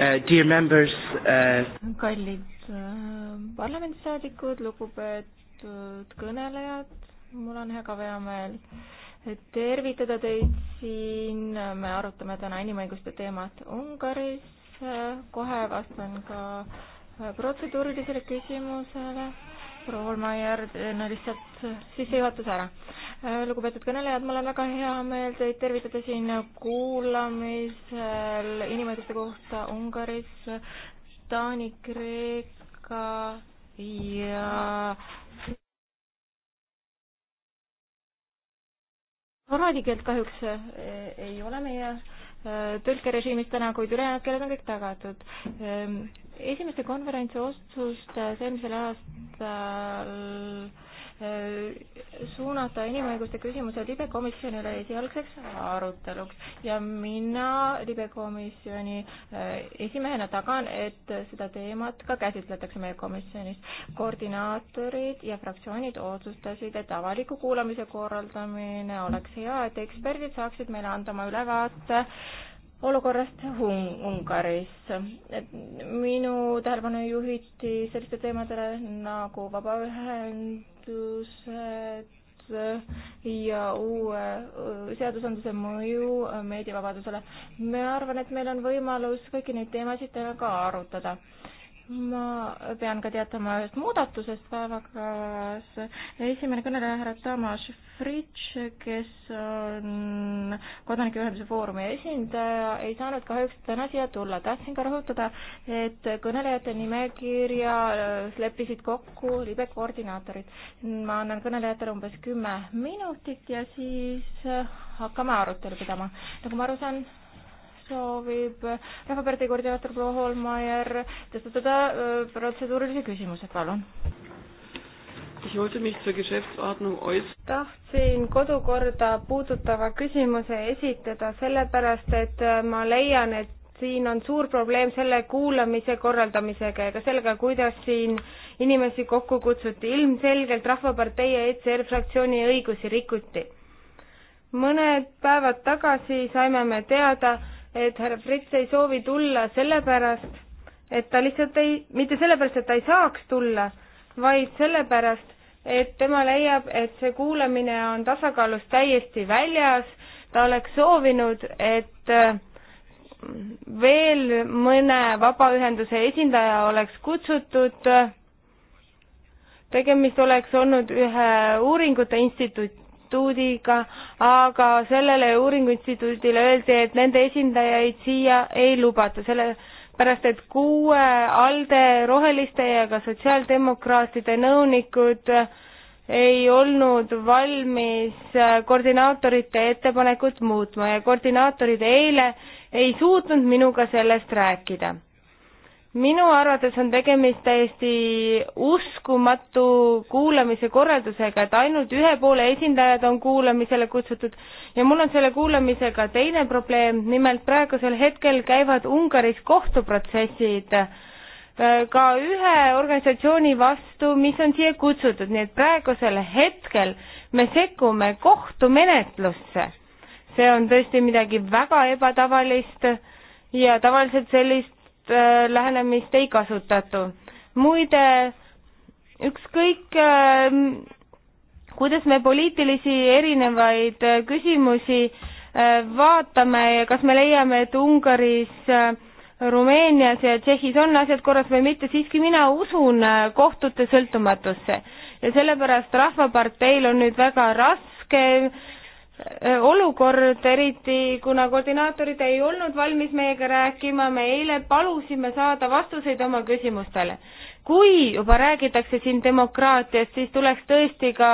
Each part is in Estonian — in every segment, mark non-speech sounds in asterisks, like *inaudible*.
Uh, dear members uh.... kallid uh, parlamendisaadikud, lugupeetud kõnelejad, mul on väga hea meel tervitada teid siin, me arutame täna inimõiguste teemat Ungaris, kohe vastan ka uh, protseduurilisele küsimusele. proua Olmajärv, no lihtsalt sissejuhatus ära lugupeetud kõnelejad, mul on väga hea meel teid tervitada siin kuulamisel inimõiguste kohta Ungaris, Taani, Kreeka ja horvaadi keelt kahjuks eh, ei ole meie eh, tõlkerežiimis täna, kuid ülejäänud keeled on kõik tagatud. Ehm, esimeste konverentsi otsustas eelmisel aastal Äh, suunata inimõiguste küsimused libekomisjonile esialgseks aruteluks ja mina libekomisjoni äh, esimehena tagan, et seda teemat ka käsitletakse meie komisjonis. koordinaatorid ja fraktsioonid otsustasid, et avaliku kuulamise korraldamine oleks hea, et eksperdid saaksid meile anda oma ülevaate äh, olukorrast Ung Ungaris. minu tähelepanu juhiti selliste teemadele nagu vabaühendused, ja uue seadusandluse mõju meediavabadusele. ma arvan, et meil on võimalus kõiki neid teemasid täna ka arutada ma pean ka teatama ühest muudatusest päevakavas. esimene kõneleja, härra Tamas Fritš, kes on Kodanikuühenduse Foorumi esindaja, ei saanud kahjuks täna siia tulla. tahtsin ka rõhutada, et kõnelejate nimekirjas leppisid kokku libe koordinaatorid. ma annan kõnelejatele umbes kümme minutit ja siis hakkame arutelu pidama. nagu ma aru saan, soovib Rahvapartei koordinaator proua Holmaier tõstatada äh, protseduurilise küsimuse, palun. tahtsin kodukorda puudutava küsimuse esitada sellepärast, et äh, ma leian, et siin on suur probleem selle kuulamise korraldamisega ja ka sellega, kuidas siin inimesi kokku kutsuti. ilmselgelt Rahvapartei ja ECR fraktsiooni õigusi rikuti. mõned päevad tagasi saime me teada, et härra Frits ei soovi tulla sellepärast, et ta lihtsalt ei, mitte sellepärast, et ta ei saaks tulla, vaid sellepärast, et tema leiab, et see kuulamine on tasakaalust täiesti väljas, ta oleks soovinud, et äh, veel mõne vabaühenduse esindaja oleks kutsutud, tegemist oleks olnud ühe uuringute instituut, instituudiga, aga sellele uuringuinstituudile öeldi, et nende esindajaid siia ei lubata, selle pärast et kuue ALDE roheliste ja ka sotsiaaldemokraatide nõunikud ei olnud valmis koordinaatorite ettepanekut muutma ja koordinaatorid eile ei suutnud minuga sellest rääkida minu arvates on tegemist täiesti uskumatu kuulamise korraldusega, et ainult ühe poole esindajad on kuulamisele kutsutud ja mul on selle kuulamisega teine probleem, nimelt praegusel hetkel käivad Ungaris kohtuprotsessid äh, ka ühe organisatsiooni vastu, mis on siia kutsutud, nii et praegusel hetkel me sekkume kohtumenetlusse. see on tõesti midagi väga ebatavalist ja tavaliselt sellist Äh, lähenemist ei kasutatu. muide, ükskõik ähm, kuidas me poliitilisi erinevaid äh, küsimusi äh, vaatame ja kas me leiame, et Ungaris, Rumeenias ja Tšehhis on asjad korras või mitte, siiski mina usun kohtute sõltumatusse ja sellepärast Rahvaparteil on nüüd väga raske Äh, olukord, eriti kuna koordinaatorid ei olnud valmis meiega rääkima, me eile palusime saada vastuseid oma küsimustele. kui juba räägitakse siin demokraatiast, siis tuleks tõesti ka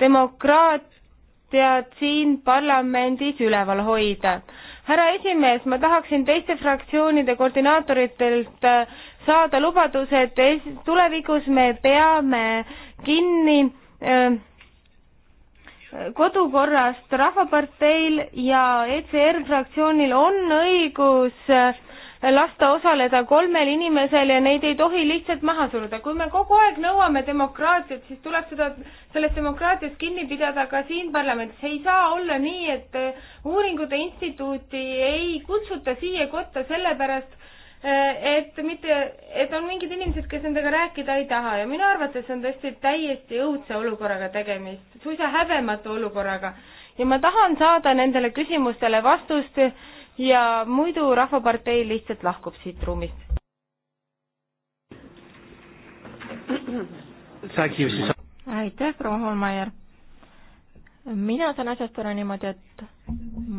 demokraatiat siin parlamendis üleval hoida. härra esimees, ma tahaksin teiste fraktsioonide koordinaatoritelt äh, saada lubaduse, et tulevikus me peame kinni öö, äh, kodukorrast Rahvaparteil ja ECR fraktsioonil on õigus eh, lasta osaleda kolmel inimesel ja neid ei tohi lihtsalt maha suruda. kui me kogu aeg nõuame demokraatiat, siis tuleb seda, sellest demokraatiast kinni pidada ka siin parlamendis. ei saa olla nii, et eh, uuringute instituuti ei kutsuta siia kotta sellepärast, et mitte, et on mingid inimesed, kes nendega rääkida ei taha ja minu arvates on tõesti täiesti õudse olukorraga tegemist, suisa häbematu olukorraga. ja ma tahan saada nendele küsimustele vastust ja muidu Rahvapartei lihtsalt lahkub siit ruumist. aitäh, proua Holmeier mina saan asjast aru niimoodi, et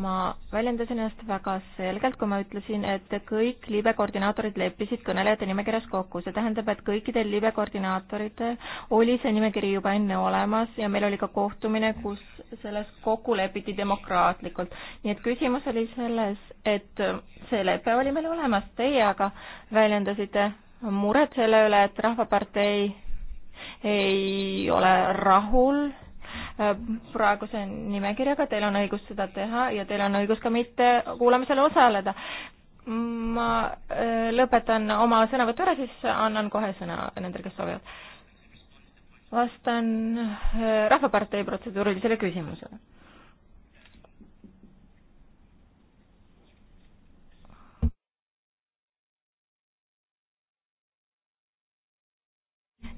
ma väljendasin ennast väga selgelt, kui ma ütlesin, et kõik libe koordinaatorid leppisid kõnelejate nimekirjas kokku. see tähendab, et kõikidel libe koordinaatoritel oli see nimekiri juba enne olemas ja meil oli ka kohtumine, kus selles kokku lepiti demokraatlikult. nii et küsimus oli selles, et see lepe oli meil olemas, teie aga väljendasite muret selle üle, et Rahvapartei ei ole rahul Äh, praeguse nimekirjaga, teil on õigus seda teha ja teil on õigus ka mitte kuulamisel osaleda. ma äh, lõpetan oma sõnavõtu ära, siis annan kohe sõna nendele, kes soovivad. vastan äh, Rahvapartei protseduurilisele küsimusele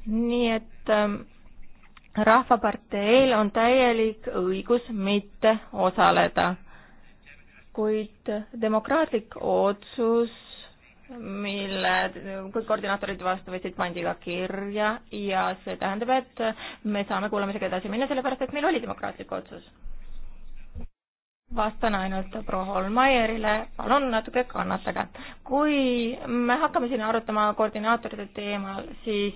nii et ähm, rahvaparteil on täielik õigus mitte osaleda, kuid demokraatlik otsus, mille kõik koordinaatorid vastu võtsid, pandi ka kirja ja see tähendab, et me saame kuulamisega edasi minna, sellepärast et meil oli demokraatlik otsus. vastan ainult proua Holmaierile, palun natuke kannatage. kui me hakkame siin arutama koordinaatorite teemal, siis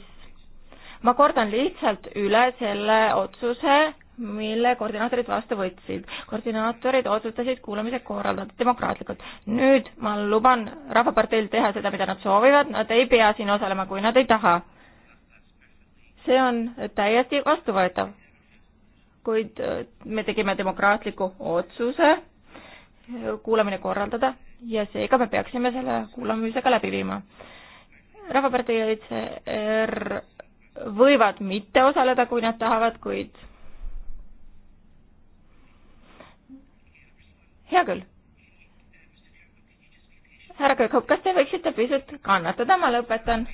ma kordan lihtsalt üle selle otsuse, mille koordinaatorid vastu võtsid. koordinaatorid otsustasid kuulamise korraldada demokraatlikult. nüüd ma luban Rahvaparteil teha seda, mida nad soovivad, nad ei pea siin osalema, kui nad ei taha. see on täiesti vastuvõetav. kuid äh, me tegime demokraatliku otsuse äh, kuulamine korraldada ja seega me peaksime selle kuulamisega läbi viima. rahvapartei ja ICR võivad mitte osaleda, kui nad tahavad, kuid hea küll. härra Kõikhoop, kas te võiksite pisut kannatada, ma lõpetan.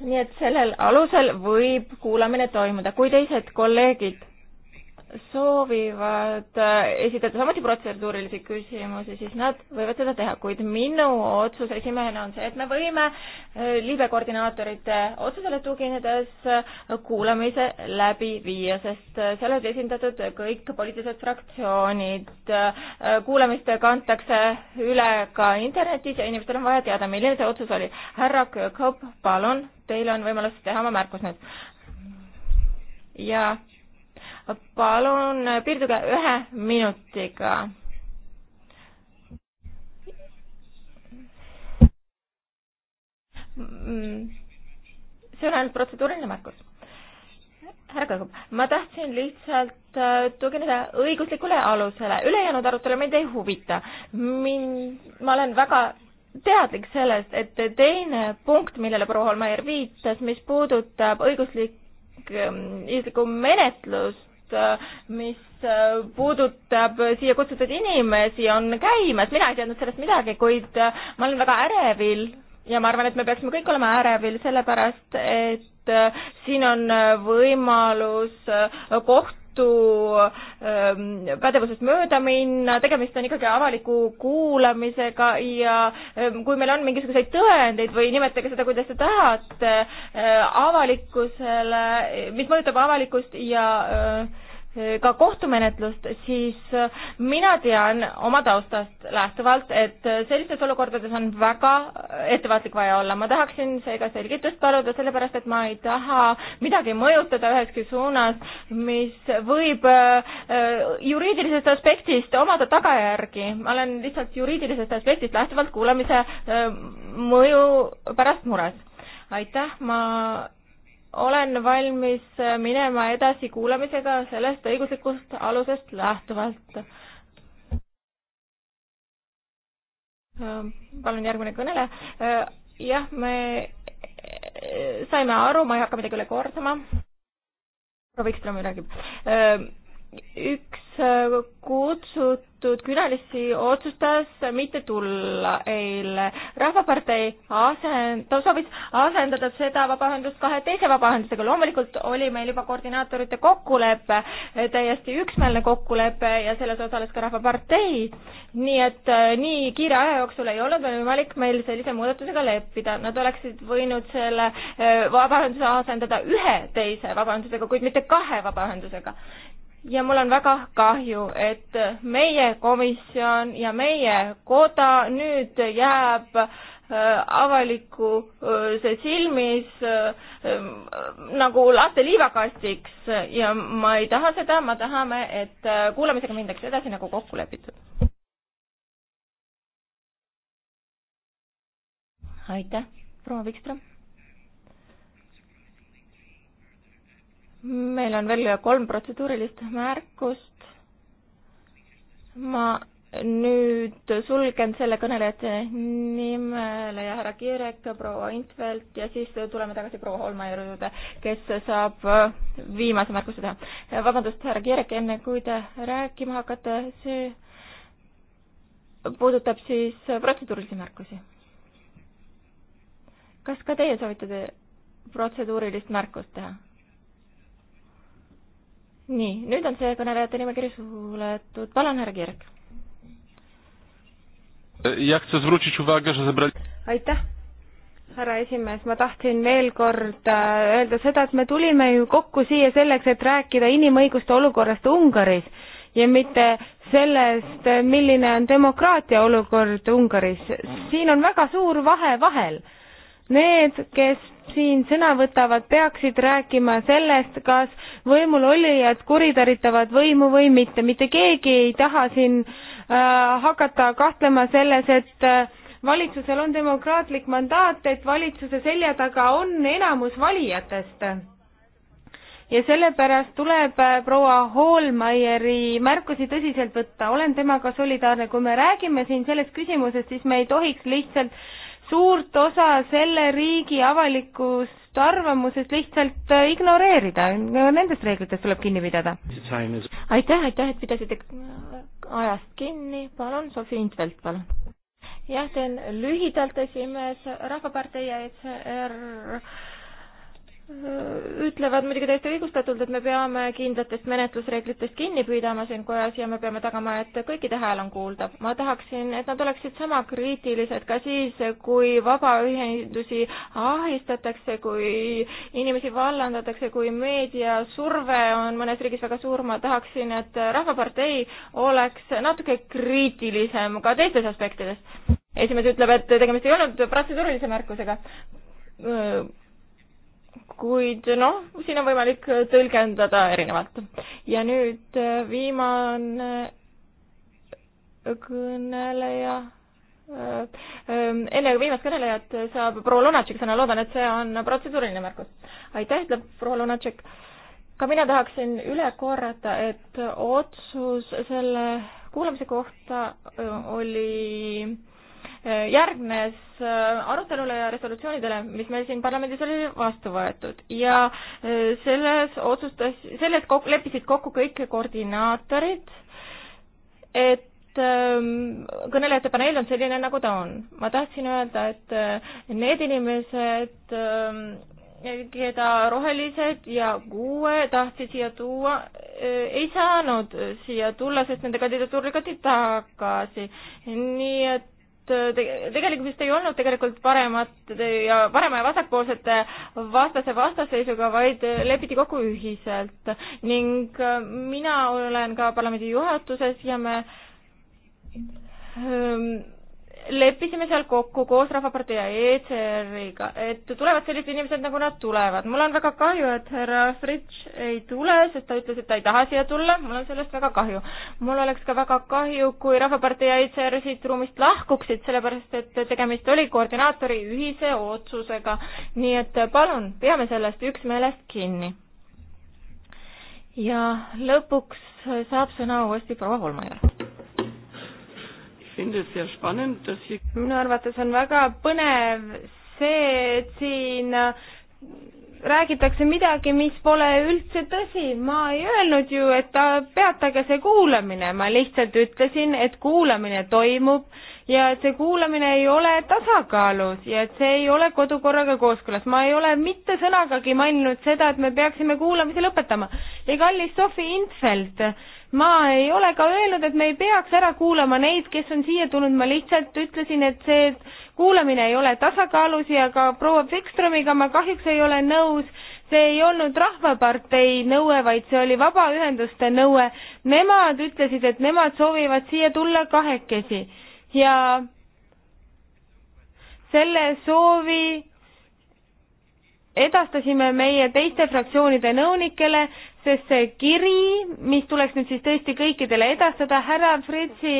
nii et sellel alusel võib kuulamine toimuda, kui teised kolleegid soovivad äh, esitada samuti protseduurilisi küsimusi, siis nad võivad seda teha, kuid minu otsus esimehena on see, et me võime äh, liibe koordinaatorite otsusele tuginedes äh, kuulamise läbi viia, sest seal olid esindatud kõik poliitilised fraktsioonid. kuulamist kantakse üle ka internetis ja inimestel on vaja teada, milline see otsus oli. härra Kööp, palun, teil on võimalus teha oma märkus nüüd. ja palun piirduge ühe minutiga. see on ainult protseduuriline märkus. härra Kõrgup, ma tahtsin lihtsalt äh, tugineda õiguslikule alusele, ülejäänud arutelu mind ei huvita. mind, ma olen väga teadlik sellest, et teine punkt, millele proua Holmeier viitas, mis puudutab õiguslik, ähm, õiguslikku menetlust, Äh, mis äh, puudutab siia kutsutud inimesi, on käimas, mina ei teadnud sellest midagi, kuid äh, ma olen väga ärevil ja ma arvan, et me peaksime kõik olema ärevil, sellepärast et siin on võimalus koht Liidu ähm, pädevusest mööda minna, tegemist on ikkagi avaliku kuulamisega ja ähm, kui meil on mingisuguseid tõendeid või nimetage seda, kuidas te tahate, äh, avalikkusele, mis mõjutab avalikkust ja öö, äh, ka kohtumenetlust, siis äh, mina tean oma taustast lähtuvalt, et äh, sellistes olukordades on väga äh, ettevaatlik vaja olla. ma tahaksin seega selgitust paluda, sellepärast et ma ei taha midagi mõjutada üheski suunas, mis võib juriidilisest aspektist omada tagajärgi. ma olen lihtsalt juriidilisest aspektist lähtuvalt kuulamise mõju pärast mures. aitäh, ma olen valmis äh, minema edasi kuulamisega sellest õiguslikust alusest lähtuvalt. Äh, palun järgmine kõneleja. Äh, jah, me saime aru, ma ei hakka midagi üle kordama. proua Vikström räägib üks äh, kutsutud külalisi otsustas mitte tulla eile. rahvapartei asend-, ta soovis asendada seda vabaühendust kahe teise vabaühendusega. loomulikult oli meil juba koordinaatorite kokkulepe, täiesti üksmeelne kokkulepe ja selles osales ka Rahvapartei. nii et äh, nii kiire aja jooksul ei olnud veel võimalik meil sellise muudatusega leppida. Nad oleksid võinud selle äh, vabaühenduse asendada ühe teise vabaühendusega, kuid mitte kahe vabaühendusega ja mul on väga kahju, et meie komisjon ja meie koda nüüd jääb äh, avalikkuse äh, silmis äh, nagu laste liivakastiks ja ma ei taha seda, me tahame, et kuulamisega mindaks edasi nagu kokku lepitud. aitäh, proua Vikström meil on veel kolm protseduurilist märkust. ma nüüd sulgen selle kõnelejate nimele ja härra Kirek, proua Intvelt ja siis tuleme tagasi proua Holmaier juurde, kes saab viimase märkuse teha. vabandust, härra Kirek, enne kui te rääkima hakkate, see puudutab siis protseduurilisi märkusi. kas ka teie soovite te protseduurilist märkust teha? nii, nüüd on see kõnelejate nimekiri suletud, palun, härra Kirg. aitäh, härra esimees, ma tahtsin veel kord äh, öelda seda, et me tulime ju kokku siia selleks, et rääkida inimõiguste olukorrast Ungaris ja mitte sellest, milline on demokraatia olukord Ungaris. siin on väga suur vahe vahel. Need, kes siin sõna võtavad, peaksid rääkima sellest, kas võimulolijad kuritarvitavad võimu või mitte. mitte keegi ei taha siin äh, hakata kahtlema selles, et äh, valitsusel on demokraatlik mandaat, et valitsuse selja taga on enamus valijatest. ja sellepärast tuleb äh, proua Hoolmeieri märkusi tõsiselt võtta, olen temaga solidaarne, kui me räägime siin sellest küsimusest, siis me ei tohiks lihtsalt suurt osa selle riigi avalikust arvamusest lihtsalt äh, ignoreerida, nendest reeglitest tuleb kinni pidada. aitäh, aitäh, et pidasite äh, ajast kinni, palun, Sofi Intvelt, palun. jah, teen lühidalt, esimees Rahvapartei ja ECR ütlevad muidugi täiesti õigustatult, et me peame kindlatest menetlusreeglitest kinni püüdama siin kojas ja me peame tagama, et kõikide hääl on kuuldav. ma tahaksin, et nad oleksid sama kriitilised ka siis, kui vabaühendusi ahistatakse, kui inimesi vallandatakse, kui meediasurve on mõnes riigis väga suur, ma tahaksin, et Rahvapartei oleks natuke kriitilisem ka teistes aspektides. esimees ütleb, et tegemist ei olnud protseduurilise märkusega kuid noh, siin on võimalik tõlgendada erinevalt. ja nüüd äh, viimane äh, kõneleja. Äh, ähm, enne viimast kõnelejat saab proua Lunatšik sõna, loodan, et see on protseduuriline märkus. aitäh, ütleb proua Lunatšik. ka mina tahaksin üle korrata, et otsus selle kuulamise kohta oli järgnes äh, arutelule ja resolutsioonidele, mis meil siin parlamendis oli vastu võetud ja äh, selles otsustas, selles kok-, leppisid kokku kõik koordinaatorid, et ähm, kõnelejate paneel on selline, nagu ta on. ma tahtsin öelda, et äh, need inimesed, ähm, keda rohelised ja kuue tahtsid siia tuua, ei saanud siia tulla, sest nende kandidatuur lükati tagasi. nii et Äh, tegelikult vist ei olnud tegelikult paremat ja parema ja vasakpoolsete vastase vastasseisuga, vaid äh, lepiti kokku ühiselt ning äh, mina olen ka parlamendi juhatuses ja me ähm, leppisime seal kokku koos Rahvapartei ja ECR-iga, et tulevad sellised inimesed, nagu nad tulevad. mul on väga kahju, et härra Fritš ei tule, sest ta ütles, et ta ei taha siia tulla, mul on sellest väga kahju. mul oleks ka väga kahju, kui Rahvapartei ja ECR siit ruumist lahkuksid, sellepärast et tegemist oli koordinaatori ühise otsusega. nii et palun, peame sellest üksmeelest kinni. ja lõpuks saab sõna uuesti proua Holmajärv minu arvates on väga põnev see, et siin äh, räägitakse midagi, mis pole üldse tõsi, ma ei öelnud ju, et peatage see kuulamine, ma lihtsalt ütlesin, et kuulamine toimub ja et see kuulamine ei ole tasakaalus ja et see ei ole kodukorraga kooskõlas. ma ei ole mitte sõnagagi maininud seda, et me peaksime kuulamise lõpetama. ja kallis Sofi Infeld, ma ei ole ka öelnud, et me ei peaks ära kuulama neid, kes on siia tulnud, ma lihtsalt ütlesin, et see kuulamine ei ole tasakaalus ja ka proua Fikstromiga ma kahjuks ei ole nõus see ei olnud Rahvapartei nõue, vaid see oli vabaühenduste nõue. Nemad ütlesid, et nemad soovivad siia tulla kahekesi ja selle soovi edastasime meie teiste fraktsioonide nõunikele, sest see kiri, mis tuleks nüüd siis tõesti kõikidele edastada, härra Fritsi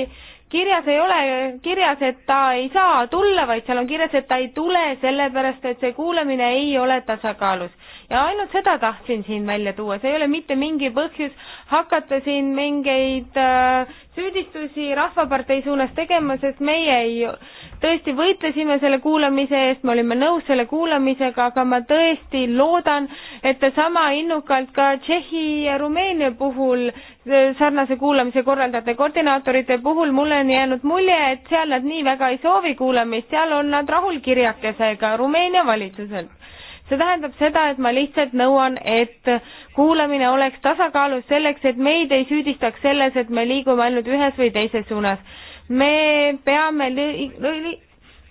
kirjas ei ole kirjas, et ta ei saa tulla, vaid seal on kirjas, et ta ei tule sellepärast, et see kuulamine ei ole tasakaalus ja ainult seda tahtsin siin välja tuua, see ei ole mitte mingi põhjus hakata siin mingeid äh, süüdistusi Rahvapartei suunas tegema, sest meie ei, tõesti võitlesime selle kuulamise eest, me olime nõus selle kuulamisega, aga ma tõesti loodan, et te sama innukalt ka Tšehhi ja Rumeenia puhul äh, sarnase kuulamise korraldajate koordinaatorite puhul mulle on jäänud mulje, et seal nad nii väga ei soovi kuulamist, seal on nad rahul kirjakesega Rumeenia valitsuselt see tähendab seda, et ma lihtsalt nõuan, et kuulamine oleks tasakaalus selleks, et meid ei süüdistaks selles, et me liigume ainult ühes või teises suunas. me peame li-, li-,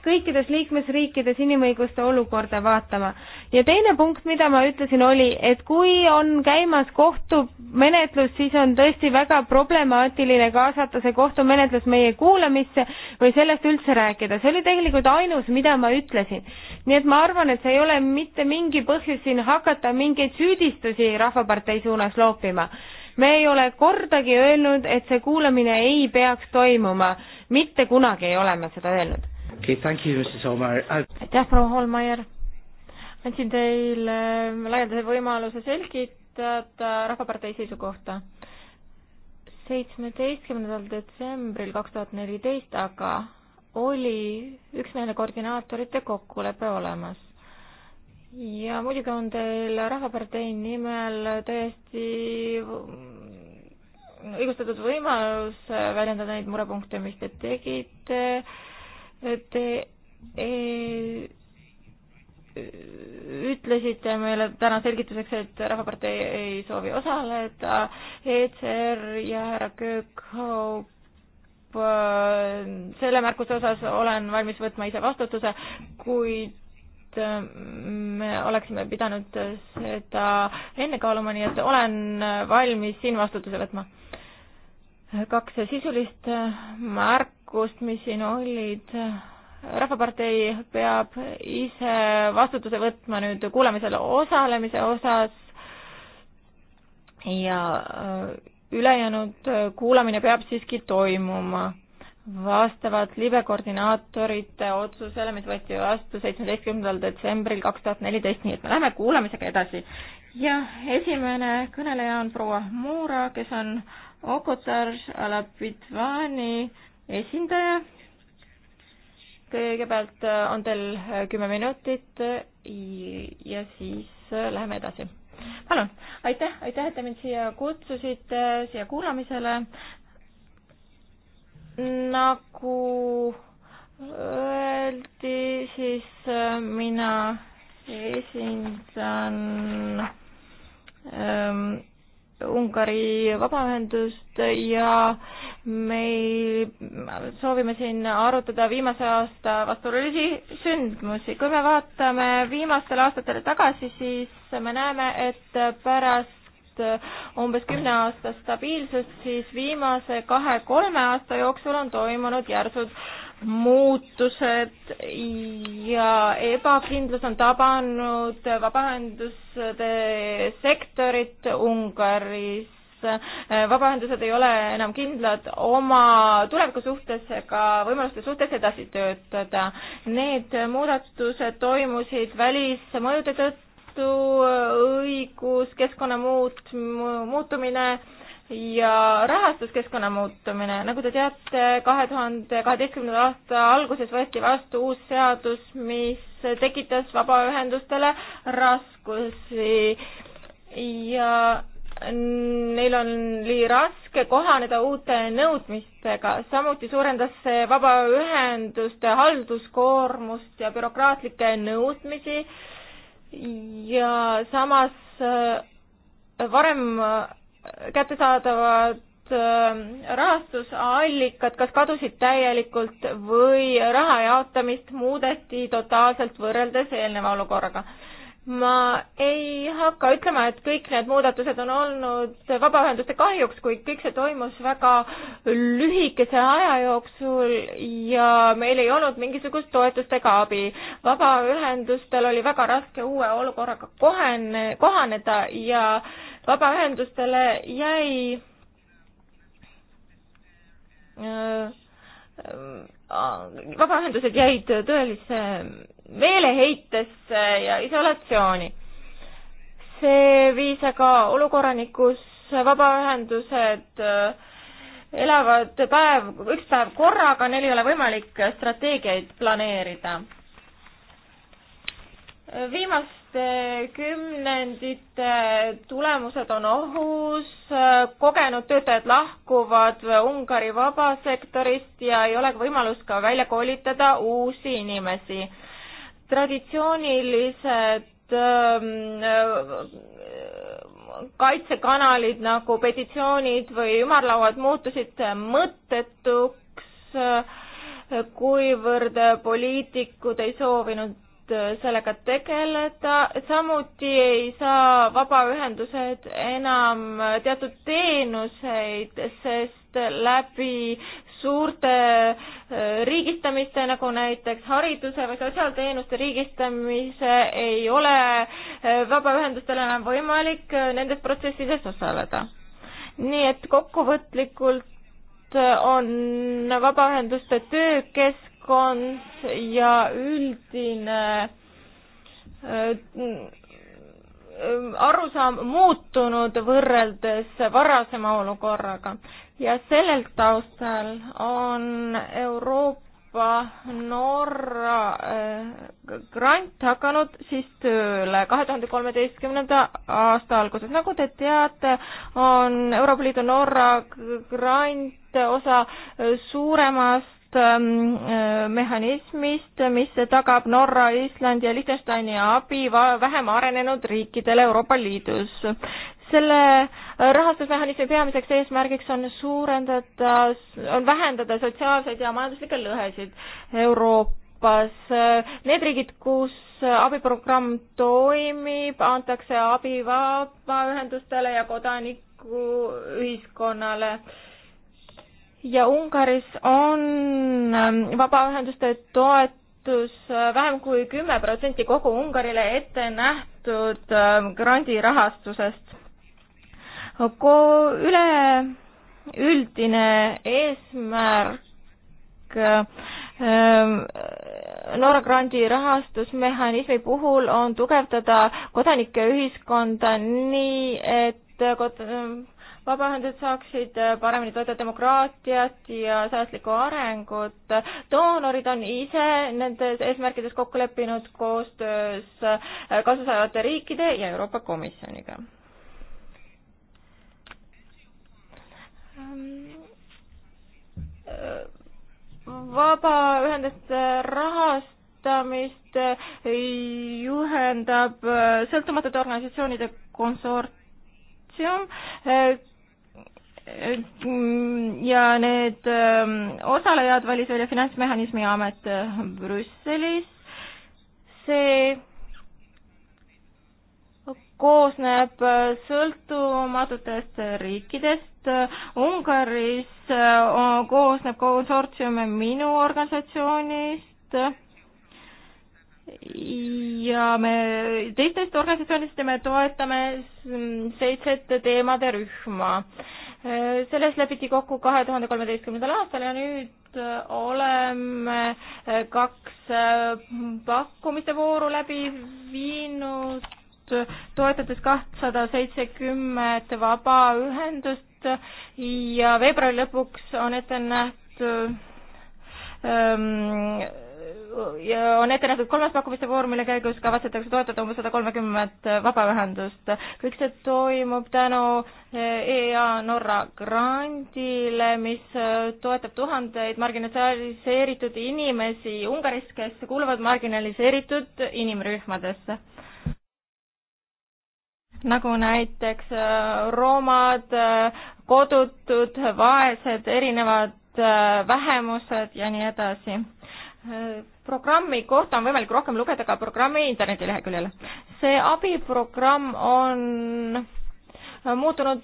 kõikides liikmesriikides inimõiguste olukorda vaatama. ja teine punkt, mida ma ütlesin, oli, et kui on käimas kohtumenetlus, siis on tõesti väga problemaatiline kaasata see kohtumenetlus meie kuulamisse või sellest üldse rääkida. see oli tegelikult ainus, mida ma ütlesin. nii et ma arvan, et see ei ole mitte mingi põhjus siin hakata mingeid süüdistusi Rahvapartei suunas loopima me ei ole kordagi öelnud, et see kuulamine ei peaks toimuma, mitte kunagi ei ole me seda öelnud okay,. aitäh, proua Holmeier. andsin teile laialdase võimaluse selgitada Rahvapartei seisukohta. seitsmeteistkümnendal detsembril kaks tuhat neliteist aga oli üksmeelne koordinaatorite kokkulepe olemas ja muidugi on teil Rahvapartei nimel täiesti õigustatud võimalus väljendada neid murepunkte, mis te tegite Te e, ütlesite meile täna selgituseks, et Rahvapartei ei soovi osaleda, ECR ja härra Köökhaup selle märkuse osas olen valmis võtma ise vastutuse, kuid me oleksime pidanud seda enne kaaluma, nii et olen valmis siin vastutuse võtma kaks sisulist äh, märkust, mis siin olid. rahvapartei peab ise vastutuse võtma nüüd kuulamisel osalemise osas ja äh, ülejäänud kuulamine peab siiski toimuma vastavalt libe koordinaatorite otsusele, mis võeti vastu seitsmeteistkümnendal detsembril kaks tuhat neliteist, nii et me läheme kuulamisega edasi. ja esimene kõneleja on proua Muura, kes on Okotar Alapitvani esindaja. kõigepealt äh, on teil äh, kümme minutit äh, ja siis läheme edasi. palun, aitäh, aitäh, et te mind siia kutsusite, siia kuulamisele. nagu öeldi, siis mina esindan ähm, Ungari vabaühendust ja me soovime siin arutada viimase aasta vastuolulisi sündmusi. kui me vaatame viimastele aastatele tagasi, siis me näeme, et pärast umbes kümne aasta stabiilsust, siis viimase kahe-kolme aasta jooksul on toimunud järsud muutused ja ebakindlus on tabanud vabaühenduste sektorit Ungaris. vabaühendused ei ole enam kindlad oma tuleviku suhtes ega võimaluste suhtes edasi töötada. Need muudatused toimusid välismõjude tõttu, õigus, keskkonna muut-, muutumine ja rahastuskeskkonna muutumine, nagu te teate, kahe tuhande kaheteistkümnenda aasta alguses võeti vastu uus seadus, mis tekitas vabaühendustele raskusi ja neil oli raske kohaneda uute nõudmistega, samuti suurendas see vabaühenduste halduskoormust ja bürokraatlikke nõudmisi ja samas äh, varem kättesaadavad äh, rahastusallikad kas kadusid täielikult või raha jaotamist muudeti totaalselt võrreldes eelneva olukorraga. ma ei hakka ütlema, et kõik need muudatused on olnud vabaühenduste kahjuks, kuid kõik see toimus väga lühikese aja jooksul ja meil ei olnud mingisugust toetust ega abi. vabaühendustel oli väga raske uue olukorraga kohene, kohaneda ja äh, vabaühendustele jäi äh, vabaühendused jäid tõelisse meeleheitesse ja isolatsiooni. see viis aga olukorrani, kus vabaühendused äh, elavad päev, üks päev korraga, neil ei ole võimalik strateegiaid planeerida. viimast kümnendite tulemused on ohus, kogenud töötajad lahkuvad Ungari vabasektorist ja ei ole võimalust ka välja koolitada uusi inimesi. traditsioonilised ähm, äh, kaitsekanalid nagu petitsioonid või ümarlauad muutusid mõttetuks, äh, kuivõrd poliitikud ei soovinud Äh, sellega tegeleda, samuti ei saa vabaühendused enam äh, teatud teenuseid, sest läbi suurte äh, riigistamiste, nagu näiteks hariduse või sotsiaalteenuste riigistamise, ei ole vabaühendustel enam võimalik nendes protsessides osaleda. nii et kokkuvõtlikult Äh, on vabaühenduste töökeskkond ja üldine äh, äh, arusaam muutunud võrreldes varasema olukorraga ja sellel taustal on Euroopa Euroopa Norra äh, grant hakanud siis tööle kahe tuhande kolmeteistkümnenda aasta alguses. nagu te teate, on Euroopa Liidu Norra grant osa äh, suuremast ähm, äh, mehhanismist, mis tagab Norra, Islandi ja Liechtensteini abi vähem arenenud riikidele Euroopa Liidus selle äh, rahastusmehhanismi peamiseks eesmärgiks on suurendada, on vähendada sotsiaalseid ja majanduslikke lõhesid Euroopas. Need riigid, kus abiprogramm toimib, antakse abi vabaühendustele ja kodanikuühiskonnale. ja Ungaris on ähm, vabaühenduste toet-, toetus äh, vähem kui kümme protsenti kogu Ungarile ette nähtud ähm, grandirahastusest ko-, üleüldine eesmärk ähm, Norra Grandi rahastusmehhanismi puhul on tugevdada kodanike ühiskonda nii, et kod-, ähm, vabaühendused saaksid paremini toeta demokraatiat ja säästlikku arengut. doonorid on ise nendes eesmärkides kokku leppinud koostöös äh, kasusaajate riikide ja Euroopa Komisjoniga Ähm, äh, vabaühenduste rahastamist äh, juhendab äh, sõltumatute organisatsioonide konsortsium ja need ähm, osalejad valis välja finantsmehhanismi amet Brüsselis. see koosneb äh, sõltumatutest riikidest. Ungaris äh, koosneb konsortsium minu organisatsioonist ja me teistest organisatsioonidest ja me toetame seitset teemade rühma. Äh, selles lepiti kokku kahe tuhande kolmeteistkümnendal aastal ja nüüd oleme kaks pakkumiste vooru läbi viinud toetades kahtsada seitsekümmend vabaühendust ja veebruari lõpuks on ette nähtud ähm, ja on ette nähtud kolmas pakkumiste voor, mille käigus kavatsetakse toetada umbes sada kolmekümmet vabaühendust. kõik see toimub tänu äh, EA Norra grandile, mis äh, toetab tuhandeid marginaliseeritud inimesi Ungaris, kes kuuluvad marginaliseeritud inimrühmadesse nagu näiteks äh, roomad, äh, kodutud, vaesed, erinevad äh, vähemused ja nii edasi. programmi kohta on võimalik rohkem lugeda ka programmi internetileheküljel. see abiprogramm on muutunud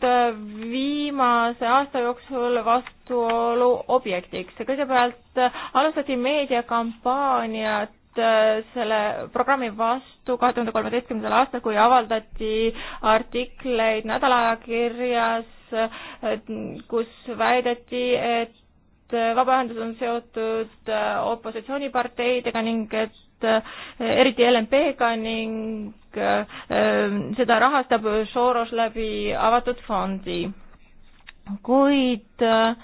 viimase aasta jooksul vastuolu objektiks. kõigepealt alustati meediakampaaniat Äh, selle programmi vastu kahe tuhande kolmeteistkümnendal aastal, kui avaldati artikleid nädalaajakirjas, kus väideti, et vabaühendus on seotud äh, opositsiooniparteidega ning et äh, eriti LNP-ga ning seda rahastab Soros läbi avatud fondi. kuid äh,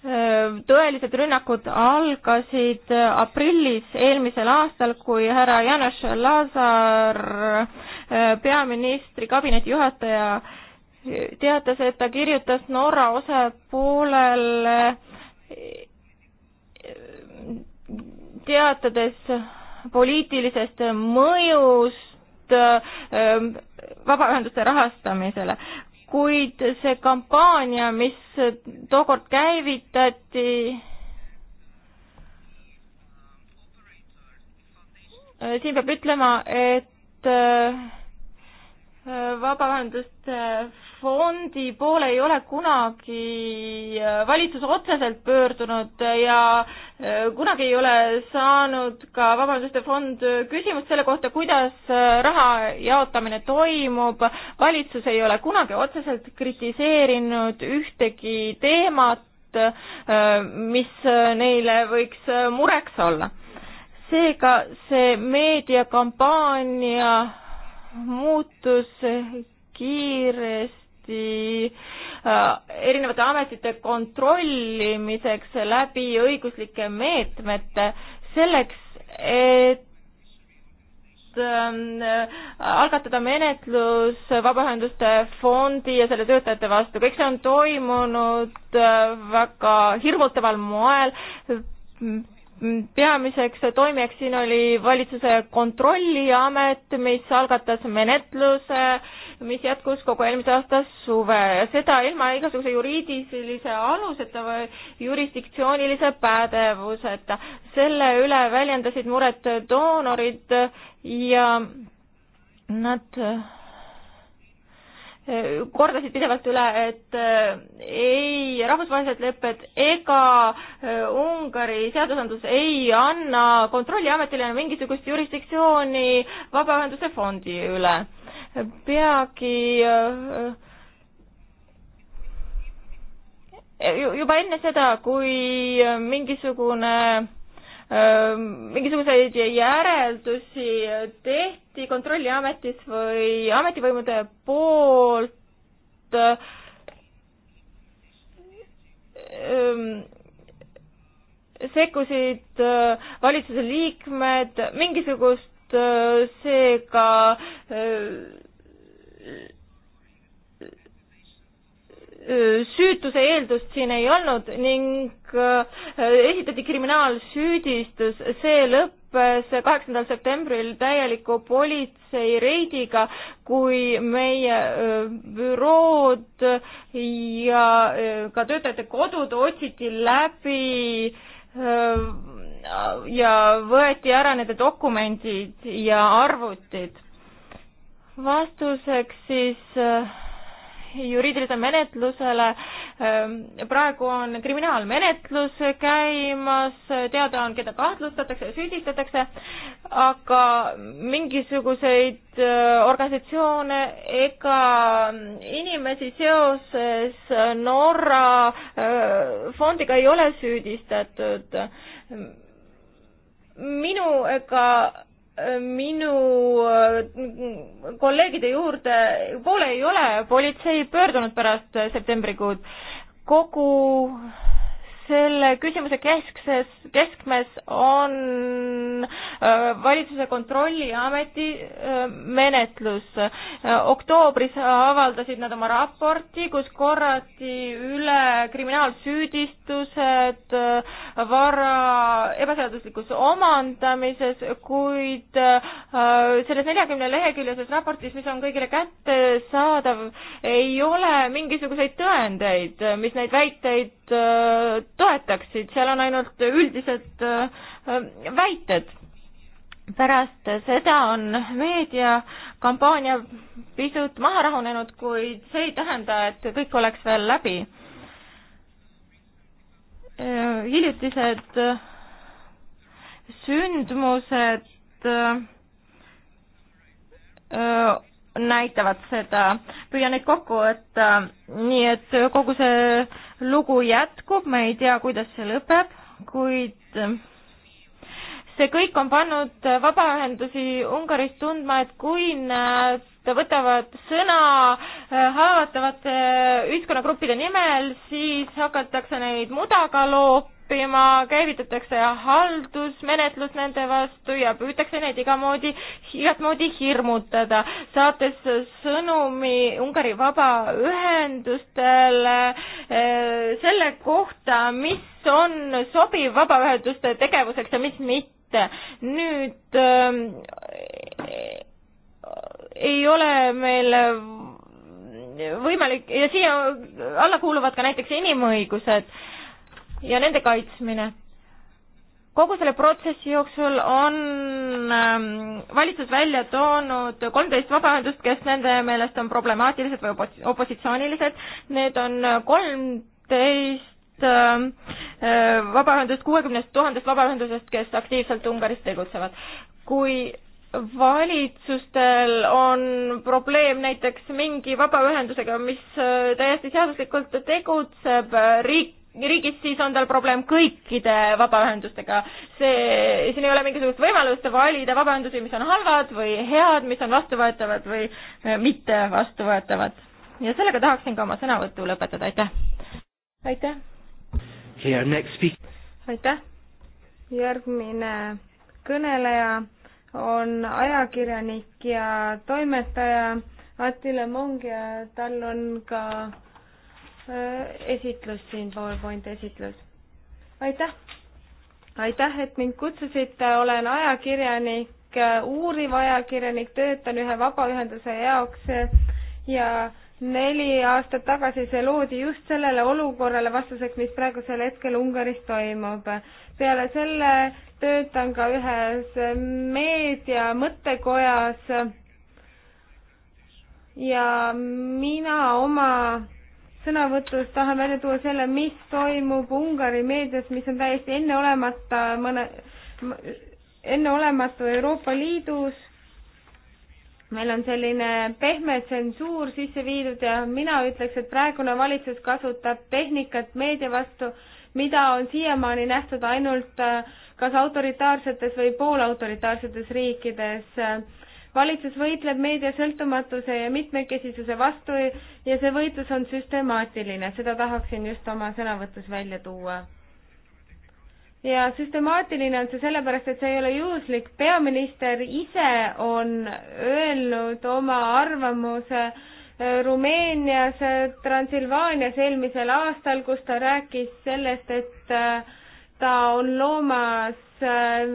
Äh, tõelised rünnakud algasid äh, aprillis eelmisel aastal, kui härra Janos Lazar, äh, peaministri kabineti juhataja, teatas, et ta kirjutas Norra osapoolele teatades poliitilisest mõjust vabaühenduste rahastamisele kuid see kampaania, mis tookord käivitati, siin peab ütlema, et äh, vabaühenduste fondi poole ei ole kunagi äh, valitsus otseselt pöördunud ja äh, kunagi ei ole saanud ka Vabaduste Fond äh, küsimust selle kohta, kuidas raha jaotamine toimub. valitsus ei ole kunagi otseselt kritiseerinud ühtegi teemat, mis neile võiks mureks olla. seega see meediakampaania muutus kiiresti eriti äh, erinevate ametite kontrollimiseks läbi õiguslike meetmete, selleks et ähm, algatada menetlus Vabaühenduste Fondi ja selle töötajate vastu, kõik see on toimunud äh, väga hirmutaval moel, peamiseks toimijaks siin oli valitsuse kontrolliamet, mis algatas menetluse mis jätkus kogu eelmise aasta suve ja seda ilma igasuguse juriidilise aluseta või jurisdiktsioonilise pädevuseta. selle üle väljendasid muret doonorid ja nad e, kordasid pidevalt üle, et e, ei, rahvusvahelised lepped ega e, Ungari seadusandlus ei anna kontrolliametile mingisugust jurisdiktsiooni vabaühenduste fondi üle peagi äh, juba enne seda, kui mingisugune, äh, mingisuguseid järeldusi tehti Kontrolliametis või ametivõimude poolt, äh, ähm, sekkusid valitsuse liikmed, mingisugust seega süütuse eeldust siin ei olnud ning äh, esitati kriminaalsüüdistus, see lõppes kaheksandal septembril täieliku politseireidiga, kui meie äh, bürood ja äh, ka töötajate kodud otsiti läbi ja võeti ära nende dokumendid ja arvutid vastuseks siis äh, juriidilisele menetlusele. Ähm, praegu on kriminaalmenetlus käimas, teada on, keda kahtlustatakse ja süüdistatakse, aga mingisuguseid äh, organisatsioone ega inimesi seoses Norra äh, fondiga ei ole süüdistatud. minu ega minu äh, kolleegide juurde poole ei ole politsei pöördunud pärast septembrikuud. kogu selle küsimuse keskses, keskmes on äh, valitsuse kontrolliameti äh, menetlus. Äh, oktoobris avaldasid nad oma raporti, kus korrati üle kriminaalsüüdistused vara ebaseaduslikus omandamises, kuid selles neljakümne leheküljeses raportis, mis on kõigile kättesaadav, ei ole mingisuguseid tõendeid, mis neid väiteid toetaksid, seal on ainult üldised äh, väited. pärast seda on meediakampaania pisut maha rahunenud, kuid see ei tähenda, et kõik oleks veel läbi. Äh, hiljutised äh, sündmused näitavad seda, püüan nüüd kokku võtta, nii et kogu see lugu jätkub, me ei tea, kuidas see lõpeb, kuid äh, see kõik on pannud vabaühendusi Ungaris tundma, et kui nad võtavad sõna äh, haavatavate ühiskonnagruppide nimel, siis hakatakse neid mudaga loopima kärpima, käivitatakse haldusmenetlus nende vastu ja püütakse neid igamoodi, igat moodi hirmutada, saates sõnumi Ungari vabaühendustele eh, selle kohta, mis on sobiv vabaühenduste tegevuseks ja mis mitte nüüd äh, ei ole meil võimalik ja siia alla kuuluvad ka näiteks inimõigused ja nende kaitsmine. kogu selle protsessi jooksul on ähm, valitsus välja toonud kolmteist vabaühendust, kes nende meelest on problemaatilised või opos-, opositsioonilised, need on kolmteist ähm, äh, vabaühendust kuuekümnest tuhandest vabaühendusest, kes aktiivselt Ungaris tegutsevad. kui valitsustel on probleem näiteks mingi vabaühendusega, mis äh, täiesti seaduslikult tegutseb, riik riigis, siis on tal probleem kõikide vabaühendustega. see, siin ei ole mingisugust võimalust valida vabaühendusi, mis on halvad või head, mis on vastuvõetavad või äh, mitte vastuvõetavad. ja sellega tahaksin ka oma sõnavõttu lõpetada, aitäh! aitäh! aitäh! järgmine kõneleja on ajakirjanik ja toimetaja Attila Mong ja tal on ka Äh, esitlus siin, PowerPointi esitlus. aitäh! aitäh, et mind kutsusite, olen ajakirjanik, äh, uuriv ajakirjanik, töötan ühe vabaühenduse jaoks äh, ja neli aastat tagasi see loodi just sellele olukorrale vastuseks, mis praegusel hetkel Ungaris toimub. peale selle töötan ka ühes meedia mõttekojas ja mina oma sõnavõtus tahan välja tuua selle, mis toimub Ungari meedias, mis on täiesti enneolemata mõne, enneolematu Euroopa Liidus. meil on selline pehme tsensuur sisse viidud ja mina ütleks, et praegune valitsus kasutab tehnikat meedia vastu, mida on siiamaani nähtud ainult äh, kas autoritaarsetes või poolautoritaarsetes riikides valitsus võitleb meedia sõltumatuse ja mitmekesisuse vastu ja see võitlus on süstemaatiline, seda tahaksin just oma sõnavõtus välja tuua. ja süstemaatiline on see sellepärast, et see ei ole juhuslik, peaminister ise on öelnud oma arvamuse Rumeenias, Transilvaanias eelmisel aastal, kus ta rääkis sellest, et ta on loomas äh,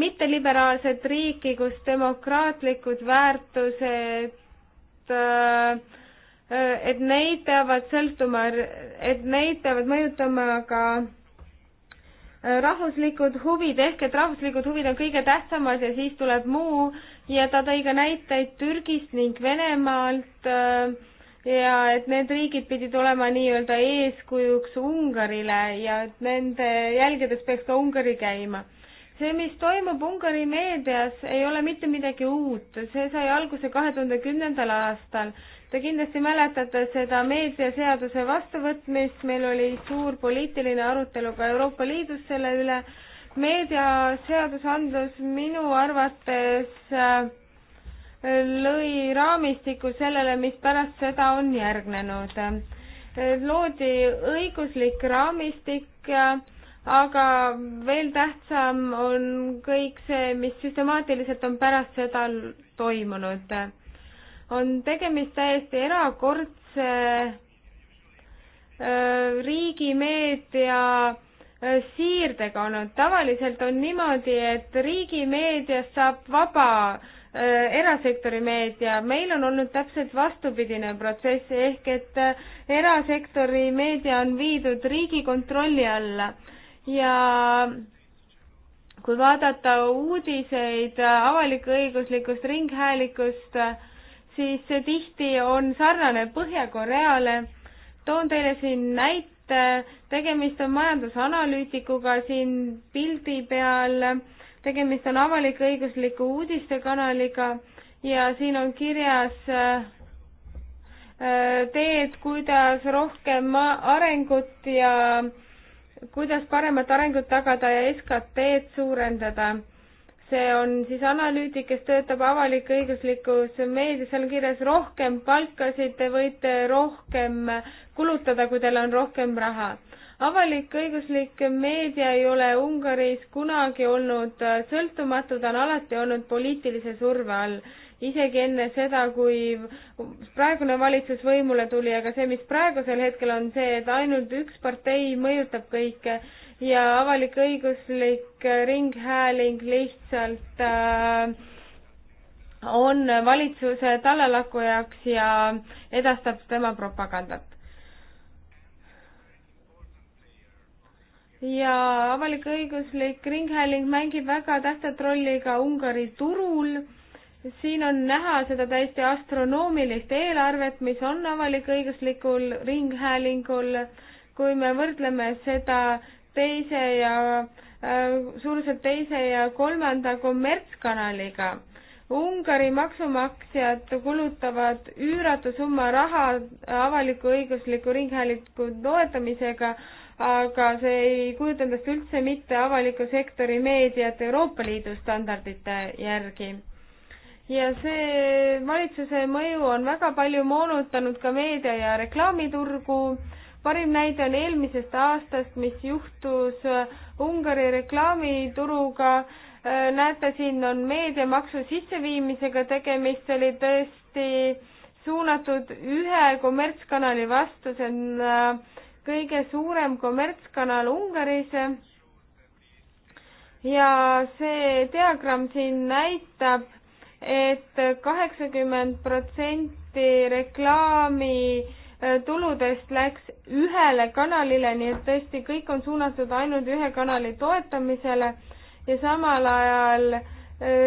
mitteliberaalset riiki, kus demokraatlikud väärtused äh, et neid peavad sõltuma, et neid peavad mõjutama ka äh, rahvuslikud huvid, ehk et rahvuslikud huvid on kõige tähtsamad ja siis tuleb muu ja ta tõi ka näiteid Türgist ning Venemaalt äh, ja et need riigid pidid olema nii-öelda eeskujuks Ungarile ja et nende jälgedes peaks ka Ungari käima see, mis toimub Ungari meedias, ei ole mitte midagi uut, see sai alguse kahe tuhande kümnendal aastal. Te kindlasti mäletate seda meediaseaduse vastuvõtmist, meil oli suur poliitiline arutelu ka Euroopa Liidus selle üle. meediaseadusandlus minu arvates äh, lõi raamistiku sellele, mis pärast seda on järgnenud. Äh, loodi õiguslik raamistik äh, aga veel tähtsam on kõik see, mis süstemaatiliselt on pärast seda toimunud. on tegemist täiesti erakordse äh, riigimeedia äh, siirdega olnud. tavaliselt on niimoodi, et riigimeediast saab vaba äh, erasektori meedia, meil on olnud täpselt vastupidine protsess, ehk et erasektori meedia on viidud Riigikontrolli alla ja kui vaadata uudiseid avalik-õiguslikust ringhäälikust, siis see tihti on sarnane Põhja-Koreale. toon teile siin näite, tegemist on majandusanalüütikuga siin pildi peal, tegemist on avalik-õigusliku uudistekanaliga ja siin on kirjas äh, teed, kuidas rohkem arengut ja äh, kuidas paremat arengut tagada ja SKT-d suurendada. see on siis analüütik, kes töötab avalik-õiguslikus meedias, seal on kirjas rohkem palkasid, te võite rohkem kulutada, kui teil on rohkem raha. avalik-õiguslik meedia ei ole Ungaris kunagi olnud sõltumatu, ta on alati olnud poliitilise surve all isegi enne seda, kui praegune valitsus võimule tuli, aga see, mis praegusel hetkel on see, et ainult üks partei mõjutab kõike ja avalik-õiguslik ringhääling lihtsalt äh, on valitsuse tallalakkujaks ja edastab tema propagandat. ja avalik-õiguslik ringhääling mängib väga tähtsat rolli ka Ungari turul siin on näha seda täiesti astronoomilist eelarvet, mis on avalik-õiguslikul ringhäälingul. kui me võrdleme seda teise ja äh, suuruselt teise ja kolmanda kommertskanaliga. Ungari maksumaksjad kulutavad üüratu summa raha avaliku-õigusliku ringhäälingu toetamisega, aga see ei kujuta endast üldse mitte avaliku sektori meediat Euroopa Liidu standardite järgi ja see valitsuse mõju on väga palju moonutanud ka meedia ja reklaamiturgu. parim näide on eelmisest aastast, mis juhtus Ungari reklaamituruga. Äh, näete, siin on meediamaksu sisseviimisega tegemist, see oli tõesti suunatud ühe kommertskanali vastu, see on äh, kõige suurem kommertskanal Ungaris ja see diagramm siin näitab, et kaheksakümmend protsenti reklaami äh, tuludest läks ühele kanalile, nii et tõesti kõik on suunatud ainult ühe kanali toetamisele ja samal ajal äh,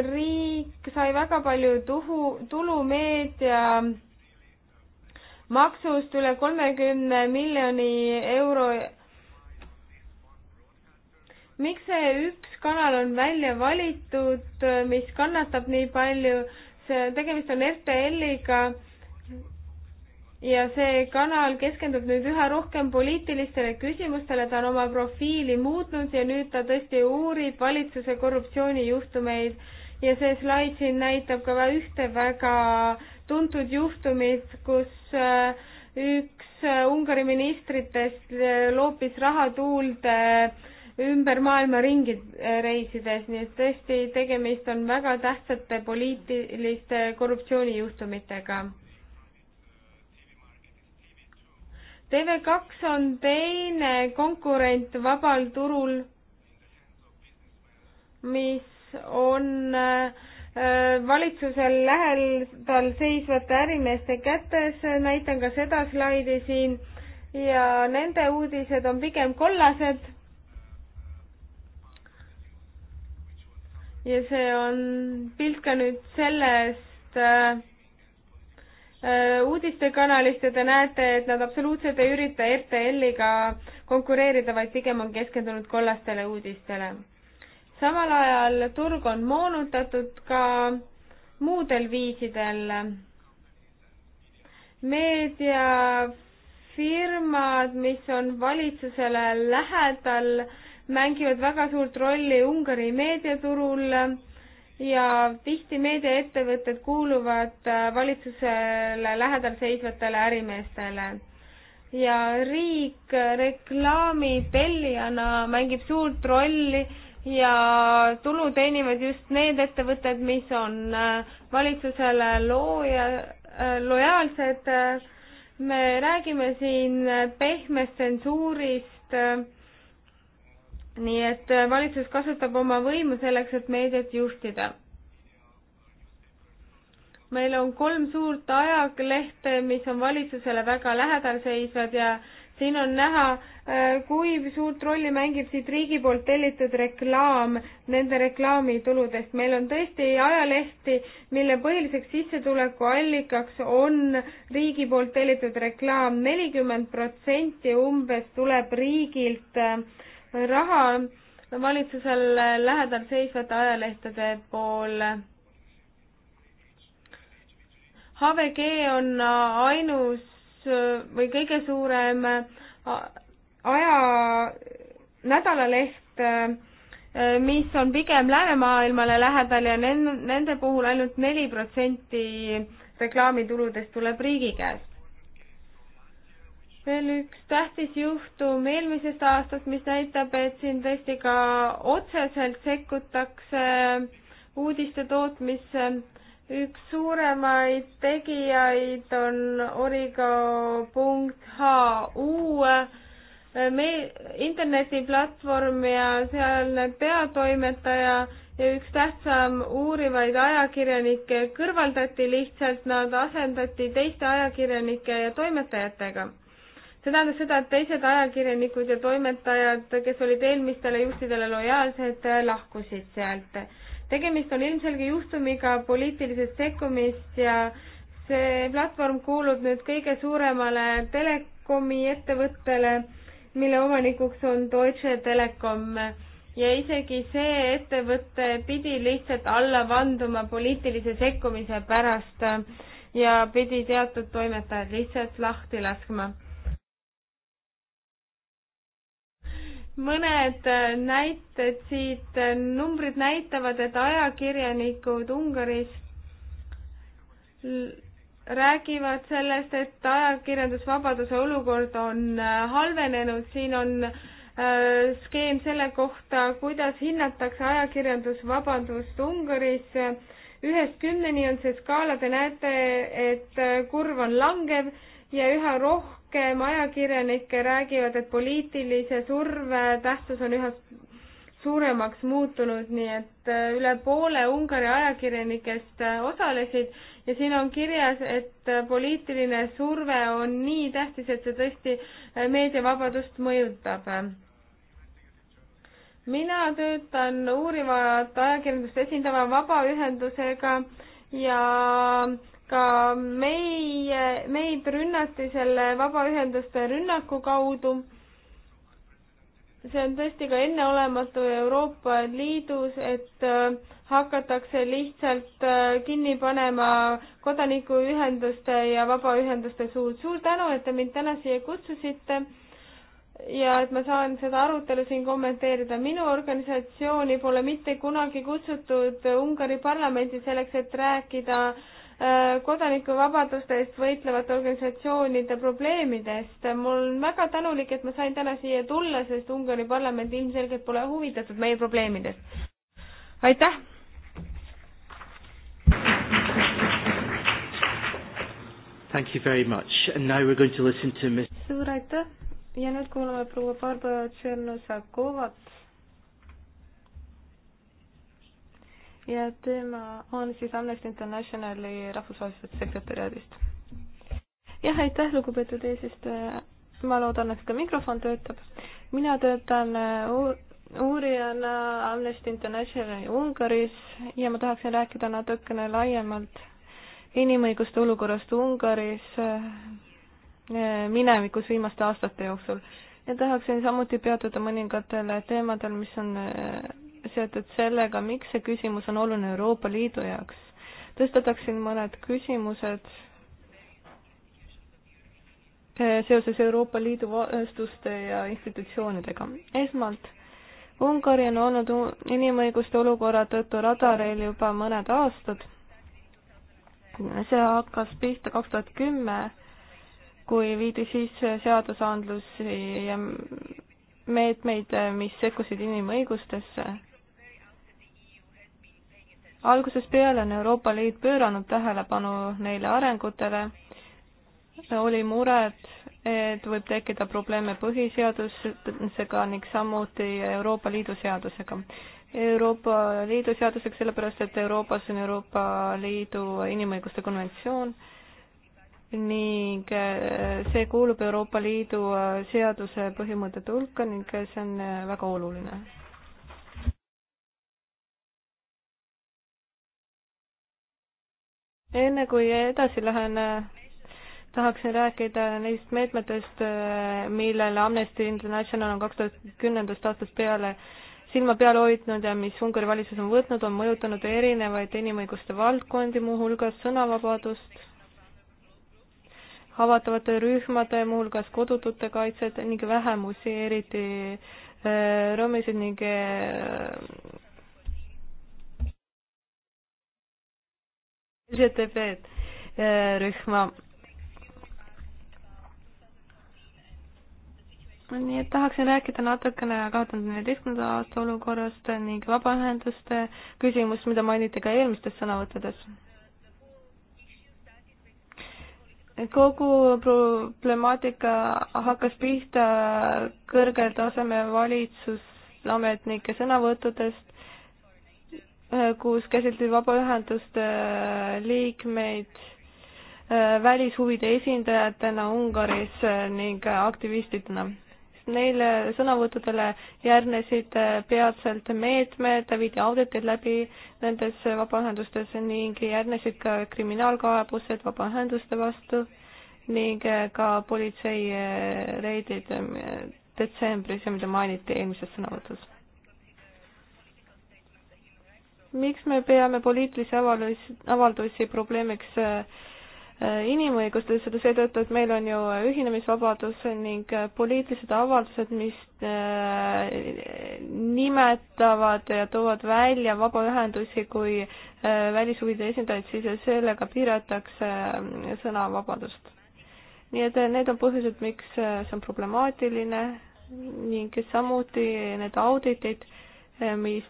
riik sai väga palju tuhu, tulu meedia maksust üle kolmekümne miljoni euro miks see üks kanal on välja valitud, mis kannatab nii palju, see, tegemist on RTL-iga ja see kanal keskendub nüüd üha rohkem poliitilistele küsimustele, ta on oma profiili muutnud ja nüüd ta tõesti uurib valitsuse korruptsioonijuhtumeid ja see slaid siin näitab ka ühte väga tuntud juhtumit, kus äh, üks äh, Ungari ministritest äh, loopis raha tuulde äh, ümber maailma ringi äh, reisides, nii et tõesti tegemist on väga tähtsate poliitiliste korruptsioonijuhtumitega. TV2 on teine konkurent vabal turul, mis on äh, valitsusel lähedal seisvate ärimeeste kätes, näitan ka seda slaidi siin, ja nende uudised on pigem kollased ja see on pilt ka nüüd sellest äh, äh, uudistekanalist ja te näete, et nad absoluutselt ei ürita RTL-iga konkureerida, vaid pigem on keskendunud kollastele uudistele. samal ajal turg on moonutatud ka muudel viisidel. meediafirmad, mis on valitsusele lähedal äh,, mängivad väga suurt rolli Ungari meediaturul ja tihti meediaettevõtted kuuluvad äh, valitsusele lähedal seisvatele ärimeestele. ja riik äh, reklaami tellijana mängib suurt rolli ja tulu teenivad just need ettevõtted, mis on äh, valitsusele looja, lojaalsed. me räägime siin pehmest tsensuurist nii et äh, valitsus kasutab oma võimu selleks, et meediat juhtida. meil on kolm suurt ajalehte, mis on valitsusele väga lähedal seisvad ja siin on näha, äh, kui suurt rolli mängib siit riigi poolt tellitud reklaam nende reklaamituludest. meil on tõesti ajalehti, mille põhiliseks sissetulekuallikaks on riigi poolt tellitud reklaam. nelikümmend protsenti umbes tuleb riigilt äh, raha valitsusel lähedal seisvate ajalehtede poole HVG on ainus või kõige suurem aja, nädalaleht, mis on pigem läänemaailmale lähedal ja nende puhul ainult neli protsenti reklaamituludest tuleb riigi käest veel üks tähtis juhtum eelmisest aastast, mis näitab, et siin tõesti ka otseselt sekkutakse uudiste tootmisse. üks suuremaid tegijaid on origo.hu me-, internetiplatvorm ja sealne peatoimetaja ja üks tähtsam uurivaid ajakirjanikke kõrvaldati lihtsalt, nad asendati teiste ajakirjanike ja toimetajatega see tähendab seda, et teised ajakirjanikud ja toimetajad, kes olid eelmistele juhtidele lojaalsed, lahkusid sealt. tegemist on ilmselge juhtumiga poliitilisest sekkumist ja see platvorm kuulub nüüd kõige suuremale telekomi ettevõttele, mille omanikuks on Deutsche Telekom ja isegi see ettevõte pidi lihtsalt alla vanduma poliitilise sekkumise pärast ja pidi teatud toimetajad lihtsalt lahti laskma mõned äh, näited siit, numbrid näitavad, et ajakirjanikud Ungaris räägivad sellest, et ajakirjandusvabaduse olukord on äh, halvenenud, siin on äh, skeem selle kohta, kuidas hinnatakse ajakirjandusvabadust Ungaris. ühest kümneni on see skaala, te näete, et äh, kurv on langev ja üha rohkem rohkem ajakirjanikke räägivad, et poliitilise surve tähtsus on üha suuremaks muutunud, nii et äh, üle poole Ungari ajakirjanikest äh, osalesid ja siin on kirjas, et äh, poliitiline surve on nii tähtis, et see tõesti meediavabadust mõjutab. mina töötan uurivat ajakirjandust esindava vabaühendusega ja ka meie, meid rünnati selle vabaühenduste rünnaku kaudu. see on tõesti ka enneolematu Euroopa Liidus, et äh, hakatakse lihtsalt äh, kinni panema kodanikuühenduste ja vabaühenduste suud. suur tänu, et te mind täna siia kutsusite ja et ma saan seda arutelu siin kommenteerida. minu organisatsiooni pole mitte kunagi kutsutud Ungari parlamenti selleks, et rääkida äh, Äh, kodanikuvabaduste eest võitlevate organisatsioonide probleemidest. ma olen väga tänulik, et ma sain täna siia tulla, sest Ungari parlament ilmselgelt pole huvitatud meie probleemidest. aitäh! Thank you very much and now we are going to listen to Miss suur aitäh ja nüüd kuulame proua Barbara Tšernusakovat ja tema on siis Amnesty Internationali rahvusvahelisest sekretäriaadist. jah, aitäh, lugupeetud eesistuja. ma loodan, et ka mikrofon töötab. mina töötan uurijana Amnesty Internationali Ungaris ja ma tahaksin rääkida natukene laiemalt inimõiguste olukorrast Ungaris eh, minevikus viimaste aastate jooksul ja tahaksin samuti peatuda mõningatele teemadel, mis on eh, seotud sellega, miks see küsimus on oluline Euroopa Liidu jaoks. tõstataksin mõned küsimused eh, seoses Euroopa Liidu vastuste ja institutsioonidega. esmalt, Ungari on olnud inimõiguste olukorra tõttu radaril juba mõned aastad. see hakkas pihta kaks tuhat kümme, kui viidi sisse seadusandlusi ja meetmeid, mis sekkusid inimõigustesse algusest peale on Euroopa Liit pööranud tähelepanu neile arengutele, oli mure, et, et võib tekkida probleeme põhiseadusega ning samuti Euroopa Liidu seadusega. Euroopa Liidu seaduseks sellepärast, et Euroopas on Euroopa Liidu inimõiguste konventsioon ning äh, see kuulub Euroopa Liidu äh, seaduse põhimõtete hulka ning äh, see on väga oluline enne kui edasi lähen, tahaksin rääkida neist meetmetest, millele Amnesty International on kaks tuhat kümnendast aastast peale silma peal hoidnud ja mis Ungari valitsus on võtnud, on mõjutanud erinevaid inimõiguste valdkondi, muuhulgas sõnavabadust, haavatavate rühmade, muuhulgas kodutute kaitset ning vähemusi, eriti eh, romisid ning eh, ZTV-rühma. E, nii et tahaksin rääkida natukene kahe tuhande neljateistkümnenda aasta olukorrast ning vabaühenduste küsimust, mida mainiti ka eelmistes sõnavõttudes. kogu problemaatika hakkas pihta kõrgel tasemel valitsusametnike sõnavõttudest Äh, kus käsitleti vabaühenduste äh, liikmeid äh, välishuvide esindajatena Ungaris ning aktivistidena. Neile sõnavõttudele järgnesid peatselt meetmed, viidi auditid läbi nendes vabaühendustes ning järgnesid ka kriminaalkaebused vabaühenduste vastu ning ka politsei reidid detsembris ja mida mainiti eelmises sõnavõtus miks me peame poliitilisi avaldusi, avaldusi probleemiks äh, äh, inimõigustes, seda seetõttu, et meil on ju ühinemisvabadus ning äh, poliitilised avaldused, mis nimetavad ja toovad välja vabaühendusi kui välishuvide esindajaid, siis sellega piiratakse sõnavabadust. nii et need on põhjused, miks see on problemaatiline ning samuti need auditid mis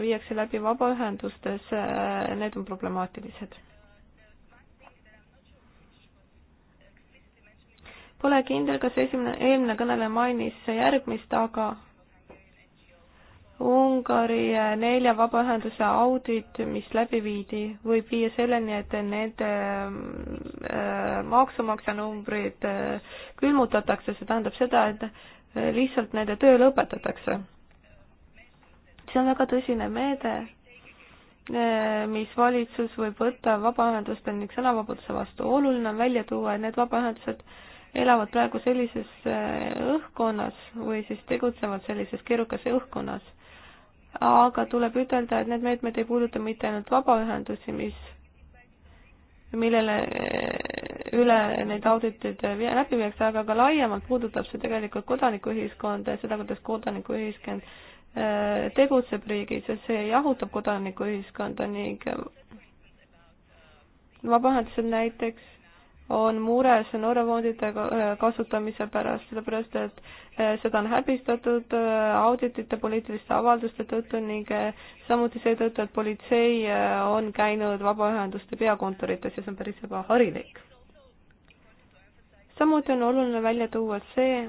viiakse läbi vabaühendustes, need on problemaatilised. Pole kindel, kas esimene, eelmine kõneleja mainis järgmist, aga Ungari nelja vabaühenduse audit, mis läbi viidi, võib viia selleni, et nende äh, maksumaksja numbrid äh, külmutatakse, see tähendab seda, et lihtsalt nende töö lõpetatakse see on väga tõsine meede, eh, mis valitsus võib võtta vabaühenduste ning sõnavabaduse vastu. oluline on välja tuua, et need vabaühendused elavad praegu sellises eh, õhkkonnas või siis tegutsevad sellises keerukas õhkkonnas. aga tuleb ütelda, et need meetmed ei puuduta mitte ainult vabaühendusi, mis, millele eh, üle neid auditeid läbi viiakse, aga ka laiemalt puudutab see tegelikult kodanikuühiskonda ja seda, kuidas kodanikuühiskond Äh, tegutseb riigis ja see jahutab kodanikuühiskonda ning vabaühendused näiteks on mures Norra fondide äh, kasutamise pärast, sellepärast et äh, seda on häbistatud auditite, poliitiliste avalduste tõttu ning samuti seetõttu, et politsei on käinud vabaühenduste peakontorites ja see on päris ebaharilik. samuti on oluline välja tuua see,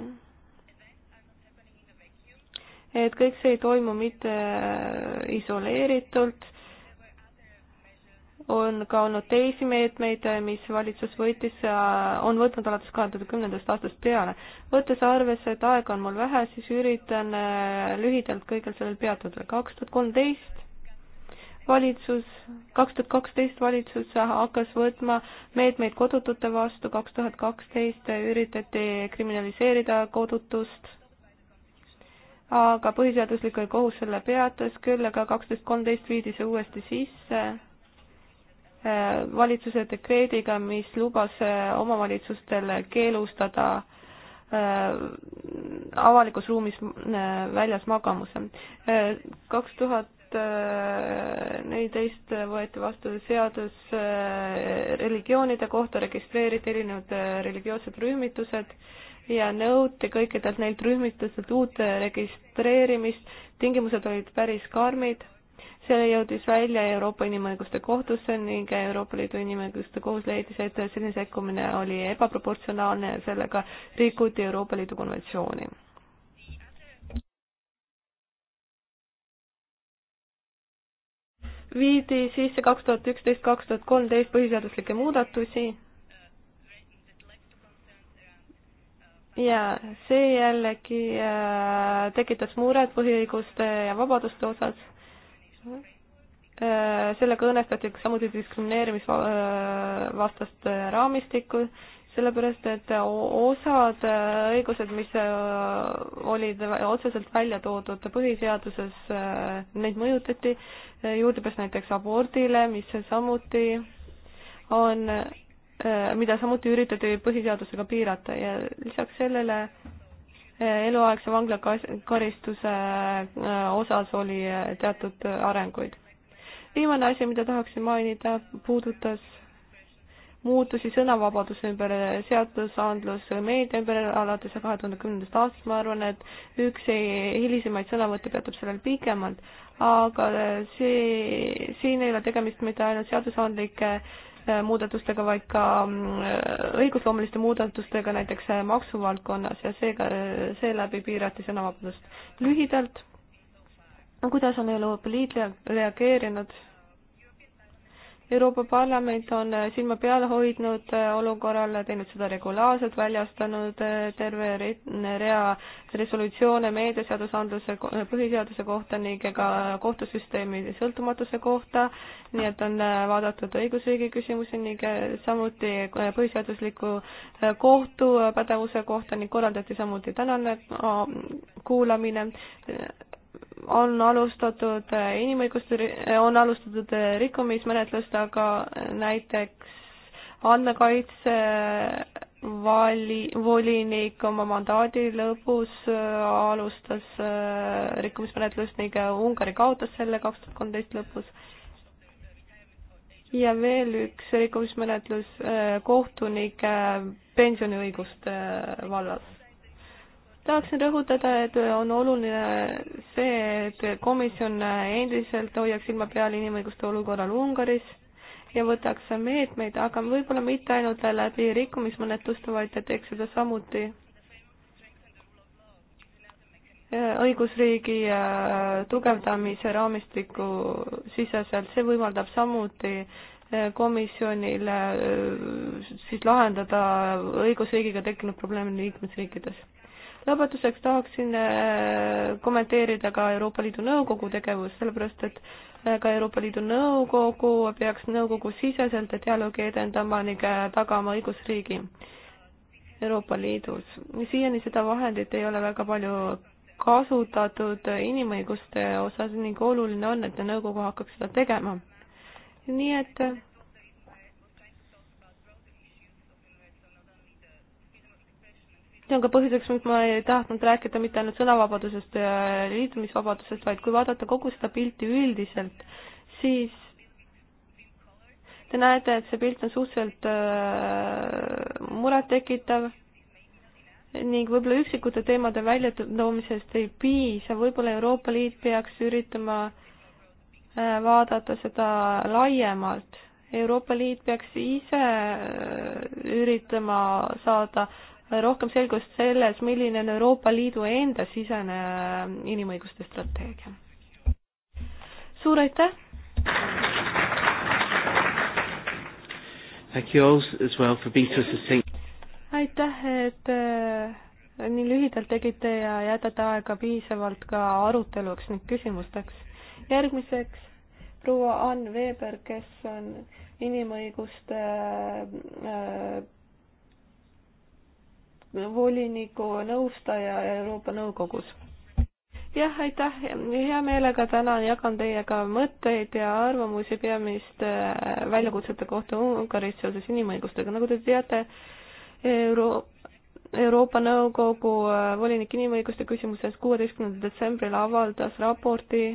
et kõik see ei toimu mitte isoleeritult, on ka olnud teisi meetmeid, mis valitsus võttis, äh, on võtnud alates kahe tuhande kümnendast aastast peale. võttes arvesse, et aega on mul vähe, siis üritan äh, lühidalt kõigil sellel peatuda. kaks tuhat kolmteist valitsus, kaks tuhat kaksteist valitsus hakkas võtma meetmeid kodutute vastu, kaks tuhat kaksteist üritati kriminaliseerida kodutust aga põhiseaduslik kohus selle peatas küll, aga kaksteist kolmteist viidi see uuesti sisse äh, valitsuse dekreediga, mis lubas äh, omavalitsustel keelustada äh, avalikus ruumis väljas magamuse. kaks tuhat neliteist võeti vastu seadus religioonide kohta, registreeriti erinevad religioossed rühmitused ja nõuti kõikidelt neilt rühmitustelt uut registreerimist. tingimused olid päris karmid. see jõudis välja Euroopa Inimõiguste Kohtusse ning Euroopa Liidu Inimõiguste Kohus leidis, et selline sekkumine oli ebaproportsionaalne ja sellega rikuti Euroopa Liidu konventsiooni. viidi sisse kaks tuhat üksteist, kaks tuhat kolmteist põhiseaduslikke muudatusi ja see jällegi äh, tekitas muret põhiõiguste ja vabaduste osas. Äh, sellega õõnestati samuti diskrimineerimisvastast äh, raamistikku, sellepärast et osad õigused, mis olid otseselt välja toodud põhiseaduses, neid mõjutati, juurdepääs näiteks abordile, mis samuti on Äh, mida samuti üritati põhiseadusega piirata ja lisaks sellele äh, eluaegse vanglakaristuse äh, osas oli teatud arenguid. viimane asi, mida tahaksin mainida, puudutas muutusi sõnavabaduse ümber, seadusandlus meedia ümber alates kahe tuhande kümnendast aastast, ma arvan, et üks hilisemaid sõnavõtte peatub sellel pikemalt, aga see, siin ei ole tegemist mitte ainult seadusandlike äh, Äh, muudatustega, vaid ka mm, äh, õigusloomuliste muudatustega näiteks äh, maksuvaldkonnas ja seega, seeläbi piirati sõnavabadust. lühidalt, kuidas on Euroopa Liit reageerinud Euroopa Parlament on äh, silma peal hoidnud äh, olukorral, teinud seda regulaarselt, väljastanud äh, terve rea resolutsioone meediaseadusandluse, põhiseaduse kohta ning ka kohtusüsteemi sõltumatuse kohta, nii et on vaadatud õigusriigi küsimusi ning samuti põhiseadusliku kohtu pädevuse kohta ning korraldati samuti tänane kuulamine on alustatud eh, inimõiguste, eh, on alustatud eh, rikkumismenetlust, aga näiteks andmekaitse vali, volinik oma mandaadi lõpus alustas rikkumismenetlust ning Ungari kaotas selle kaks tuhat kolmteist lõpus. ja veel üks rikkumismenetlus kohtunike pensioniõiguste vallas tahaksin rõhutada, et on oluline see, et komisjon endiselt hoiaks silma peal inimõiguste olukorral Ungaris ja võtaks meetmeid, aga võib-olla mitte ainult läbi rikkumismenetluste, vaid teeks seda samuti õigusriigi äh, tugevdamise raamistiku siseselt, see võimaldab samuti äh, komisjonil äh, siis lahendada õigusriigiga tekkinud probleeme liikmesriikides lõpetuseks tahaksin äh, kommenteerida ka Euroopa Liidu Nõukogu tegevust, sellepärast et äh, ka Euroopa Liidu Nõukogu peaks nõukogu siseselt dialoogi edendama ning äh, tagama õigusriigi Euroopa Liidus. siiani seda vahendit ei ole väga palju kasutatud inimõiguste osas ning oluline on, et nõukogu hakkaks seda tegema. nii et see on ka põhjuseks, miks ma ei tahtnud rääkida mitte ainult sõnavabadusest ja liitumisvabadusest, vaid kui vaadata kogu seda pilti üldiselt, siis te näete, et see pilt on suhteliselt äh, murettekitav ning võib-olla üksikute teemade väljatoomisest ei piisa, võib-olla Euroopa Liit peaks üritama äh, vaadata seda laiemalt. Euroopa Liit peaks ise äh, üritama saada äh, rohkem selgust selles, milline on Euroopa Liidu enda sisene äh, inimõiguste strateegia. suur aitäh! aitäh, et äh, nii lühidalt tegite ja jätate aega piisavalt ka aruteluks ning küsimusteks. järgmiseks proua Ann Veber, kes on inimõiguste äh, voliniku nõustaja Euroopa Nõukogus. jah, aitäh, hea meelega täna jagan teiega mõtteid ja arvamusi peamiste äh, väljakutsete kohta Ungaris seoses inimõigustega, nagu te teate, Euro-, Euroopa Nõukogu äh, volinik inimõiguste küsimuses kuueteistkümnendal detsembril avaldas raporti,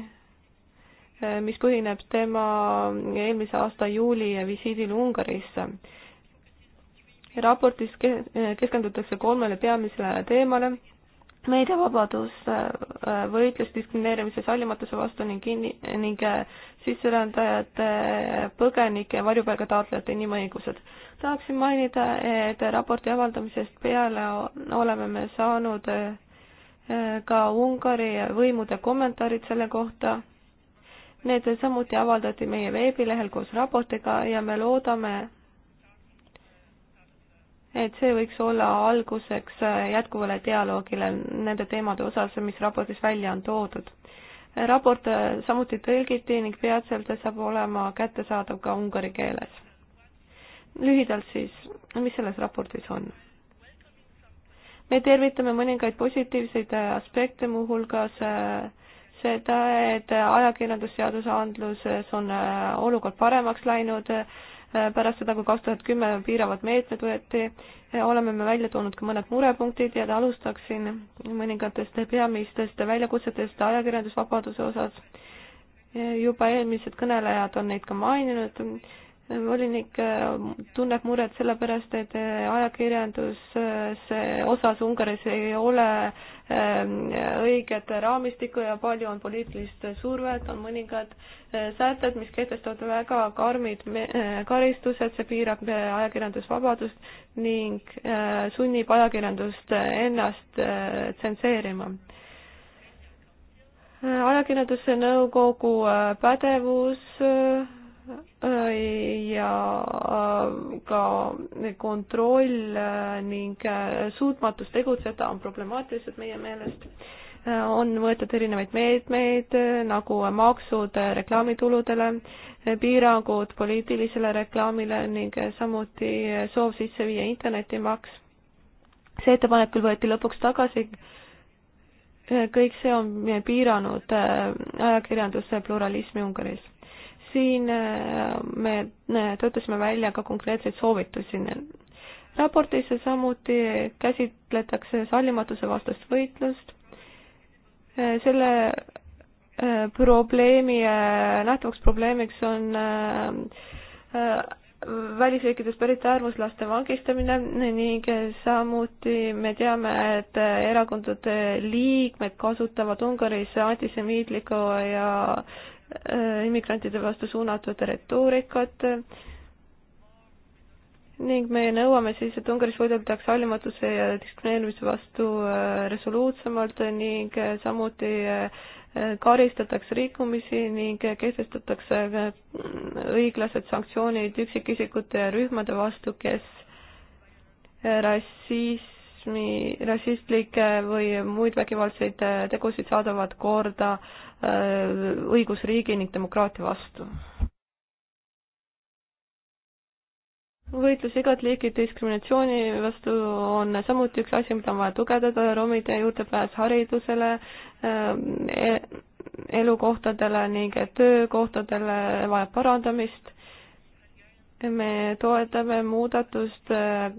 äh, mis põhineb tema eelmise aasta juuli visiidil Ungarisse raportis keskendutakse kolmele peamisele teemale, meediavabadus, võitlus diskrimineerimise sallimatuse vastu ning kinni, ning sisserändajate, põgenike, varjupaiga taotlejate inimõigused. tahaksin mainida, et raporti avaldamisest peale oleme me saanud eh, ka Ungari võimude kommentaarid selle kohta. Need samuti avaldati meie veebilehel koos raportiga ja me loodame, et see võiks olla alguseks äh, jätkuvale dialoogile nende teemade osas, mis raportis välja on toodud. raport äh, samuti tõlgiti ning peatselt saab olema kättesaadav ka ungari keeles. lühidalt siis, mis selles raportis on? me tervitame mõningaid positiivseid äh, aspekte, muuhulgas seda, et ajakirjandusseadusandluses on olukord paremaks läinud, pärast seda, kui kaks tuhat kümme piiravad meetmed võeti, oleme me välja toonud ka mõned murepunktid ja alustaksin mõningatest peamistest väljakutsetest ajakirjandusvabaduse osas. juba eelmised kõnelejad on neid ka maininud, volinik tunneb muret selle pärast, et ajakirjanduse osas Ungaris ei ole Ähm, õiget raamistikku ja palju on poliitilist survet, on mõningad äh, sätted, mis kehtestavad väga karmid äh, karistused, see piirab äh, ajakirjandusvabadust ning sunnib ajakirjandust ennast tsenseerima ajakirjanduse nõukogu pädevus ja äh, ka kontroll äh, ning äh, suutmatus tegutseda on problemaatilised meie meelest. on võetud erinevaid meetmeid nagu maksud reklaamituludele, piirangud poliitilisele reklaamile ning samuti soov sisse viia internetimaks. see ettepanek küll võeti lõpuks tagasi, kõik see on piiranud ajakirjanduse pluralismi Ungaris siin äh, me äh, töötasime välja ka konkreetseid soovitusi. raportis samuti käsitletakse sallimatuse vastast võitlust, äh, selle probleemi, nähtavaks probleemiks on välisriikidest pärit äärmuslaste vangistamine ning samuti me teame, et erakondade liikmed kasutavad Ungaris antisemiitlikku ja immigrantide vastu suunatud retoorikat ning me nõuame siis, et Ungaris võideldakse hallimatuse ja diskrimineerimise vastu äh, resoluutsemalt ning äh, samuti äh, karistatakse rikkumisi ning kehtestatakse õiglased sanktsioonid üksikisikute ja rühmade vastu, kes rassis, rassismi, rassistlikke või muid vägivaldseid äh, tegusid saadavad korda äh, õigusriigi ning demokraatia vastu. võitlus igat liiki diskriminatsiooni vastu on samuti üks asi, mida on vaja tugevdada, romide juurdepääs haridusele, äh, e-, elukohtadele ning töökohtadele vajab parandamist me toetame muudatust äh,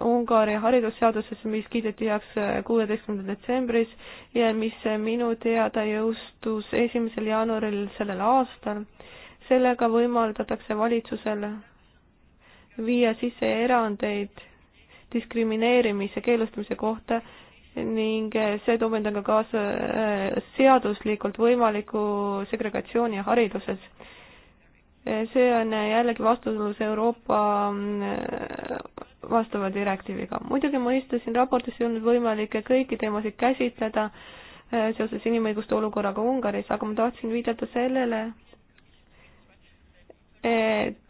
Ungari haridusseadusesse, mis kiideti heaks äh, kuueteistkümnendal detsembris ja mis äh, minu teada jõustus esimesel jaanuaril sellel aastal. sellega võimaldatakse valitsusel viia sisse erandeid diskrimineerimise keelustamise kohta ning see toob endaga kaasa seaduslikult võimaliku segregatsiooni hariduses see on jällegi vastuolus Euroopa mm, vastava direktiiviga. muidugi mõista siin raportis ei olnud võimalik kõiki teemasid käsitleda e, seoses inimõiguste olukorraga Ungaris, aga ma tahtsin viidata sellele, et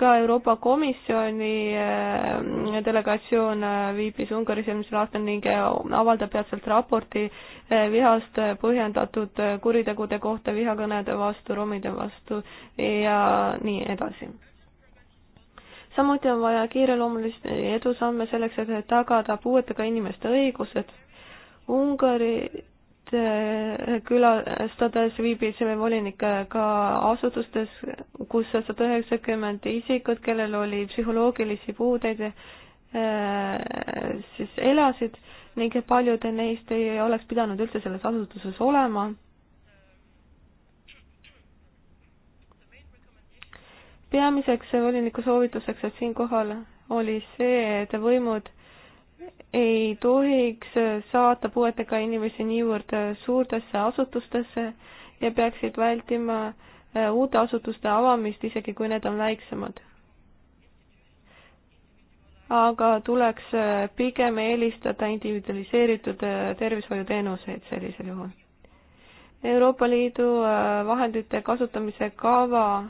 ka Euroopa Komisjoni äh, delegatsioon äh, viibis Ungaris eelmisel aastal ning äh, avaldab peatselt raporti vihast põhjendatud kuritegude kohta vihakõnede vastu, romide vastu ja nii edasi. samuti on vaja kiireloomulisi edusamme selleks, et tagada puuetega inimeste õigused. Ungari Äh, külastades viibisime volinikega äh, asutustes, kus sada üheksakümmend isikut, kellel oli psühholoogilisi puudeid, äh, siis elasid ning paljud neist ei oleks pidanud üldse selles asutuses olema. peamiseks voliniku soovituseks siinkohal oli see, et võimud ei tohiks saata puuetega inimesi niivõrd suurtesse asutustesse ja peaksid vältima äh, uute asutuste avamist, isegi kui need on väiksemad. aga tuleks äh, pigem eelistada individualiseeritud äh, tervishoiuteenuseid sellisel juhul. Euroopa Liidu vahendite kasutamise kava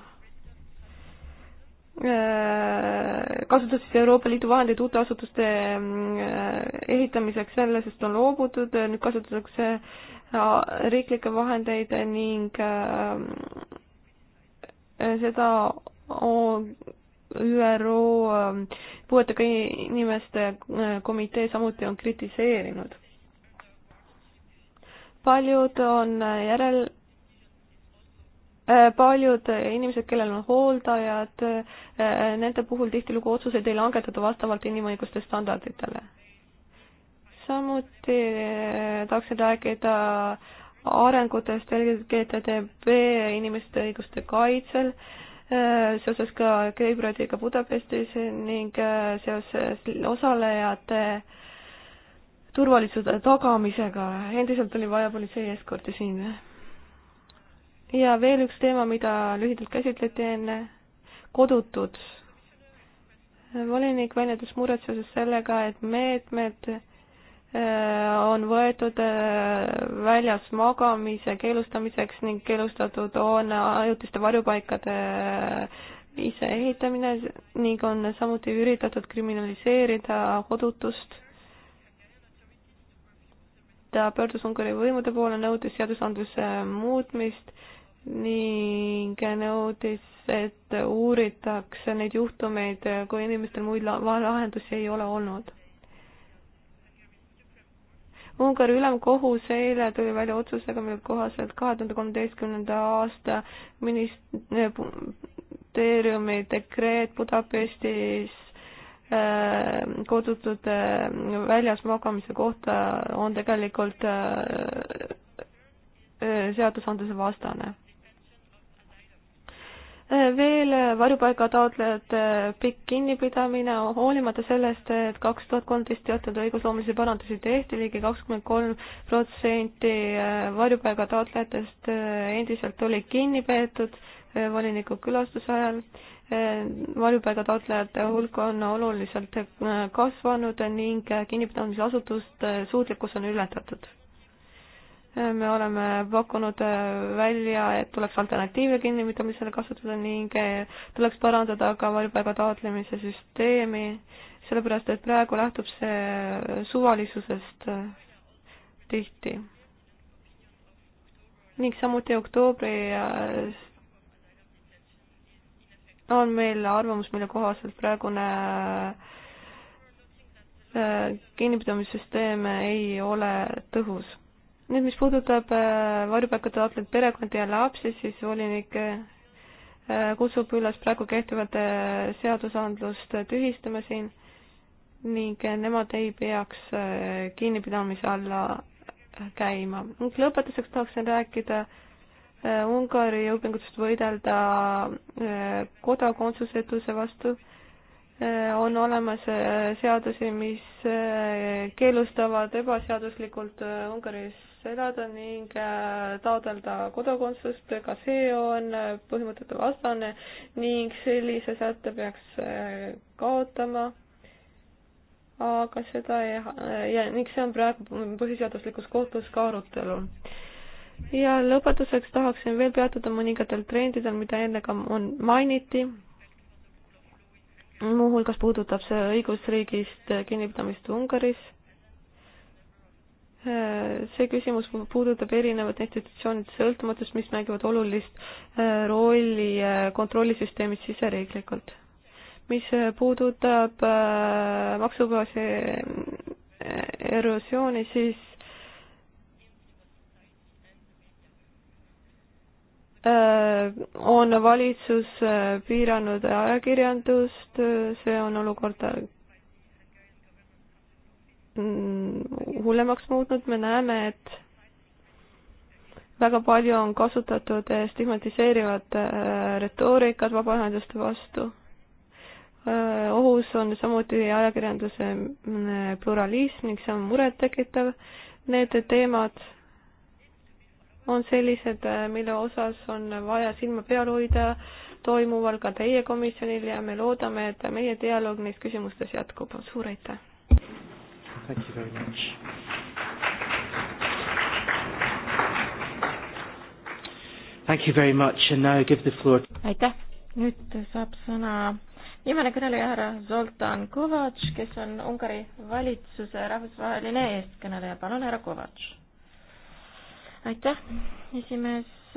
Äh, kasutas siis Euroopa Liidu vahendeid uute asutuste mm, äh, ehitamiseks, sellest on loobutud, nüüd kasutatakse äh, riiklikke vahendeid ning seda ÜRO puuetega inimeste komitee samuti on kritiseerinud. paljud on järel Äh, paljud inimesed, kellel on hooldajad, äh, nende puhul tihtilugu otsuseid ei langetata vastavalt inimõiguste standarditele. samuti äh, tahaksin rääkida arengutest LGTB inimeste õiguste kaitsel, seoses ka Kreibradiga Budapestis ning seoses osalejate turvalisuse tagamisega. endiselt oli vaja politsei eskorti siin ja veel üks teema, mida lühidalt käsitleti enne, kodutud. volinik väljendas muret seoses sellega, et meetmed äh, on võetud äh, väljas magamise keelustamiseks ning keelustatud on ajutiste varjupaikade äh, iseehitamine ning on samuti üritatud kriminaliseerida kodutust ta pöördus Ungari võimude poole, nõudis seadusandluse muutmist ning nõudis, et uuritakse neid juhtumeid, kui inimestel muid lahendusi ei ole olnud. Ungari ülemkohus eile tuli välja otsusega, mille kohaselt kahe tuhande kolmeteistkümnenda aasta ministeeriumi dekreet Budapestis äh, kodutud äh, väljas magamise kohta on tegelikult äh, seadusandluse vastane veel varjupaigataotlejate pikk kinnipidamine, hoolimata sellest, et kaks tuhat kolmteist teatud õigusloomulisi parandusi tehti ligi, ligi kakskümmend kolm protsenti varjupaigataotlejatest endiselt oli kinni peetud voliniku külastuse ajal. varjupaigataotlejate hulk on oluliselt kasvanud ning kinnipidamisasutuste suutlikkus on ületatud me oleme pakkunud äh, välja, et tuleks alternatiive kinnipidamisele kasutada ning äh, tuleks parandada ka varjupaiga taotlemise süsteemi, sellepärast et praegu lähtub see äh, suvalisusest tihti. ning samuti oktoobri on meil arvamus, mille kohaselt praegune kinnipidamissüsteem ei ole tõhus nüüd, mis puudutab äh, varjupaikade taotlejaid perekondi ja lapsi, siis volinik äh, kutsub üles praegu kehtivat äh, seadusandlust tühistama siin ning nemad ei peaks kinnipidamise alla käima. lõpetuseks tahaksin rääkida Ungari jõupingutust võidelda kodakondsusetuse vastu. on olemas seadusi, mis keelustavad ebaseaduslikult Ungaris elada ning äh, taotleda kodakondsust, ka see on äh, põhimõtete vastane ning sellise sätte peaks äh, kaotama. aga seda ei, ja ning see on praegu põhiseaduslikus kohtus ka arutelul. ja lõpetuseks tahaksin veel peatuda mõningatel trendidel, mida enne ka on, mainiti muuhulgas puudutab see õigusriigist kinnipidamist Ungaris see küsimus puudutab erinevaid institutsioonide sõltumatust, mis mängivad olulist äh, rolli äh, kontrollisüsteemis siseriiklikult. mis puudutab äh, maksubaasi erosiooni, siis on valitsus piiranud ajakirjandust, see on olukorda Mm, hullemaks muutnud, me näeme, et väga palju on kasutatud eh, stigmatiseerivat eh, retoorikat vabaühenduste vastu. Eh, ohus on samuti ajakirjanduse mm, pluralism ning see on murettekitav. Need teemad on sellised, mille osas on vaja silma peal hoida toimuval ka teie komisjonil ja me loodame, et meie dialoog neis küsimustes jätkub. suur aitäh! Thank you very much. Thank you very much and now give the floor. aitäh, nüüd saab sõna viimane kõneleja härra Zoltan Kovač, kes on Ungari valitsuse rahvusvaheline eestkõneleja, palun härra Kovač. aitäh, esimees,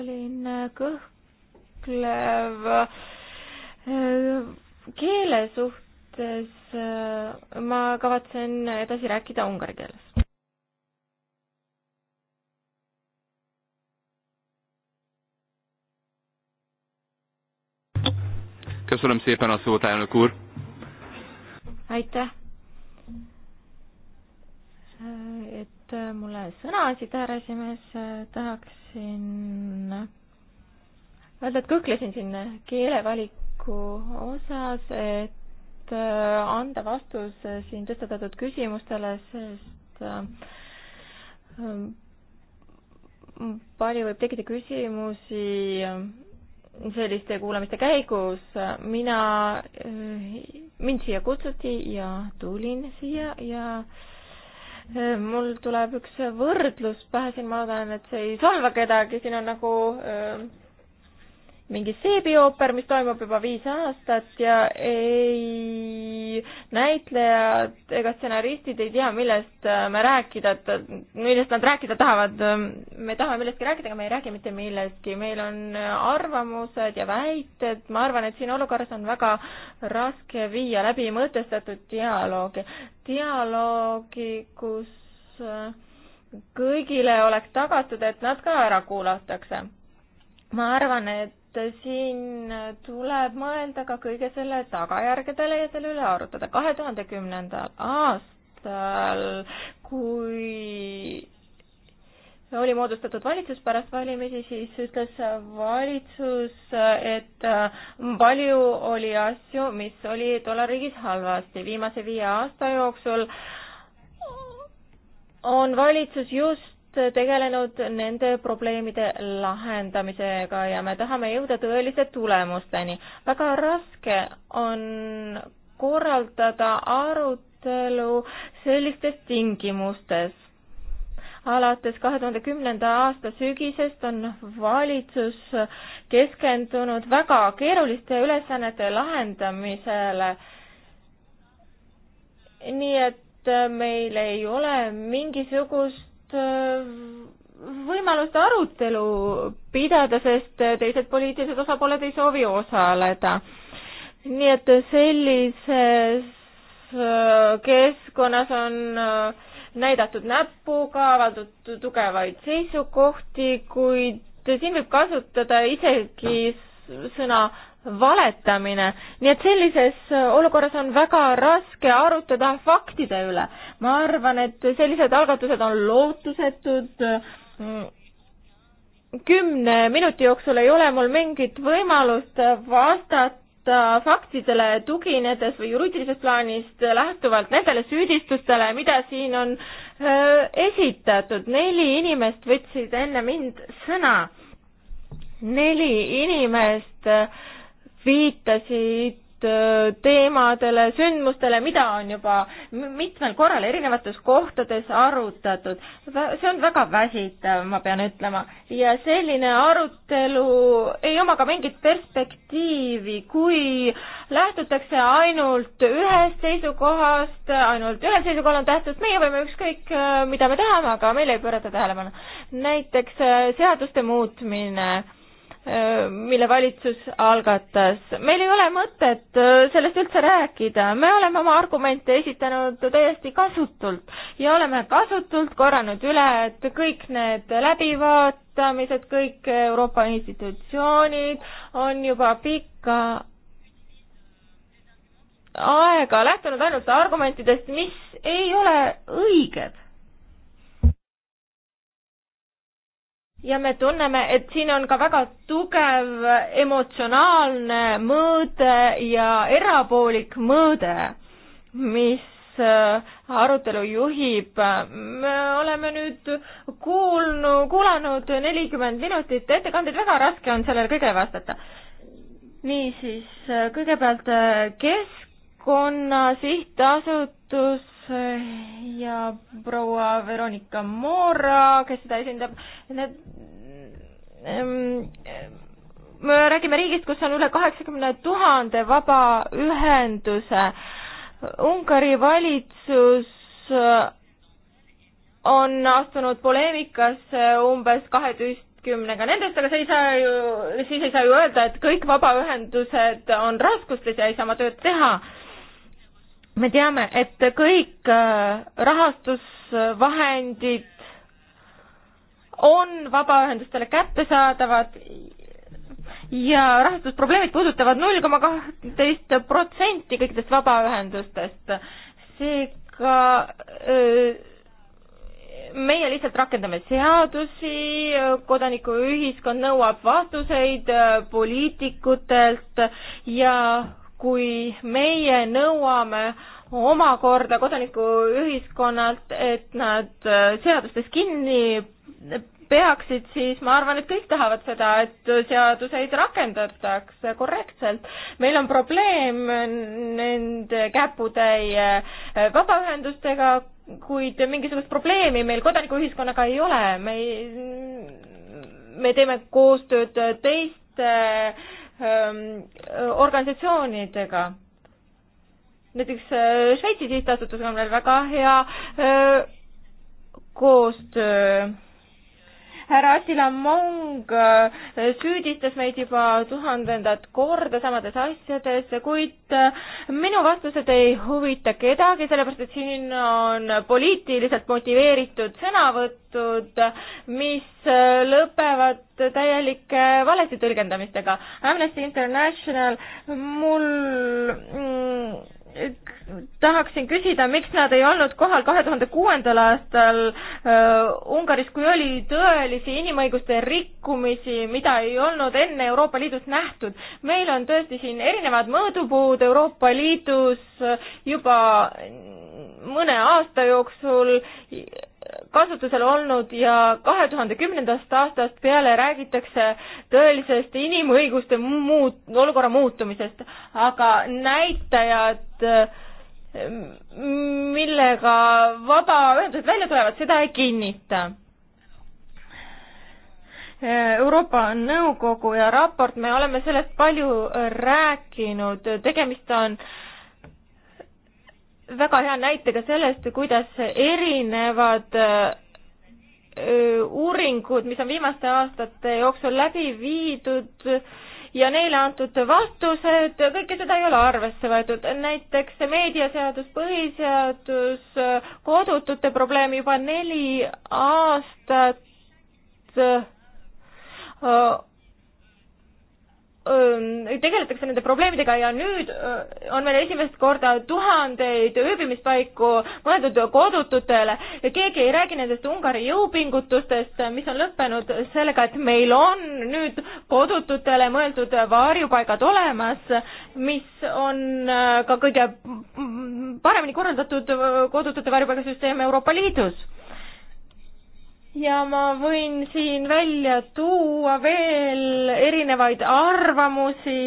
olin kõhklev äh, keele suhtes mõttes äh, ma kavatsen edasi rääkida ungari keeles. Köszönöm szépen a szót, elnök úr. Aitäh, et äh, mulle sõna andsid, härra esimees, äh, tahaksin öelda, et kõhklesin siin keelevaliku osas, et et äh, anda vastus äh, siin tõstatatud küsimustele, sest äh, palju võib tekkida küsimusi selliste kuulamiste käigus. mina, mind siia kutsuti ja tulin siia ja mul tuleb üks võrdlus pähe siin, ma loodan, et see ei solva kedagi, siin on nagu mingi seebiooper, mis toimub juba viis aastat ja ei, näitlejad ega stsenaristid ei tea, millest äh, me rääkida, millest nad rääkida tahavad. me tahame millestki rääkida, aga me ei räägi mitte millestki, meil on äh, arvamused ja väited, ma arvan, et siin olukorras on väga raske viia läbi mõtestatud dialoogi, dialoogi, kus äh, kõigile oleks tagatud, et nad ka ära kuulatakse ma arvan, et et siin tuleb mõelda ka kõige selle tagajärgedele ja selle üle arutada. kahe tuhande kümnendal aastal, kui oli moodustatud valitsus pärast valimisi, siis ütles valitsus, et palju oli asju, mis oli tollal riigis halvasti. viimase viie aasta jooksul on valitsus just tegelenud nende probleemide lahendamisega ja me tahame jõuda tõeliste tulemusteni. väga raske on korraldada arutelu sellistes tingimustes. alates kahe tuhande kümnenda aasta sügisest on valitsus keskendunud väga keeruliste ülesannete lahendamisele. nii et meil ei ole mingisugust Äh, võimalust arutelu pidada, sest teised poliitilised osapooled ei soovi osaleda. nii et sellises äh, keskkonnas on äh, näidatud näpuga, avaldatud tugevaid seisukohti, kuid siin võib kasutada isegi sõna valetamine. nii et sellises äh, olukorras on väga raske arutada faktide üle. ma arvan, et sellised algatused on lootusetud. Mm, kümne minuti jooksul ei ole mul mingit võimalust vastata faktidele tuginedes või juriidilisest plaanist lähtuvalt nendele süüdistustele, mida siin on äh, esitatud. neli inimest võtsid enne mind sõna. neli inimest äh, viitasid äh, teemadele, sündmustele, mida on juba mitmel korral erinevates kohtades arutatud. see on väga väsitav, ma pean ütlema. ja selline arutelu ei oma ka mingit perspektiivi, kui lähtutakse ainult ühest seisukohast, ainult ühel seisukohal on tähtsust, meie võime ükskõik, äh, mida me tahame, aga meile ei pöörata tähelepanu. näiteks äh, seaduste muutmine Äh, mille valitsus algatas. meil ei ole mõtet äh, sellest üldse rääkida, me oleme oma argumente esitanud täiesti kasutult ja oleme kasutult korranud üle, et kõik need läbivaatamised, kõik Euroopa institutsioonid on juba pikka aega lähtunud ainult argumentidest, mis ei ole õiged ja me tunneme, et siin on ka väga tugev emotsionaalne mõõde ja erapoolik mõõde, mis äh, arutelu juhib. me oleme nüüd kuulnud, kuulanud nelikümmend minutit ettekandeid, väga raske on sellele kõigele vastata. niisiis, äh, kõigepealt äh, Keskkonna Sihtasutus ja proua Veronika Moora, kes seda esindab, need ehm, ehm, me räägime riigist, kus on üle kaheksakümne tuhande vabaühenduse. Ungari valitsus äh, on astunud poleemikasse umbes kaheteistkümnega nendest, aga see ei saa ju, siis ei saa ju öelda, et kõik vabaühendused on raskustes ja ei saa oma tööd teha me teame, et kõik äh, rahastusvahendid on vabaühendustele kättesaadavad ja rahastusprobleemid puudutavad null koma kahteteist protsenti kõikidest vabaühendustest. seega äh, meie lihtsalt rakendame seadusi, kodanikuühiskond nõuab vastuseid äh, poliitikutelt ja kui meie nõuame omakorda kodanikuühiskonnalt, et nad äh, seadustes kinni peaksid, siis ma arvan, et kõik tahavad seda, et seaduseid rakendatakse korrektselt. meil on probleem nende käputäie äh, vabaühendustega, kuid mingisugust probleemi meil kodanikuühiskonnaga ei ole, me ei, me teeme koostööd teiste äh, Ähm, äh, organisatsioonidega. näiteks äh, Šveitsi sihtasutusega on meil väga hea öö, äh, koostöö härra Attila Mong äh, süüdistas meid juba tuhandendat korda samades asjades, kuid äh, minu vastused ei huvita kedagi, sellepärast et siin on poliitiliselt motiveeritud sõnavõtud, mis äh, lõpevad täielike valesti tõlgendamistega. Amnesty International mul mm, tahaksin küsida, miks nad ei olnud kohal kahe tuhande kuuendal aastal äh, Ungaris, kui oli tõelisi inimõiguste rikkumisi, mida ei olnud enne Euroopa Liidus nähtud. meil on tõesti siin erinevad mõõdupuud Euroopa Liidus äh, juba mõne aasta jooksul kasutusel olnud ja kahe tuhande kümnendast aastast peale räägitakse tõelisest inimõiguste muut-, olukorra muutumisest, aga näitajad, millega vabaühendused välja tulevad, seda ei kinnita. Euroopa Nõukogu ja raport, me oleme sellest palju rääkinud, tegemist on äh, väga hea näitega sellest, kuidas erinevad äh, uuringud, mis on viimaste aastate jooksul läbi viidud ja neile antud vastused, kõike seda ei ole arvesse võetud, näiteks meediaseadus, põhiseadus, kodutute probleem juba neli aastat äh, tegeletakse nende probleemidega ja nüüd on meil esimest korda tuhandeid ööbimispaiku mõeldud kodututele ja keegi ei räägi nendest Ungari jõupingutustest, mis on lõppenud sellega, et meil on nüüd kodututele mõeldud varjupaigad olemas, mis on ka kõige paremini korraldatud kodutute varjupaigasüsteem Euroopa Liidus ja ma võin siin välja tuua veel erinevaid arvamusi,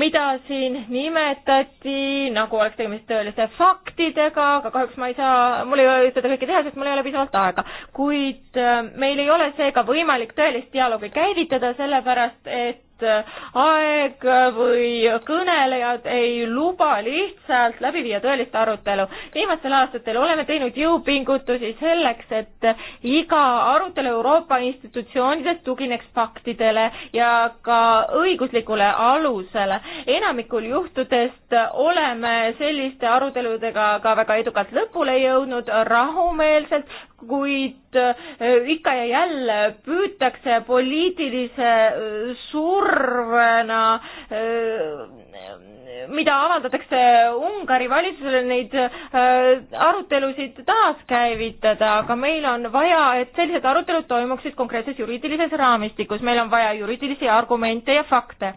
mida siin nimetati, nagu oleks tegemist tõeliste faktidega, aga kahjuks ma ei saa, mul ei ole seda kõike teha, sest mul ei ole piisavalt aega. kuid äh, meil ei ole seega võimalik tõelist dialoogi käivitada, sellepärast et et äh, aeg või kõnelejad ei luba lihtsalt läbi viia tõelist arutelu. viimastel aastatel oleme teinud jõupingutusi selleks, et iga arutelu Euroopa institutsioonides tugineks faktidele ja ka õiguslikule alusele. enamikul juhtudest oleme selliste aruteludega ka väga edukalt lõpule jõudnud, rahumeelselt, kuid äh, ikka ja jälle püütakse poliitilise äh, surve survena, eh, mida avaldatakse Ungari valitsusele neid eh, arutelusid taaskäivitada, aga meil on vaja, et sellised arutelud toimuksid konkreetses juriidilises raamistikus, meil on vaja juriidilisi argumente ja fakte.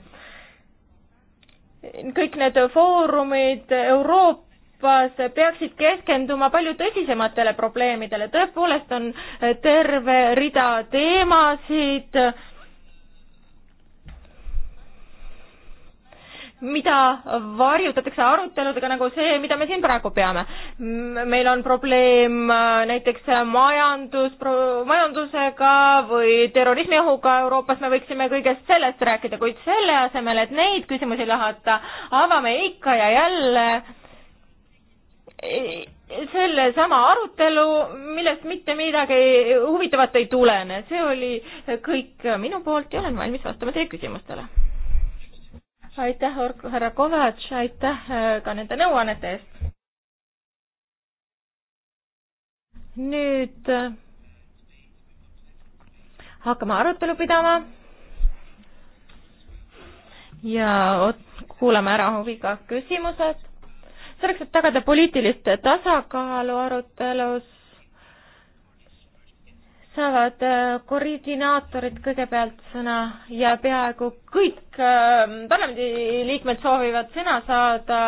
kõik need foorumid Euroopa Euroopas peaksid keskenduma palju tõsisematele probleemidele, tõepoolest on terve rida teemasid äh,, mida varjutatakse aruteludega nagu see, mida me siin praegu peame. meil on probleem äh, näiteks majandus, majandusega või terrorismiohuga Euroopas, me võiksime kõigest sellest rääkida, kuid selle asemel, et neid küsimusi lahata, avame ikka ja jälle sellesama arutelu, millest mitte midagi huvitavat ei tulene. see oli kõik minu poolt ja olen valmis vastama teie küsimustele aitäh, härra Kovatš, aitäh äh, ka nende nõuannete eest. nüüd äh, hakkame arutelu pidama ja kuulame ära huviga küsimused. selleks, et tagada poliitilist tasakaalu arutelus, saavad äh, koordinaatorid kõigepealt sõna ja peaaegu kõik äh, parlamendiliikmed soovivad sõna saada,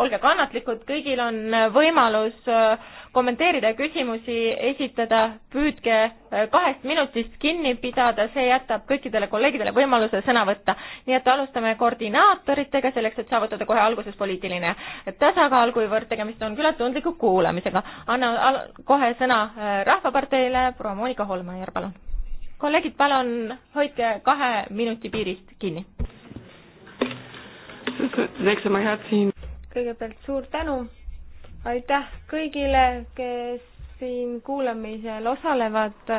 olge kannatlikud, kõigil on võimalus äh, kommenteerida ja küsimusi esitada, püüdke äh, kahest minutist kinni pidada, see jätab kõikidele kolleegidele võimaluse sõna võtta. nii et alustame koordinaatoritega, selleks et saavutada kohe alguses poliitiline tasakaal, kuivõrd tegemist on küllalt tundliku kuulamisega. anna kohe sõna äh, Rahvaparteile, proua Monika Holmajärv, palun. kolleegid, palun hoidke kahe minuti piirist kinni. kõigepealt suur tänu aitäh kõigile, kes siin kuulamisel osalevad.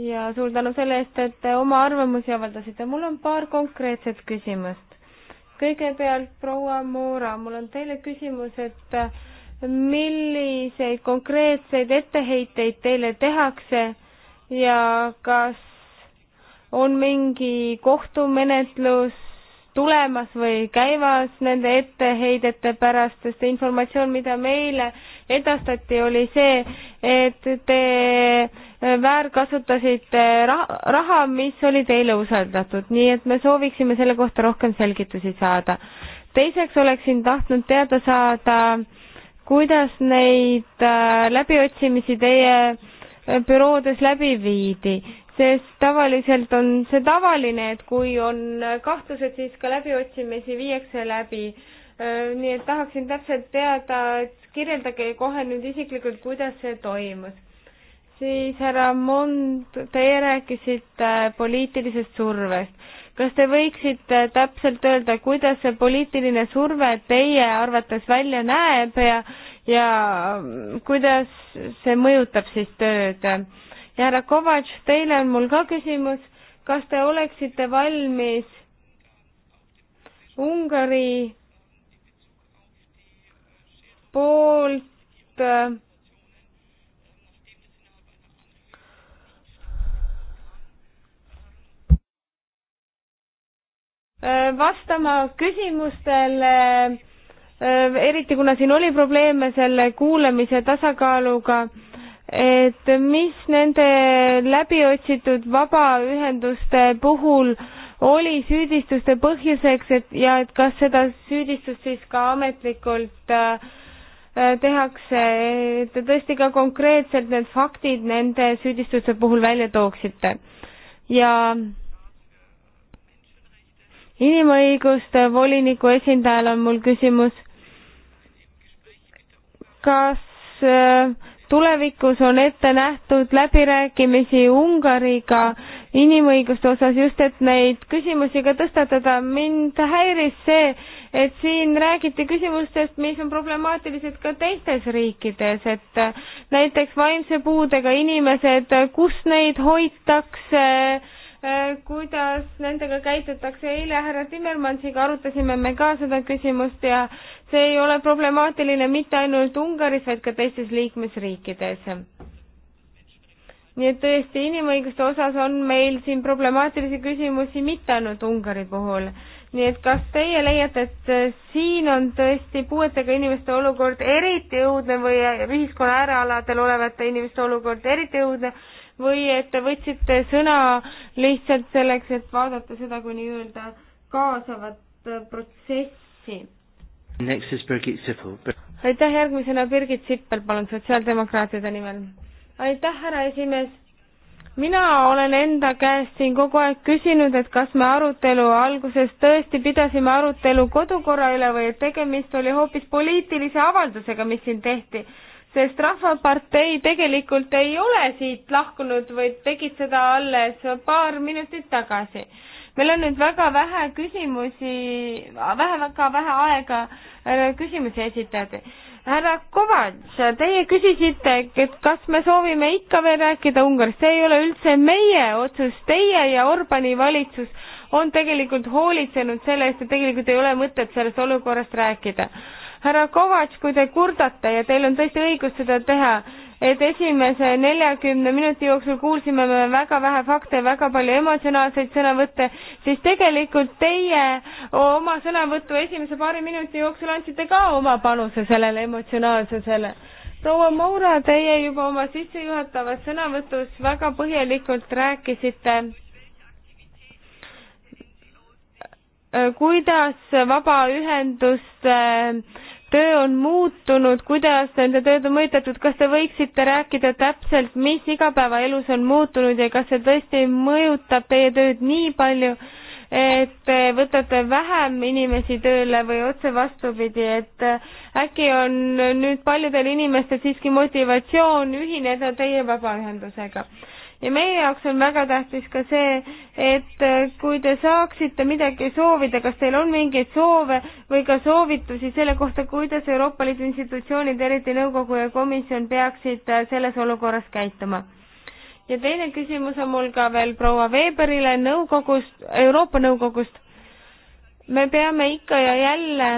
ja suur tänu selle eest, et te oma arvamusi avaldasite. mul on paar konkreetset küsimust. kõigepealt proua Moora, mul on teile küsimus, et milliseid konkreetseid etteheiteid teile tehakse ja kas on mingi kohtumenetlus tulemas või käimas nende etteheidete pärast, sest informatsioon, mida meile edastati, oli see, et te äh, väärkasutasite raha, mis oli teile usaldatud, nii et me sooviksime selle kohta rohkem selgitusi saada. teiseks oleksin tahtnud teada saada, kuidas neid äh, läbiotsimisi teie äh, büroodes läbi viidi sest tavaliselt on see tavaline, et kui on kahtlused, siis ka läbiotsimisi viiakse läbi. Äh, nii et tahaksin täpselt teada, et kirjeldage kohe nüüd isiklikult, kuidas see toimus. siis härra Mond, teie rääkisite poliitilisest survest. kas te võiksite täpselt öelda, kuidas see poliitiline surve teie arvates välja näeb ja, ja kuidas see mõjutab siis tööd? ja härra Kovatš, teile on mul ka küsimus, kas te oleksite valmis Ungari poolt äh, vastama küsimustele, äh, eriti kuna siin oli probleeme selle kuulamise tasakaaluga et mis nende läbiotsitud vabaühenduste puhul oli süüdistuste põhjuseks, et ja et kas seda süüdistust siis ka ametlikult äh, äh, tehakse, et te tõesti ka konkreetselt need faktid nende süüdistuste puhul välja tooksite. ja inimõiguste voliniku esindajal on mul küsimus, kas äh, tulevikus on ette nähtud läbirääkimisi Ungariga inimõiguste osas, just et neid küsimusi ka tõstatada. mind häiris see, et siin räägiti küsimustest, mis on problemaatilised ka teistes riikides, et näiteks vaimse puudega inimesed, kus neid hoitakse äh,, Äh, kuidas nendega käitutakse. eile härra Timmermansiga arutasime me ka seda küsimust ja see ei ole problemaatiline mitte ainult Ungaris, vaid ka teistes liikmesriikides. nii et tõesti, inimõiguste osas on meil siin problemaatilisi küsimusi mitte ainult Ungari puhul. nii et kas teie leiate, et siin on tõesti puuetega inimeste olukord eriti õudne või ühiskonna äärealadel olevate inimeste olukord eriti õudne või et te võtsite sõna lihtsalt selleks, et vaadata seda kui nii-öelda kaasavat äh, protsessi? aitäh, järgmisena Birgit Sippel, palun, sotsiaaldemokraatide nimel. aitäh, härra esimees mina olen enda käest siin kogu aeg küsinud, et kas me arutelu alguses tõesti pidasime arutelu kodukorra üle või et tegemist oli hoopis poliitilise avaldusega, mis siin tehti sest Rahvapartei tegelikult ei ole siit lahkunud, vaid tegid seda alles paar minutit tagasi. meil on nüüd väga vähe küsimusi, vähe, väga vähe aega äh, küsimusi esitada. härra Kovatš, teie küsisite, et kas me soovime ikka veel rääkida Ungarist, see ei ole üldse meie otsus, teie ja Orbani valitsus on tegelikult hoolitsenud selle eest, et tegelikult ei ole mõtet sellest olukorrast rääkida härra Kovatš, kui te kurdate ja teil on tõesti õigus seda teha, et esimese neljakümne minuti jooksul kuulsime me väga vähe fakte, väga palju emotsionaalseid sõnavõtte, siis tegelikult teie oma sõnavõtu esimese paari minuti jooksul andsite ka oma panuse sellele emotsionaalsusele. proua Moura, teie juba oma sissejuhatavas sõnavõtus väga põhjalikult rääkisite kuidas vabaühenduste äh, töö on muutunud, kuidas nende tööd on mõjutatud, kas te võiksite rääkida täpselt, mis igapäevaelus on muutunud ja kas see tõesti mõjutab teie tööd nii palju, et te võtate vähem inimesi tööle või otse vastupidi, et äh, äkki on nüüd paljudel inimestel siiski motivatsioon ühineda teie vabaühendusega? ja meie jaoks on väga tähtis ka see, et äh, kui te saaksite midagi soovida, kas teil on mingeid soove või ka soovitusi selle kohta, kuidas Euroopa Liidu institutsioonid, eriti nõukogu ja komisjon, peaksid äh, selles olukorras käituma? ja teine küsimus on mul ka veel proua Weberile nõukogust, Euroopa Nõukogust. me peame ikka ja jälle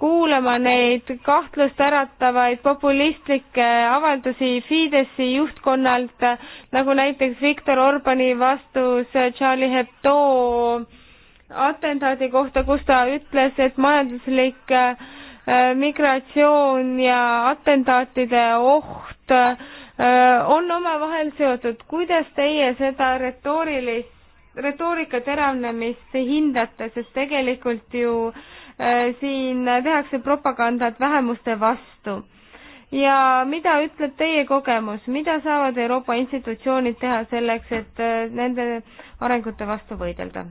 kuulama neid kahtlust äratavaid populistlikke avaldusi Fideszi juhtkonnalt, nagu näiteks Viktor Orbani vastus Charlie Hebdo atentaadi kohta, kus ta ütles, et majanduslik äh, migratsioon ja atentaatide oht äh, on omavahel seotud. kuidas teie seda retoorilist, retoorika teravnemist hindate, sest tegelikult ju äh, Äh, siin tehakse propagandat vähemuste vastu. ja mida ütleb teie kogemus, mida saavad Euroopa institutsioonid teha selleks, et äh, nende arengute vastu võidelda?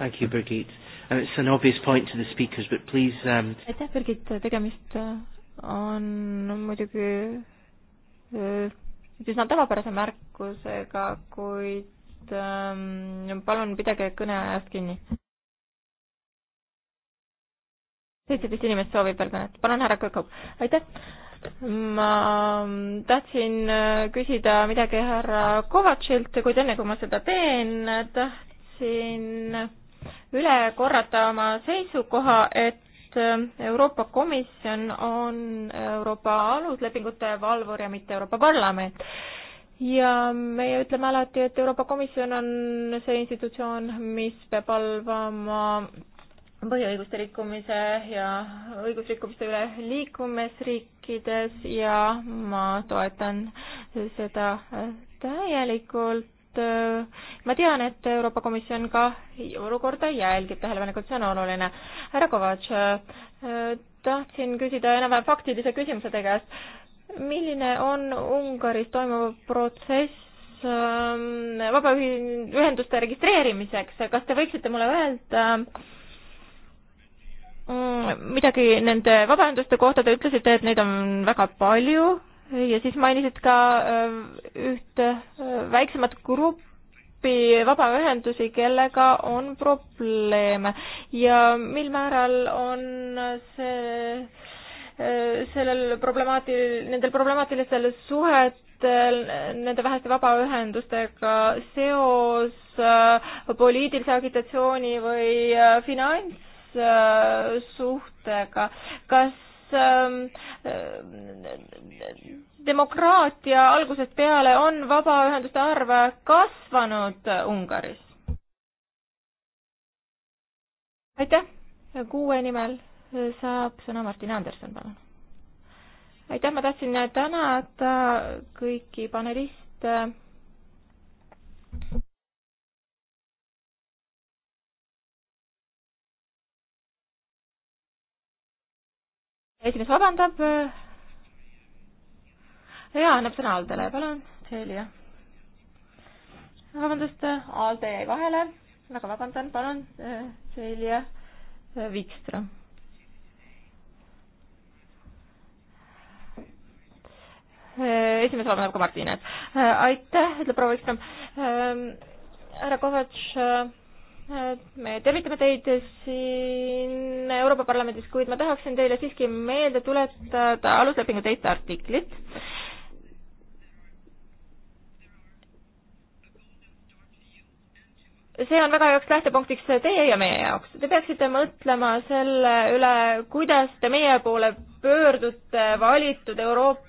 Uh, um, aitäh, Birgit, tegemist äh, on muidugi üsna tavapärase märkusega, kuid ähm, palun pidage kõne ajast kinni seitseteist inimest soovib veel kõnet, palun härra Kõkop, aitäh. ma tahtsin äh, küsida midagi härra Kovatšilt, kuid enne kui ma seda teen, tahtsin üle korrata oma seisukoha, et äh, Euroopa Komisjon on Euroopa aluslepingute valvur ja mitte Euroopa Parlament ja meie ütleme alati, et Euroopa Komisjon on see institutsioon, mis peab valvama põhiõiguste rikkumise ja õigusrikkumiste üle liikumisriikides ja ma toetan seda täielikult. ma tean, et Euroopa Komisjon ka olukorda jälgib tähelepanelikult, see on oluline. härra Kovatš, tahtsin küsida enam-vähem faktilise küsimuse teie käest. milline on Ungaris toimuv protsess ähm, vabaühenduste registreerimiseks, kas te võiksite mulle öelda äh, Mm, midagi nende vabaühenduste kohta, te ütlesite, et neid on väga palju ja siis mainisid ka äh, ühte äh, väiksemat gruppi, vabaühendusi, kellega on probleeme ja mil määral on see äh, sellel problemaatil-, nendel problemaatilistel suhetel nende väheste vabaühendustega seos poliitilise agitatsiooni või finants Äh, suhtega, kas ähm, demokraatia algusest peale on vabaühenduste arv kasvanud Ungaris? aitäh, kuue nimel saab sõna Martin Anderson, palun. aitäh, ma tahtsin tänada kõiki paneliste esimees vabandab. ja annab sõna Aldele, palun, Celia. vabandust, Alde jäi vahele, väga vabandan, palun, Celia Vikström. esimees vabandab ka Martin, et aitäh, ütleb proua Vikström. Ehm, härra Kovatš Äh, me tervitame teid siin Euroopa Parlamendis, kuid ma tahaksin teile siiski meelde tuletada aluslepingu teist artiklit, see on väga heaks lähtepunktiks teie ja meie jaoks. Te peaksite mõtlema selle üle, kuidas te meie poole pöördute valitud Euroopa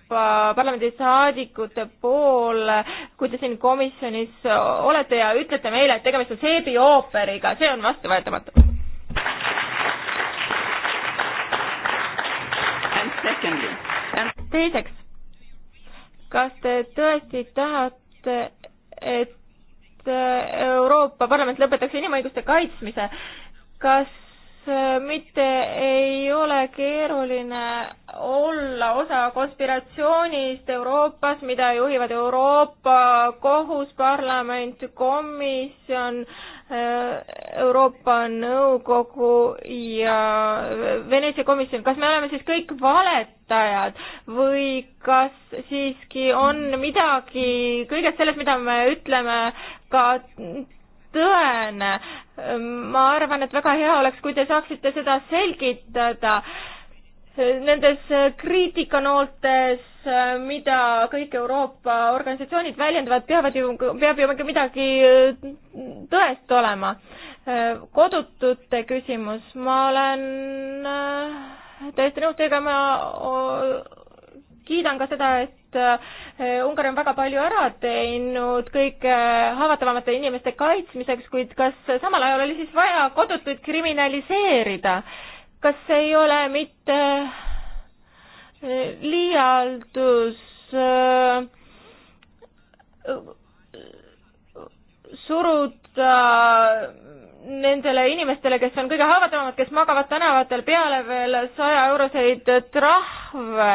Parlamendi saadikute poole, kui te siin komisjonis olete ja ütlete meile, et tegemist on seebi ooperiga, see on vastuvõetamatu. teiseks, kas te tõesti tahate, et et äh, Euroopa Parlament lõpetaks inimõiguste kaitsmise. kas äh, mitte ei ole keeruline olla osa konspiratsioonist Euroopas, mida juhivad Euroopa Kohus, parlament, komisjon, äh, Euroopa Nõukogu ja Veneetsia komisjon, kas me oleme siis kõik valet kasutajad või kas siiski on midagi kõigest sellest, mida me ütleme, ka tõene? ma arvan, et väga hea oleks, kui te saaksite seda selgitada nendes kriitikanooltes, mida kõik Euroopa organisatsioonid väljendavad, peavad ju, peab ju midagi tõest olema. kodutute küsimus, ma olen täiesti nõus teiega, ma kiidan ka seda, et eh, Ungari on väga palju ära teinud kõige eh, haavatavamate inimeste kaitsmiseks, kuid kas samal ajal oli siis vaja kodutuid kriminaliseerida? kas ei ole mitte eh, liialdus suruda nendele inimestele, kes on kõige haavatavamad, kes magavad tänavatel peale veel saja euroseid trahve.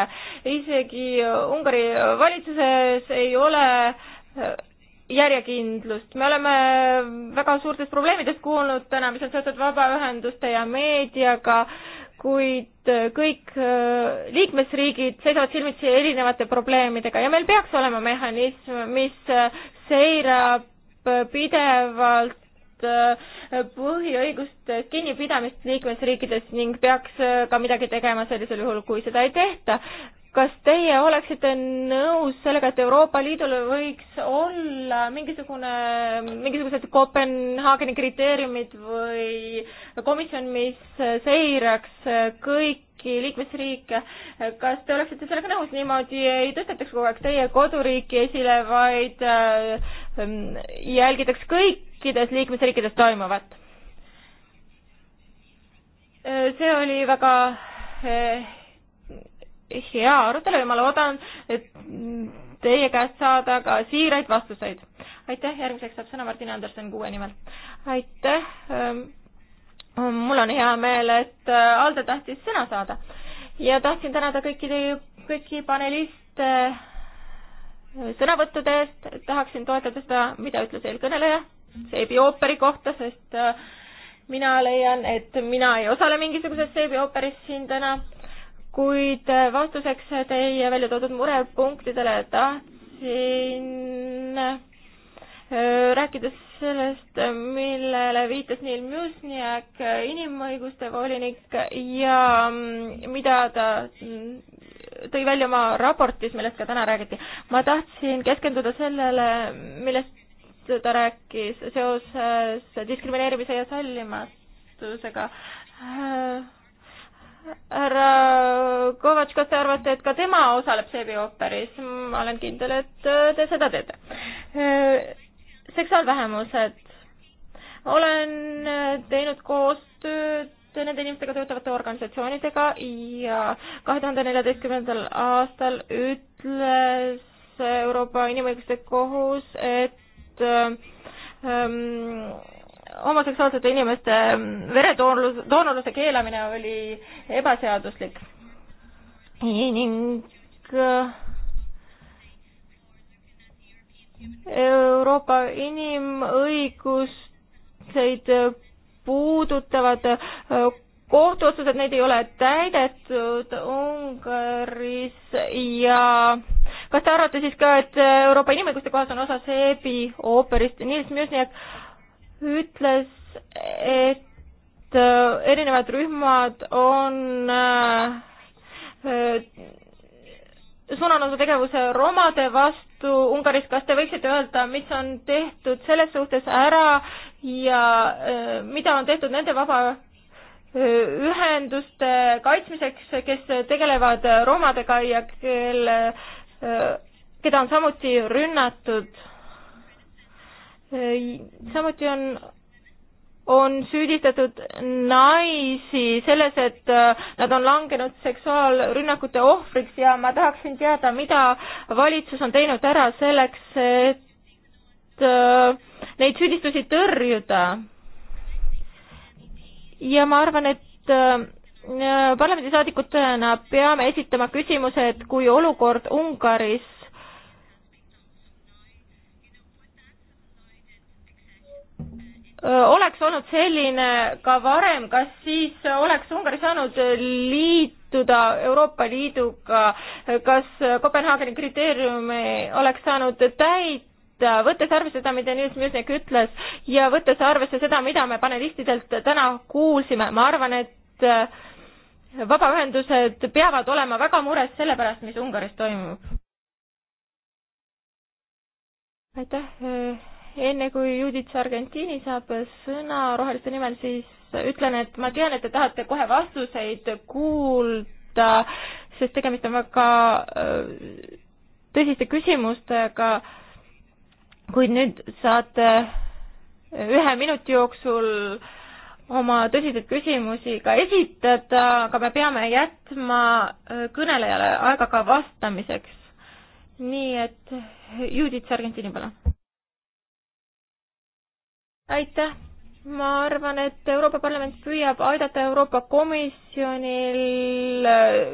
isegi Ungari valitsuses ei ole äh, järjekindlust. me oleme väga suurtest probleemidest kuulnud täna, mis on seotud vabaühenduste ja meediaga, kuid äh, kõik äh, liikmesriigid seisavad silmitsi erinevate probleemidega ja meil peaks olema mehhanism, mis seirab pidevalt Äh, põhiõigustest kinnipidamist liikmesriikides ning peaks äh, ka midagi tegema sellisel juhul, kui seda ei tehta. kas teie oleksite nõus sellega, et Euroopa Liidul võiks olla mingisugune, mingisugused Kopenhaageni kriteeriumid või komisjon, mis seiraks kõik äh, kõiki liikmesriike. kas te oleksite sellega nõus, niimoodi ei tõstetaks kogu aeg teie koduriiki esile, vaid Ehm, jälgitakse kõikides liikmesriikides toimuvat. Ehm, see oli väga eh, hea arutelu ja ma loodan, et teie käest saada ka siiraid vastuseid. aitäh, järgmiseks saab sõna Martin Anderson kuue nimel. aitäh, ehm, mul on hea meel, et eh, Alde tahtis sõna saada ja tahtsin tänada kõiki teie, kõiki paneliste sõnavõttude eest, tahaksin toetada seda, mida ütles eelkõneleja seebi ooperi kohta, sest äh, mina leian, et mina ei osale mingisuguses seebi ooperis siin täna, kuid äh, vastuseks teie välja toodud murepunktidele tahtsin äh, rääkides sellest, millele viitas Neil Musniak, inimõiguste volinik ja mm, mida ta mm, tõi välja oma raportis, millest ka täna räägiti. ma tahtsin keskenduda sellele, millest ta rääkis seoses diskrimineerimise ja sallimatusega. härra Kovatš, kas te arvate, et ka tema osaleb Seebi ooperis? ma olen kindel, et te seda teete. seksuaalvähemused. olen teinud koostööd nende inimestega töötavate organisatsioonidega ja kahe tuhande neljateistkümnendal aastal ütles Euroopa Inimõiguste Kohus, et ähm, homoseksuaalsete inimeste veretoonlus, toonluse keelamine oli ebaseaduslik ning äh, Euroopa inimõiguseid puudutavad kohtuotsused, neid ei ole täidetud Ungaris ja kas te arvate siis ka, et Euroopa Inimõiguste Kohas on osa Seebi ooperist, Nils Müsniak ütles, et erinevad rühmad on suunanud tegevuse romade vastu Ungaris, kas te võiksite öelda, mis on tehtud selles suhtes ära ja äh, mida on tehtud nende vaba äh, ühenduste kaitsmiseks, kes tegelevad äh, romadega ja kelle, keda on samuti rünnatud. samuti on, on süüdistatud naisi selles, et nad on langenud seksuaalrünnakute ohvriks ja ma tahaksin teada, mida valitsus on teinud ära selleks, et Äh, neid süüdistusi tõrjuda. ja ma arvan, et äh, parlamendisaadikutena peame esitama küsimuse, et kui olukord Ungaris äh, oleks olnud selline ka varem, kas siis oleks Ungari saanud liituda Euroopa Liiduga, kas Kopenhaageni kriteeriumi oleks saanud täita? Äh, võttes arvesse seda, mida Nils Müsnik ütles ja võttes arvesse seda, mida me panelistidelt täna kuulsime, ma arvan, et äh, vabaühendused peavad olema väga mures selle pärast, mis Ungaris toimub. aitäh, äh, enne kui Judith Sargentini saab sõna roheliste nimel, siis ütlen, et ma tean, et te tahate kohe vastuseid kuulda, sest tegemist on väga tõsiste küsimustega kuid nüüd saate ühe minuti jooksul oma tõsiseid küsimusi ka esitada, aga me peame jätma kõnelejale aega ka vastamiseks. nii et Judith Sargentini, palun. aitäh, ma arvan, et Euroopa Parlament püüab aidata Euroopa Komisjonil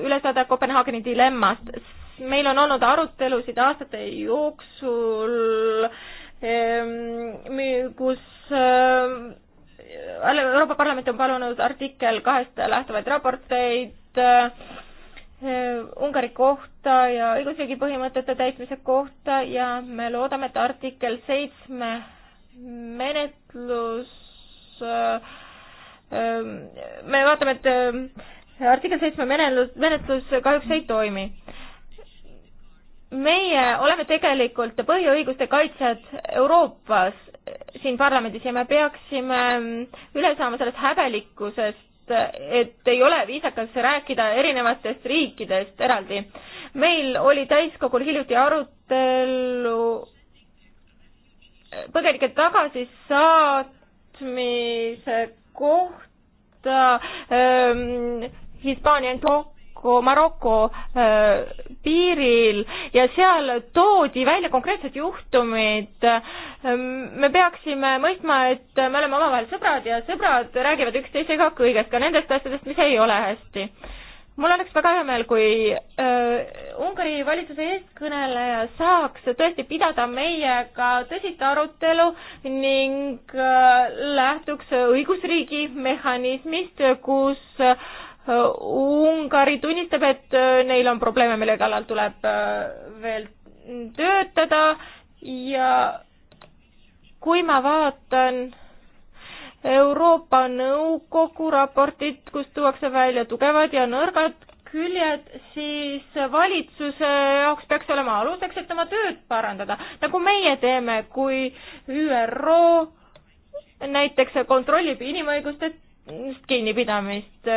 üle saada Kopenhaageni dilemmast. meil on olnud arutelusid aastate jooksul äh, Ehm, kus äh, Euroopa Parlament on palunud artikkel kahest lähtuvaid raporteid äh, Ungari kohta ja õigusriigi põhimõtete täitmise kohta ja me loodame, et artikkel seitsme menetlus, äh, ähm, me vaatame, et artikkel seitsme menetlus, menetlus kahjuks ei toimi meie oleme tegelikult põhiõiguste kaitsjad Euroopas siin parlamendis ja me peaksime mm, üle saama sellest häbelikkusest, et ei ole viisakas rääkida erinevatest riikidest eraldi. meil oli täiskogul hiljuti arutelu põgenike tagasisaatmise kohta ähm, Hispaania Maroko, Maroko äh, piiril ja seal toodi välja konkreetsed juhtumid. Ähm, me peaksime mõistma, et me oleme omavahel sõbrad ja sõbrad räägivad üksteisega kõigest, ka nendest asjadest, mis ei ole hästi mul oleks väga hea meel, kui äh, Ungari valitsuse eestkõneleja saaks tõesti pidada meiega tõsist arutelu ning äh, lähtuks õigusriigi mehhanismist, kus äh, Ungari tunnistab, et äh, neil on probleeme, mille kallal tuleb äh, veel töötada ja kui ma vaatan Euroopa Nõukogu raportit, kus tuuakse välja tugevad ja nõrgad küljed, siis valitsuse jaoks peaks olema aluseks, et oma tööd parandada, nagu meie teeme, kui ÜRO näiteks kontrollib inimõiguste kinnipidamist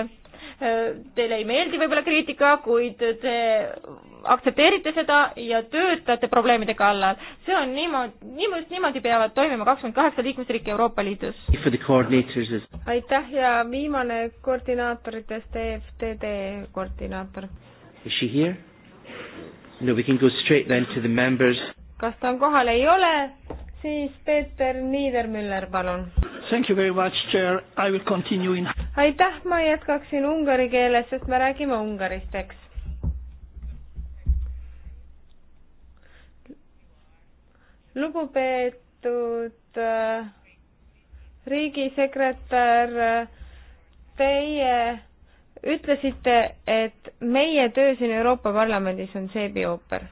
teile ei meeldi võib-olla kriitika, kuid te aktsepteerite seda ja töötate probleemide kallal. see on niimoodi, niimoodi, niimoodi peavad toimima kakskümmend kaheksa liikmesriiki Euroopa Liidus. aitäh ja viimane koordinaatoritest, EFTD koordinaator. Is she here? No we can go straight then to the members. kas ta on kohal, ei ole, siis Peeter Niedermüller, palun. Thank you very much, chair, I will continue in. aitäh, ma jätkaksin ungari keeles, sest me räägime Ungarist, eks. lugupeetud äh, riigisekretär äh,, teie ütlesite, et meie töö siin Euroopa Parlamendis on seebiooper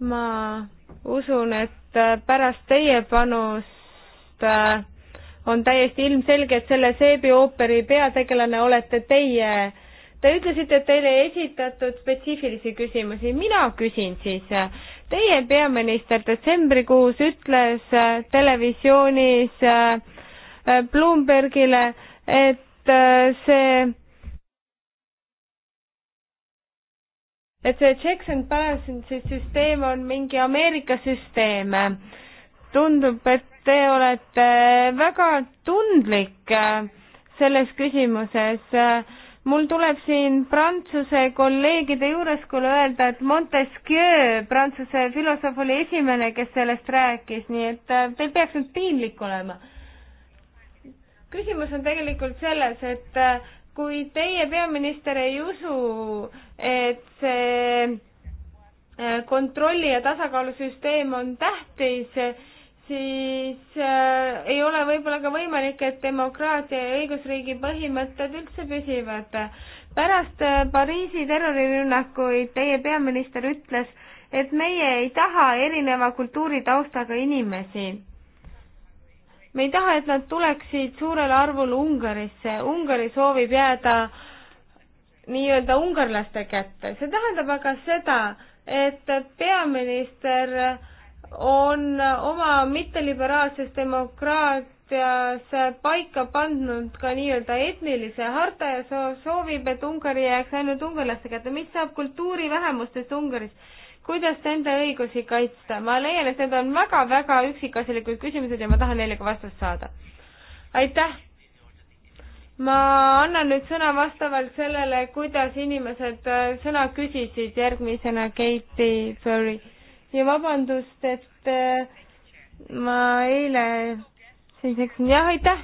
ma usun, et äh, pärast teie panust äh, on täiesti ilmselge, et selle Seebi ooperi peategelane olete teie. Te ütlesite, et teile ei esitatud spetsiifilisi küsimusi, mina küsin siis. Äh, teie peaminister detsembrikuus ütles televisioonis Bloombergile, et see et see checks and balances süsteem on mingi Ameerika süsteem. tundub, et te olete väga tundlik äh, selles küsimuses. mul tuleb siin prantsuse kolleegide juures kuule öelda, et Montesquieu, prantsuse filosoof, oli esimene, kes sellest rääkis, nii et äh, teil peaks nüüd piinlik olema küsimus on tegelikult selles, et äh, kui teie peaminister ei usu, et see äh, kontrolli ja tasakaalusüsteem on tähtis, siis äh, ei ole võib-olla ka võimalik, et demokraatia ja õigusriigi põhimõtted üldse püsivad. pärast äh, Pariisi terrorirünnakuid teie peaminister ütles, et meie ei taha erineva kultuuritaustaga inimesi me ei taha, et nad tuleksid suurel arvul Ungarisse, Ungari soovib jääda nii-öelda ungarlaste kätte, see tähendab aga seda, et peaminister on oma mitteliberaalses demokraatias paika pandud ka nii-öelda etnilise harta ja soovib, et Ungari jääks ainult ungarlaste kätte. mis saab kultuurivähemustest Ungaris? kuidas nende õigusi kaitsta? ma leian, et need on väga-väga üksikasjalikud küsimused ja ma tahan neile ka vastust saada. aitäh! ma annan nüüd sõna vastavalt sellele, kuidas inimesed äh, sõna küsisid, järgmisena Katie Furry. ja vabandust, et äh, ma eile siis eksin, jah, aitäh!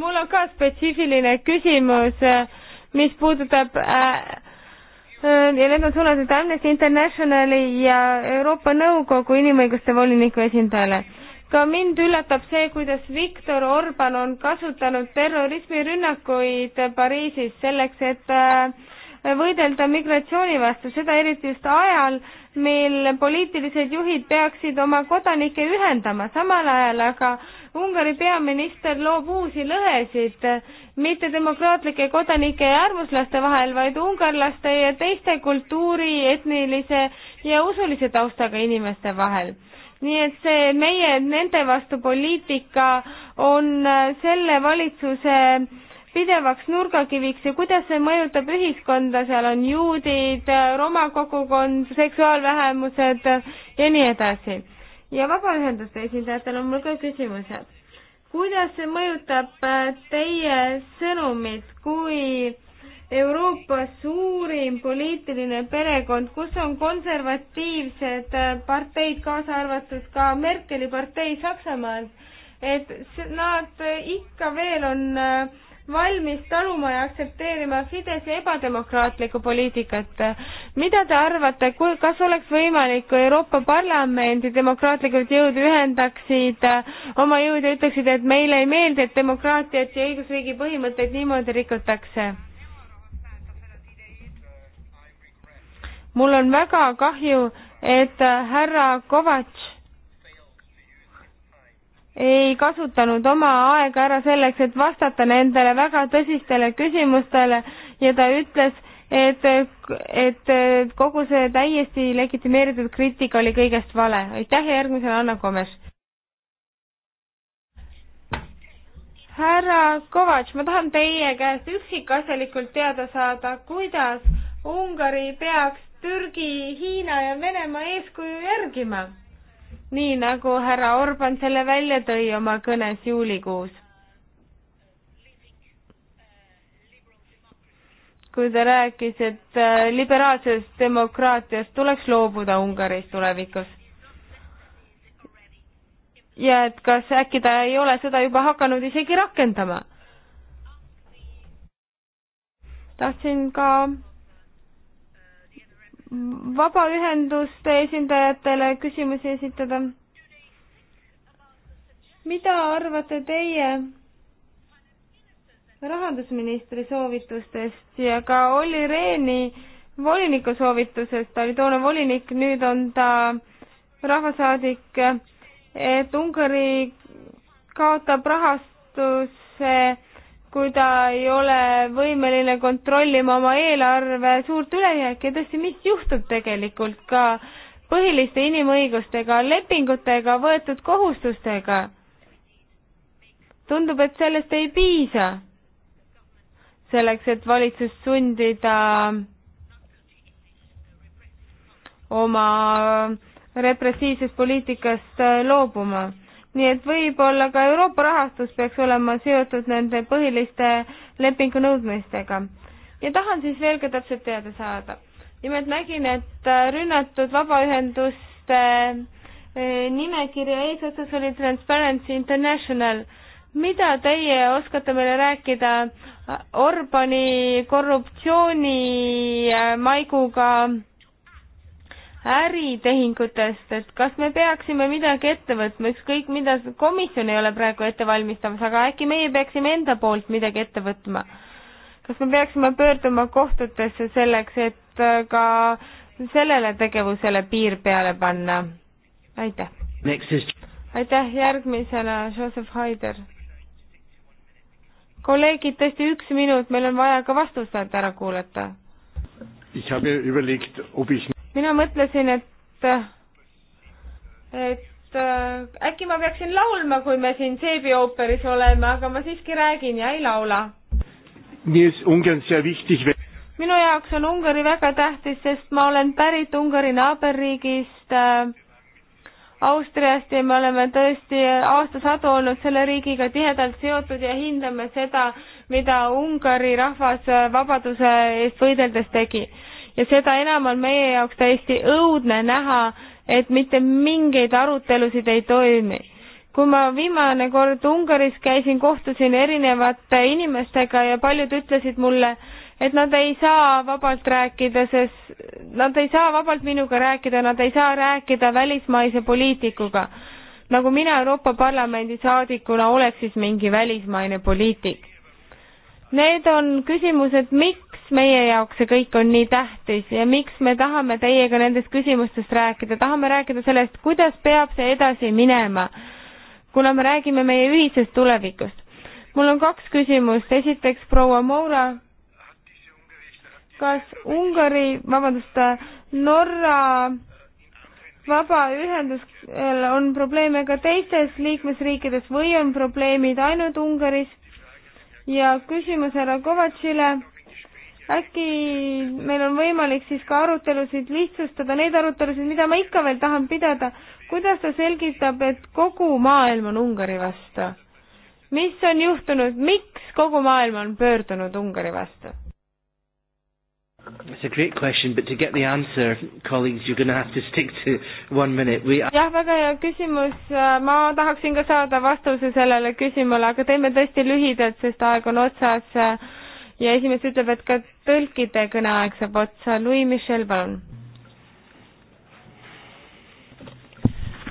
mul on ka spetsiifiline küsimus äh, mis puudutab äh, äh, ja need on suunatud Amnesty Internationali ja Euroopa Nõukogu inimõiguste voliniku esindajale. ka mind üllatab see, kuidas Viktor Orban on kasutanud terrorismirünnakuid Pariisis selleks, et äh, võidelda migratsiooni vastu, seda eriti just ajal, mil poliitilised juhid peaksid oma kodanikke ühendama, samal ajal aga Ungari peaminister loob uusi lõhesid mitte demokraatlike kodanike ja äärmuslaste vahel, vaid ungarlaste ja teiste kultuuri, etnilise ja usulise taustaga inimeste vahel nii et see meie nende vastu poliitika on selle valitsuse pidevaks nurgakiviks ja kuidas see mõjutab ühiskonda, seal on juudid, roma kogukond, seksuaalvähemused ja nii edasi. ja vabaühenduste esindajatel on mul ka küsimused. kuidas see mõjutab äh, teie sõnumit, kui Euroopa suurim poliitiline perekond, kus on konservatiivsed äh, parteid, kaasa arvatud ka Merkeli partei Saksamaal, et nad ikka veel on äh, valmis taluma ja aktsepteerima Fidesi ebademokraatlikku poliitikat. mida te arvate, kas oleks võimalik, kui Euroopa Parlamendi demokraatlikud jõud ühendaksid äh, oma jõud ja ütleksid, et meile ei meeldi, et demokraatiat ja õigusriigi põhimõtteid niimoodi rikutakse? mul on väga kahju, et äh, härra Kovatš ei kasutanud oma aega ära selleks, et vastata nendele väga tõsistele küsimustele ja ta ütles, et, et kogu see täiesti legitimeeritud kriitika oli kõigest vale. aitäh ja järgmisena Anna Komes. härra Kovatš, ma tahan teie käest üksikasjalikult teada saada, kuidas Ungari peaks Türgi, Hiina ja Venemaa eeskuju järgima nii nagu härra Orban selle välja tõi oma kõnes juulikuus. kui ta rääkis, et äh, liberaalsest demokraatiast tuleks loobuda Ungaris tulevikus. ja et kas äkki ta ei ole seda juba hakanud isegi rakendama. tahtsin ka vabaühenduste esindajatele küsimusi esitada. mida arvate teie rahandusministri soovitustest ja ka Olli Rehni voliniku soovitusest, ta oli toona volinik, nüüd on ta rahvasaadik, et Ungari kaotab rahastuse kui ta ei ole võimeline kontrollima oma eelarve suurt ülejääki ja tõesti, mis juhtub tegelikult ka põhiliste inimõigustega, lepingutega, võetud kohustustega. tundub, et sellest ei piisa selleks, et valitsust sundida oma repressiivsest poliitikast loobuma nii et võib-olla ka Euroopa rahastus peaks olema seotud nende põhiliste lepingu nõudmistega. ja tahan siis veel ka täpselt teada saada. nimelt nägin, et äh, rünnatud vabaühenduste äh, nimekirja eesotsas oli Transparency International. mida teie oskate meile rääkida äh, Orbani korruptsiooni maiguga äritehingutest, et kas me peaksime midagi ette võtma, ükskõik mida komisjon ei ole praegu ette valmistamas, aga äkki meie peaksime enda poolt midagi ette võtma? kas me peaksime pöörduma kohtutesse selleks, et äh, ka sellele tegevusele piir peale panna? aitäh. aitäh, järgmisena Joseph Haider. kolleegid, tõesti üks minut, meil on vaja ka vastused ära kuulata. Ich habe überlegt, ob ich mina mõtlesin, et, et äh, äkki ma peaksin laulma, kui me siin Seebi ooperis oleme, aga ma siiski räägin ja ei laula. minu jaoks on Ungari väga tähtis, sest ma olen pärit Ungari naaberriigist äh, Austriast ja me oleme tõesti aastasadu olnud selle riigiga tihedalt seotud ja hindame seda, mida Ungari rahvas vabaduse eest võideldes tegi ja seda enam on meie jaoks täiesti õudne näha, et mitte mingeid arutelusid ei toimi. kui ma viimane kord Ungaris käisin, kohtusin erinevate inimestega ja paljud ütlesid mulle, et nad ei saa vabalt rääkida, sest nad ei saa vabalt minuga rääkida, nad ei saa rääkida välismaise poliitikuga. nagu mina Euroopa Parlamendi saadikuna oleks siis mingi välismaine poliitik. Need on küsimused, miks miks meie jaoks see kõik on nii tähtis ja miks me tahame teiega nendest küsimustest rääkida, tahame rääkida sellest, kuidas peab see edasi minema, kuna me räägime meie ühisest tulevikust. mul on kaks küsimust, esiteks proua Moura, kas Ungari, vabandust, Norra vabaühendusel on probleeme ka teistes liikmesriikides või on probleemid ainult Ungaris? ja küsimus härra Kovatšile äkki meil on võimalik siis ka arutelusid lihtsustada, neid arutelusid, mida ma ikka veel tahan pidada. kuidas ta selgitab, et kogu maailm on Ungari vastu? mis on juhtunud, miks kogu maailm on pöördunud Ungari vastu? It's a great question, but to get the answer, colleagues, you're going to have to stick to one minute. We... jah, väga hea küsimus, ma tahaksin ka saada vastuse sellele küsimusele, aga teeme tõesti lühidalt, sest aeg on otsas ja esimees ütleb, et ka tõlkide kõneaeg saab otsa. Louis Michel, palun.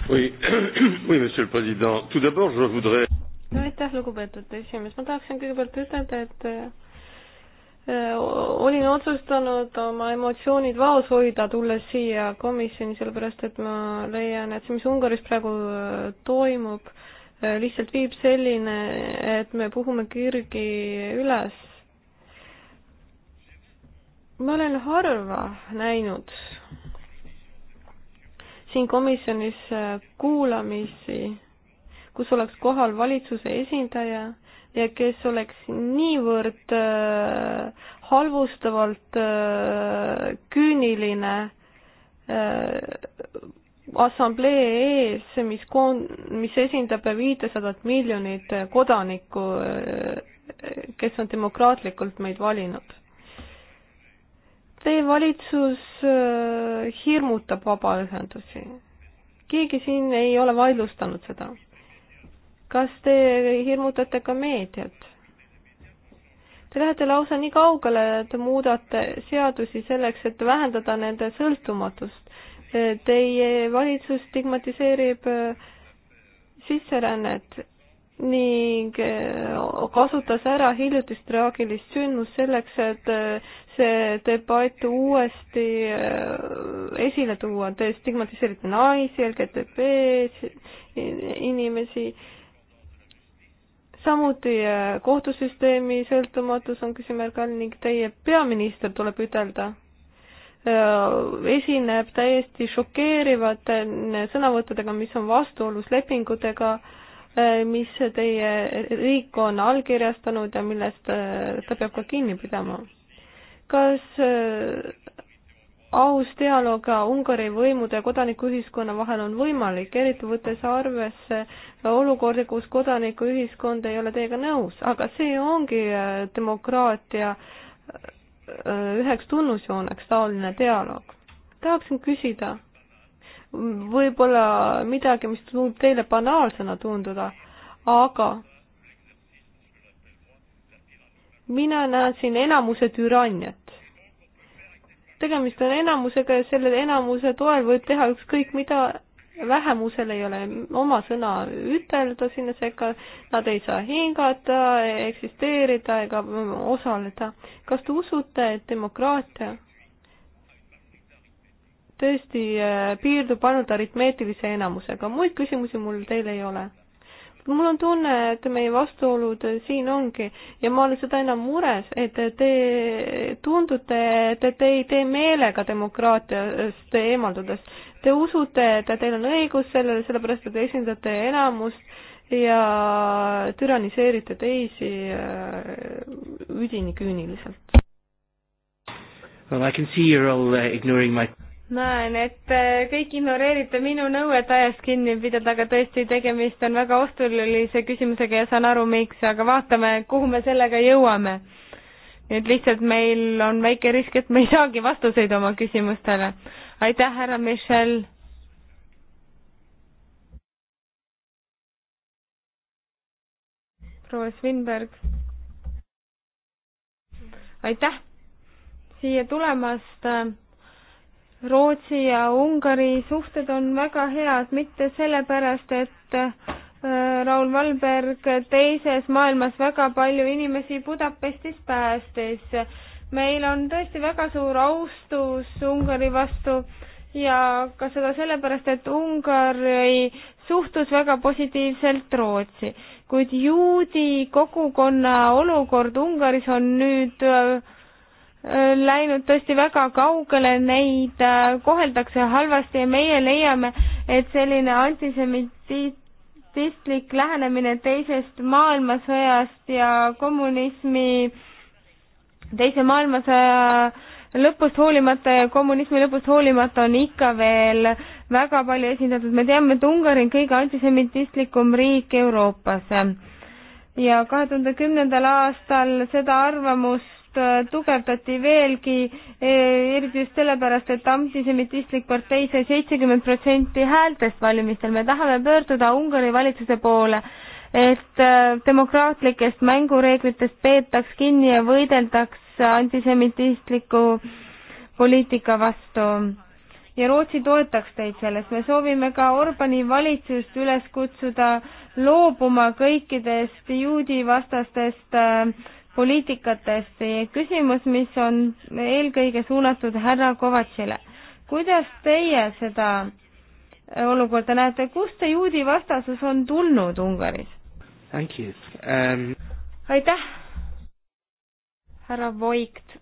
Oui, *coughs* oui, monsieur le président. Tout d'abord, je voudrais. No, aitäh, lugupeetud esimees. Ma tahaksin kõigepealt ütelda, et äh, olin otsustanud oma emotsioonid vaos hoida, tulles siia komisjoni, sellepärast et ma leian, et see, mis Ungaris praegu äh, toimub, äh, lihtsalt viib selline, et me puhume kirgi üles ma olen harva näinud siin komisjonis äh, kuulamisi, kus oleks kohal valitsuse esindaja ja kes oleks niivõrd äh, halvustavalt äh, küüniline assamblee ees, mis koon-, mis esindab viitesadat miljonit kodanikku, kes on demokraatlikult meid valinud Teie valitsus äh, hirmutab vabaühendusi. keegi siin ei ole vaidlustanud seda. kas te hirmutate ka meediat? Te lähete lausa nii kaugele, et muudate seadusi selleks, et vähendada nende sõltumatust. Teie valitsus stigmatiseerib äh, sisserännet ning äh, kasutas ära hiljutist traagilist sündmust selleks, et see debatt uuesti äh, esile tuua, te stigmatiseerite naisi, LGTB inimesi, samuti äh, kohtusüsteemi sõltumatus on küsimärk all ning teie peaminister, tuleb ütelda, äh, esineb täiesti šokeerivate sõnavõttudega, mis on vastuolus lepingutega, mis teie riik on allkirjastanud ja millest ta peab ka kinni pidama kas äh, aus dialoog Ungari võimude ja kodanikuühiskonna vahel on võimalik, eriti võttes arvesse olukorda, kus kodanikuühiskond ei ole teiega nõus, aga see ongi äh, demokraatia äh, üheks tunnusjooneks, taoline dialoog. tahaksin küsida võib-olla midagi, mis võib teile banaalsena tunduda, aga mina näen siin enamuse türanniat. tegemist on enamusega ja selle enamuse toel võib teha ükskõik mida, vähemusel ei ole oma sõna ütelda sinna sekka, nad ei saa hingata, eksisteerida ega osaleda. kas te usute, et demokraatia tõesti äh, piirdub ainult aritmeetilise enamusega, muid küsimusi mul teile ei ole mul on tunne, et meie vastuolud siin ongi ja ma olen seda enam mures, et te tundute, et te ei tee meelega demokraatiast eemaldudes. Te usute, et teil on õigus sellele, sellepärast et te esindate enamust ja türaniseerite teisi äh, üdini küüniliselt. Well, I can see you're all uh, ignoring my näen, et äh, kõik ignoreerite minu nõuet ajast kinni pidada, aga tõesti, tegemist on väga ostulise küsimusega ja saan aru, miks, aga vaatame, kuhu me sellega jõuame. nii et lihtsalt meil on väike risk, et me ei saagi vastuseid oma küsimustele. aitäh, härra Michel. proua Svinberg. aitäh siia tulemast Rootsi ja Ungari suhted on väga head, mitte sellepärast, et äh, Raul Valberg teises maailmas väga palju inimesi Budapestis päästis. meil on tõesti väga suur austus Ungari vastu ja ka seda sellepärast, et Ungari suhtus väga positiivselt Rootsi, kuid juudi kogukonna olukord Ungaris on nüüd äh, läinud tõesti väga kaugele, neid äh, koheldakse halvasti ja meie leiame, et selline antisemitistlik lähenemine teisest maailmasõjast ja kommunismi, teise maailmasõja lõpust hoolimata ja kommunismi lõpust hoolimata on ikka veel väga palju esindatud. me teame, et Ungari on kõige antisemitistlikum riik Euroopas ja kahe tuhande kümnendal aastal seda arvamust tugevdati veelgi, eh, eriti just sellepärast, et antisemitistlik partei sai seitsekümmend protsenti häältest valimistel. me tahame pöörduda Ungari valitsuse poole, et eh, demokraatlikest mängureeglitest peetaks kinni ja võideldaks antisemitistliku poliitika vastu ja Rootsi toetaks teid selles. me soovime ka Orbani valitsust üles kutsuda loobuma kõikidest juudivastastest eh, poliitikatest. küsimus, mis on eelkõige suunatud härra Kovatšile. kuidas teie seda olukorda näete, kust see juudi vastasus on tulnud Ungaris? Um... aitäh, härra Voigt.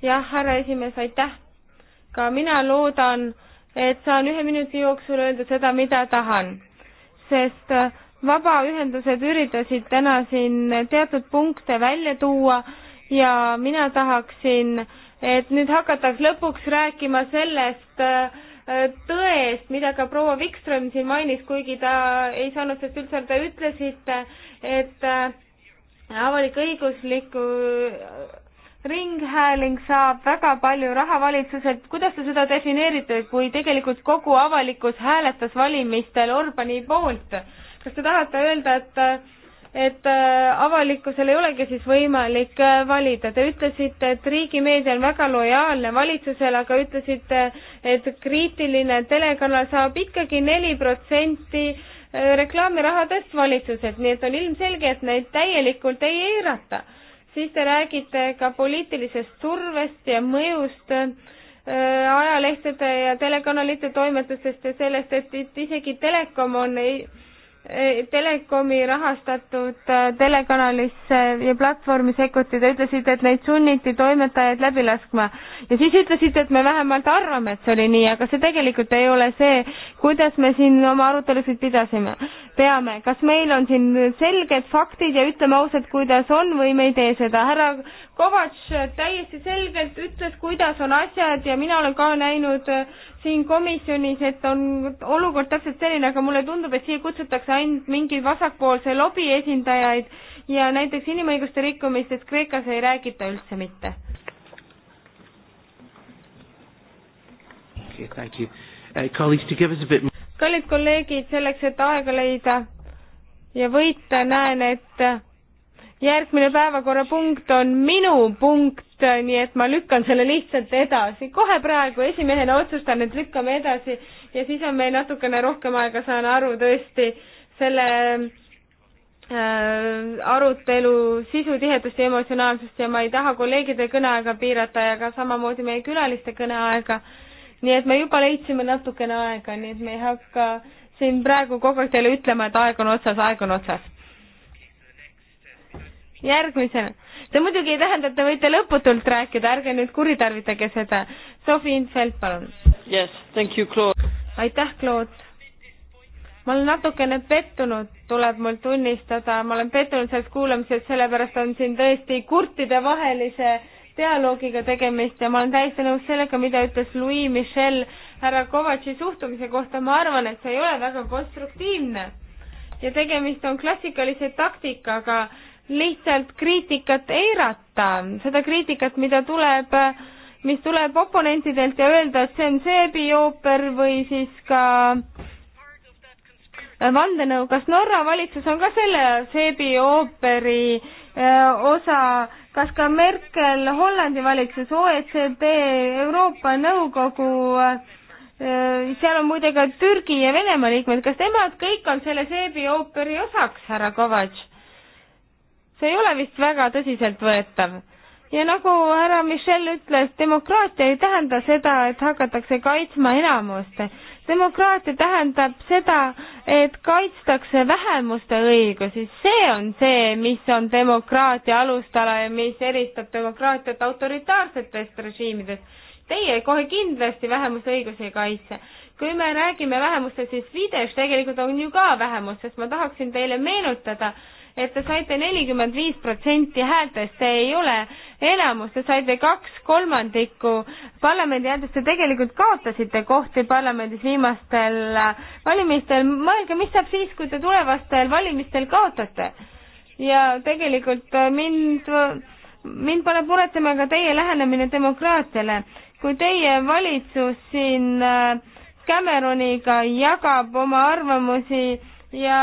jah, härra esimees, aitäh. ka mina loodan, et saan ühe minuti jooksul öelda seda, mida tahan, sest äh, vabaühendused üritasid täna siin teatud punkte välja tuua ja mina tahaksin, et nüüd hakataks lõpuks rääkima sellest äh, tõe eest, mida ka proua Wikström siin mainis, kuigi ta ei saanud sellest üldse aru, te ütlesite, et äh, avalik-õigusliku äh, ringhääling saab väga palju raha valitsuselt, kuidas te seda defineerite, kui tegelikult kogu avalikkus hääletas valimistel Orbani poolt? kas te tahate öelda, et et äh, avalikkusel ei olegi siis võimalik äh, valida. Te ütlesite, et riigimeedia on väga lojaalne valitsusele, aga ütlesite, et kriitiline telekanal saab ikkagi neli protsenti äh, reklaamirahadest valitsuselt, nii et on ilmselge, et neid täielikult ei eirata. siis te räägite ka poliitilisest survest ja mõjust ajalehtede ja telekanalite toimetustest ja sellest, et isegi telekom on ei Eh, telekomi rahastatud äh, telekanalisse ja platvormi sekkuti, te ütlesite, et neid sunniti toimetajaid läbi laskma. ja siis ütlesite, et me vähemalt arvame, et see oli nii, aga see tegelikult ei ole see, kuidas me siin oma arutelusid pidasime. peame, kas meil on siin selged faktid ja ütleme ausalt, kuidas on või me ei tee seda. härra Kovatš täiesti selgelt ütles, kuidas on asjad ja mina olen ka näinud siin komisjonis, et on olukord täpselt selline, aga mulle tundub, et siia kutsutakse ainult mingeid vasakpoolse lobi esindajaid ja näiteks inimõiguste rikkumistest Kreekas ei räägita üldse mitte. Uh, kallid kolleegid, selleks, et aega leida ja võita, näen, et järgmine päevakorrapunkt on minu punkt nii et ma lükkan selle lihtsalt edasi. kohe praegu esimehena otsustan, et lükkame edasi ja siis on meil natukene rohkem aega, saan aru tõesti, selle äh, arutelu sisutihedust ja emotsionaalsust ja ma ei taha kolleegide kõneaega piirata ja ka samamoodi meie külaliste kõneaega. nii et me juba leidsime natukene aega, nii et me ei hakka siin praegu kogu aeg teile ütlema, et aeg on otsas, aeg on otsas. järgmisena see muidugi ei tähenda, et te võite lõputult rääkida, ärge nüüd kuritarvitage seda. Sofi Infeld, palun yes,. aitäh, Claude. ma olen natukene pettunud, tuleb mul tunnistada, ma olen pettunud selles kuulamises, sellepärast on siin tõesti kurtidevahelise dialoogiga tegemist ja ma olen täiesti nõus sellega, mida ütles Louis Michel härra Kovatši suhtumise kohta, ma arvan, et see ei ole väga konstruktiivne. ja tegemist on klassikalise taktikaga lihtsalt kriitikat eirata, seda kriitikat, mida tuleb, mis tuleb oponentidelt ja öelda, et see on seebi ooper või siis ka vandenõu, kas Norra valitsus on ka selle seebi ooperi äh, osa, kas ka Merkel, Hollandi valitsus, OECD, Euroopa Nõukogu äh, seal on muide ka Türgi ja Venemaa liikmed, kas nemad kõik on selle seebi ooperi osaks, härra Kovatš? see ei ole vist väga tõsiseltvõetav. ja nagu härra Michel ütles, demokraatia ei tähenda seda, et hakatakse kaitsma enamust. demokraatia tähendab seda, et kaitstakse vähemuste õigusi, see on see, mis on demokraatia alustala ja mis eristab demokraatiat autoritaarsetest režiimidest. Teie kohe kindlasti vähemuste õigusi ei kaitse kui me räägime vähemustest, siis Fidesz tegelikult on ju ka vähemus, sest ma tahaksin teile meenutada, et te saite nelikümmend viis protsenti häältest, see ei ole enamus, te saite kaks kolmandikku parlamendi häältest, te tegelikult kaotasite kohti parlamendis viimastel valimistel, mõelge, mis saab siis, kui te tulevastel valimistel kaotate. ja tegelikult äh, mind, mind paneb muretsema ka teie lähenemine demokraatiale. kui teie valitsus siin äh, Cameroniga jagab oma arvamusi ja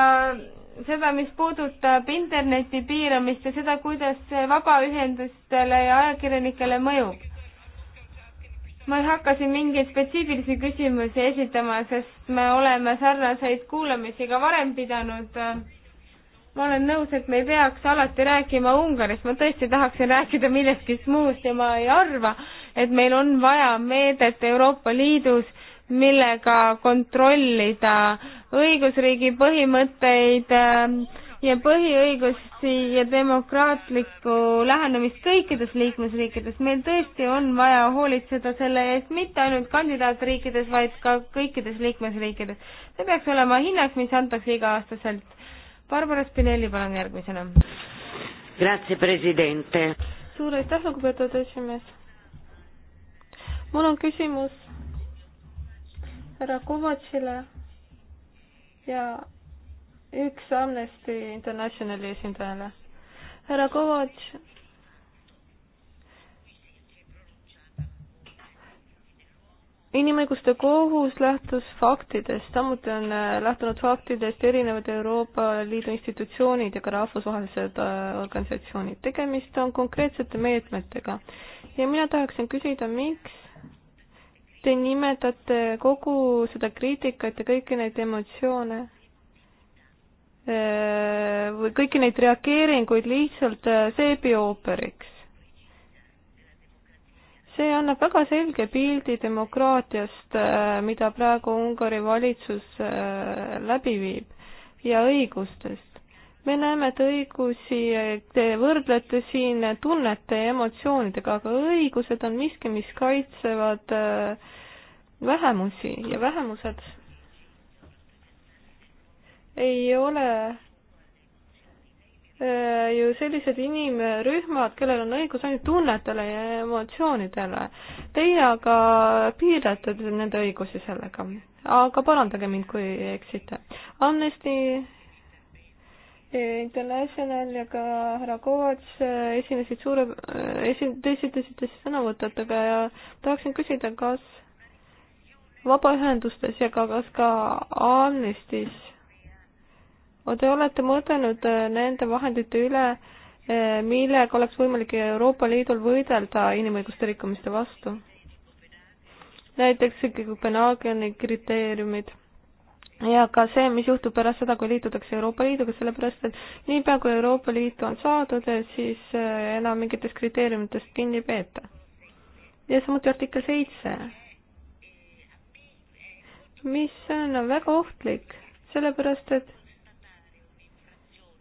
seda, mis puudutab interneti piiramist ja seda, kuidas see vabaühendustele ja ajakirjanikele mõjub. ma ei hakka siin mingeid spetsiifilisi küsimusi esitama, sest me oleme sarnaseid kuulamisi ka varem pidanud. ma olen nõus, et me ei peaks alati rääkima Ungarist, ma tõesti tahaksin rääkida millestki muust ja ma ei arva, et meil on vaja meedet Euroopa Liidus millega kontrollida õigusriigi põhimõtteid ähm, ja põhiõigusi ja demokraatlikku lähenemist kõikides liikmesriikides. meil tõesti on vaja hoolitseda selle eest mitte ainult kandidaatriikides, vaid ka kõikides liikmesriikides. see peaks olema hinnang, mis antakse iga-aastaselt. Barbara Spinelli, palun järgmisena. Grazie, president. suur aitäh, lugupeetud esimees. mul on küsimus härra Kovatšile ja üks Amnesty Internationali esindajale. härra Kovatš inimõiguste kohus lähtus faktidest, samuti on äh, lähtunud faktidest erinevad Euroopa Liidu institutsioonid ja ka rahvusvahelised äh, organisatsioonid. tegemist on konkreetsete meetmetega ja mina tahaksin küsida, miks Te nimetate kogu seda kriitikat ja kõiki neid emotsioone eh, või kõiki neid reageeringuid lihtsalt eh, seebiooperiks. see annab väga selge pildi demokraatiast, eh, mida praegu Ungari valitsus läbi viib ja õigustest me näeme, et õigusi te võrdlete siin tunnete ja emotsioonidega, aga õigused on miski, mis kaitsevad äh, vähemusi ja vähemused ei ole äh, ju sellised inimrühmad, kellel on õigus ainult tunnetele ja emotsioonidele. Teie aga piirate nende õigusi sellega. aga parandage mind, kui eksite. Amnesty International ja ka härra Kovats äh, esinesid suure, äh, esi-, te esitasite sõnavõtetega ja tahaksin küsida, kas vabaühendustes ja ka kas ka Amnestis te olete mõtelnud äh, nende vahendite üle, millega oleks võimalik Euroopa Liidul võidelda inimõiguste rikkumiste vastu? näiteks Kopenhaageni kriteeriumid ja ka see, mis juhtub pärast seda, kui liitutakse Euroopa Liiduga, sellepärast et niipea, kui Euroopa Liitu on saadud, siis eh, enam mingitest kriteeriumitest kinni ei peeta. ja samuti artikkel seitse, mis on väga ohtlik, sellepärast et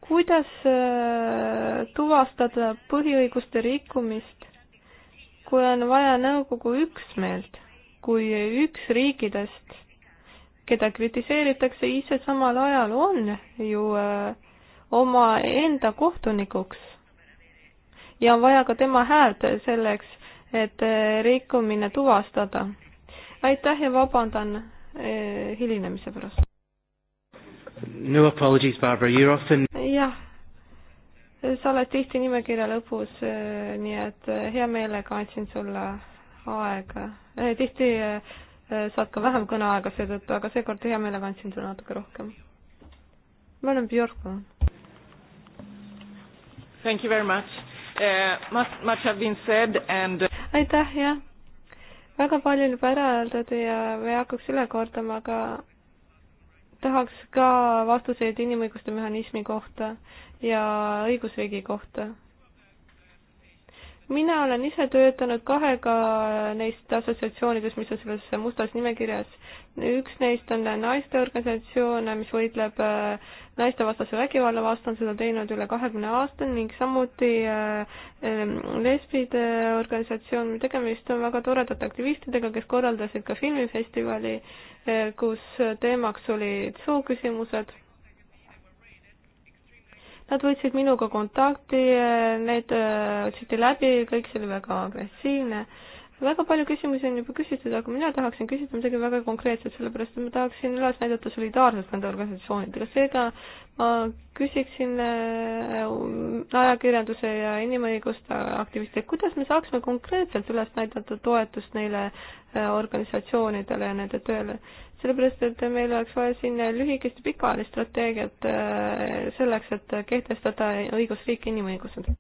kuidas eh, tuvastada põhiõiguste rikkumist, kui on vaja nõukogu üksmeelt, kui üks riikidest keda kritiseeritakse, ise samal ajal on ju äh, omaenda kohtunikuks. ja on vaja ka tema häält selleks, et äh, rikkumine tuvastada. aitäh ja vabandan äh, hilinemise pärast. No apologies, Barbara, you are often jah, sa oled tihti nimekirja lõpus, nii et hea meelega andsin sulle aega. tihti saad ka vähem kõneaega seetõttu, aga seekord hea meelega andsin sulle natuke rohkem. ma olen Björk, palun. Thank you very much uh,. Much, much have been said and uh, aitäh, jah. väga palju on juba ära öeldud ja ma ei hakkaks üle kordama, aga tahaks ka vastuseid inimõiguste mehhanismi kohta ja õigusriigi kohta mina olen ise töötanud kahega neist assotsiatsioonidest, mis on selles mustas nimekirjas. üks neist on naisteorganisatsioon, mis võitleb äh, naistevastase vägivalla vastu, on seda teinud üle kahekümne aasta ning samuti äh, lesbide organisatsioon, tegemist on väga toredate aktivistidega, kes korraldasid ka filmifestivali, äh, kus teemaks olid sooküsimused Nad võtsid minuga kontakti, eh, neid eh, otsiti läbi, kõik see oli väga agressiivne väga palju küsimusi on juba küsitud, aga mina tahaksin küsida midagi väga konkreetset, sellepärast et ma tahaksin üles näidata solidaarsust nende organisatsioonidega, seega ma küsiksin äh, ajakirjanduse ja inimõiguste aktiviste, kuidas me saaksime konkreetselt üles näidata toetust neile äh, organisatsioonidele ja nende tööle, sellepärast et meil oleks vaja siin lühikest ja pikaajalist strateegiat äh, selleks, et kehtestada õigusriik, inimõigused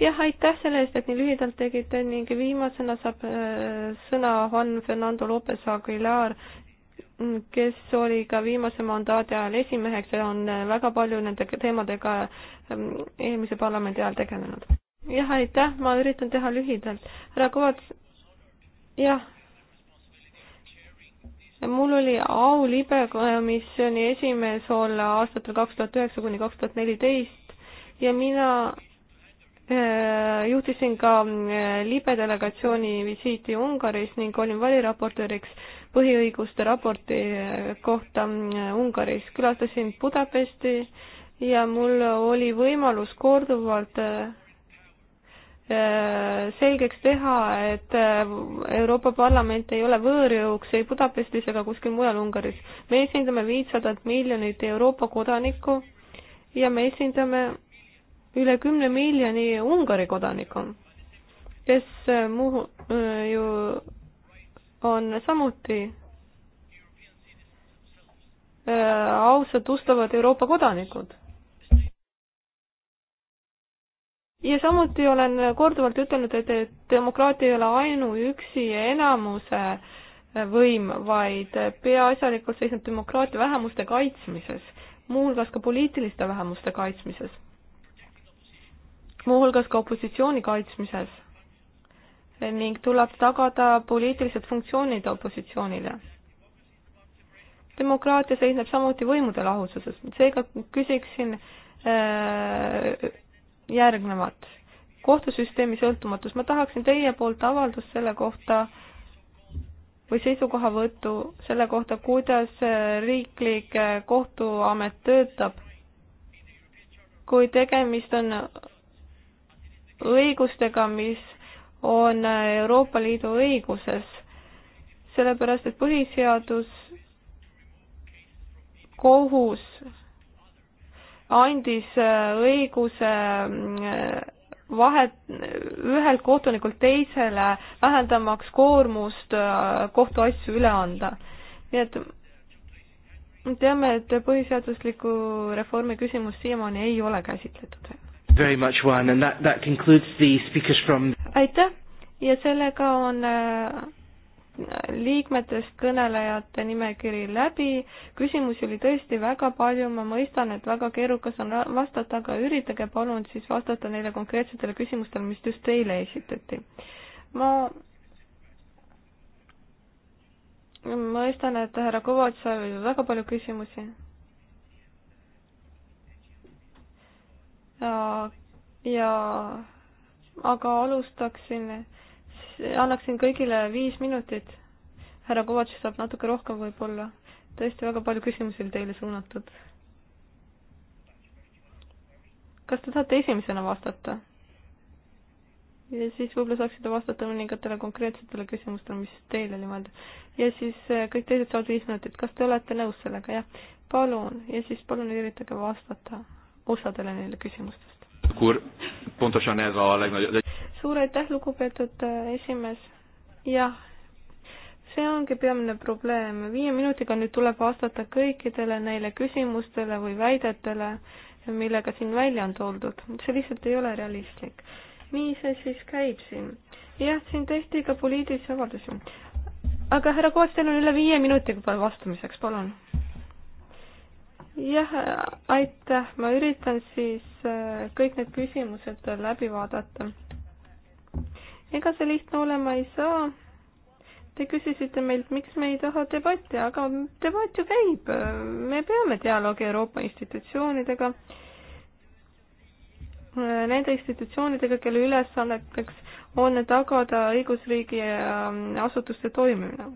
jah, aitäh selle eest, et nii lühidalt tegite ning viimasena saab äh, sõna Juan Fernando Lopez Aguilar, kes oli ka viimase mandaadi ajal esimeheks ja on äh, väga palju nende teemadega ähm, eelmise parlamendi ajal tegelenud. jah, aitäh, ma üritan teha lühidalt. härra Kovats, jah, mul oli au libekomisjoni esimees olla aastatel kaks tuhat üheksa kuni kaks tuhat neliteist ja mina Äh, juhtisin ka äh, libe delegatsiooni visiiti Ungaris ning olin valiraportööriks põhiõiguste raporti äh, kohta Ungaris. külastasin Budapesti ja mul oli võimalus korduvalt selgeks teha, et Euroopa Parlament ei ole võõrjõuks ei Budapestis ega kuskil mujal Ungaris. me esindame viitsadat miljonit Euroopa kodanikku ja me esindame üle kümne miljoni Ungari kodaniku, kes äh, muu äh, ju on samuti äh, ausad, ustavad Euroopa kodanikud. ja samuti olen korduvalt ütelnud, et, et demokraatia ei ole ainuüksi enamuse võim, vaid peaasjalikult seisneb demokraatia vähemuste kaitsmises, muuhulgas ka poliitiliste vähemuste kaitsmises muuhulgas ka opositsiooni kaitsmises ning tuleb tagada poliitilised funktsioonid opositsioonile. demokraatia seisneb samuti võimude lahususes, seega küsiksin äh, järgnevat. kohtusüsteemi sõltumatus, ma tahaksin teie poolt avaldust selle kohta või seisukohavõttu selle kohta, kuidas äh, riiklik äh, kohtuamet töötab, kui tegemist on õigustega, mis on Euroopa Liidu õiguses, sellepärast et põhiseadus, kohus andis õiguse vahet ühelt kohtunikult teisele, vähendamaks koormust kohtuasju üle anda. nii et me teame, et põhiseadusliku reformi küsimus siiamaani ei ole käsitletud veel Very much one and that, that concludes the speakers from aitäh ja sellega on äh, liikmetest kõnelejate nimekiri läbi. küsimusi oli tõesti väga palju, ma mõistan, et väga keerukas on vastata, aga üritage palun siis vastata neile konkreetsetele küsimustele, mis just teile esitati. ma mõistan, et härra Kovatšal oli väga palju küsimusi ja aga alustaksin, annaksin kõigile viis minutit. härra Kovatš saab natuke rohkem võib-olla, tõesti väga palju küsimusi oli teile suunatud. kas te tahate esimesena vastata? ja siis võib-olla saaksite vastata mõningatele konkreetsetele küsimustele, mis teile oli mõeldud. ja siis eh, kõik teised saavad viis minutit, kas te olete nõus sellega, jah? palun, ja siis palun üritage vastata osadele neile küsimustest. suur aitäh, lugupeetud äh, esimees. jah, see ongi peamine probleem, viie minutiga nüüd tuleb vastata kõikidele neile küsimustele või väidetele, millega siin välja on toodud, see lihtsalt ei ole realistlik. nii see siis käib siin. jah, siin tehti ka poliitilisi avaldusi. aga härra Koos, teil on üle viie minutiga vastamiseks, palun jah, aitäh, ma üritan siis äh, kõik need küsimused läbi vaadata. ega see lihtne olema ei saa. Te küsisite meilt, miks me ei taha debatti, aga debatt ju käib, me peame dialoogi Euroopa institutsioonidega, äh, nende institutsioonidega, kelle ülesanneteks on tagada õigusriigi äh, asutuste toimimine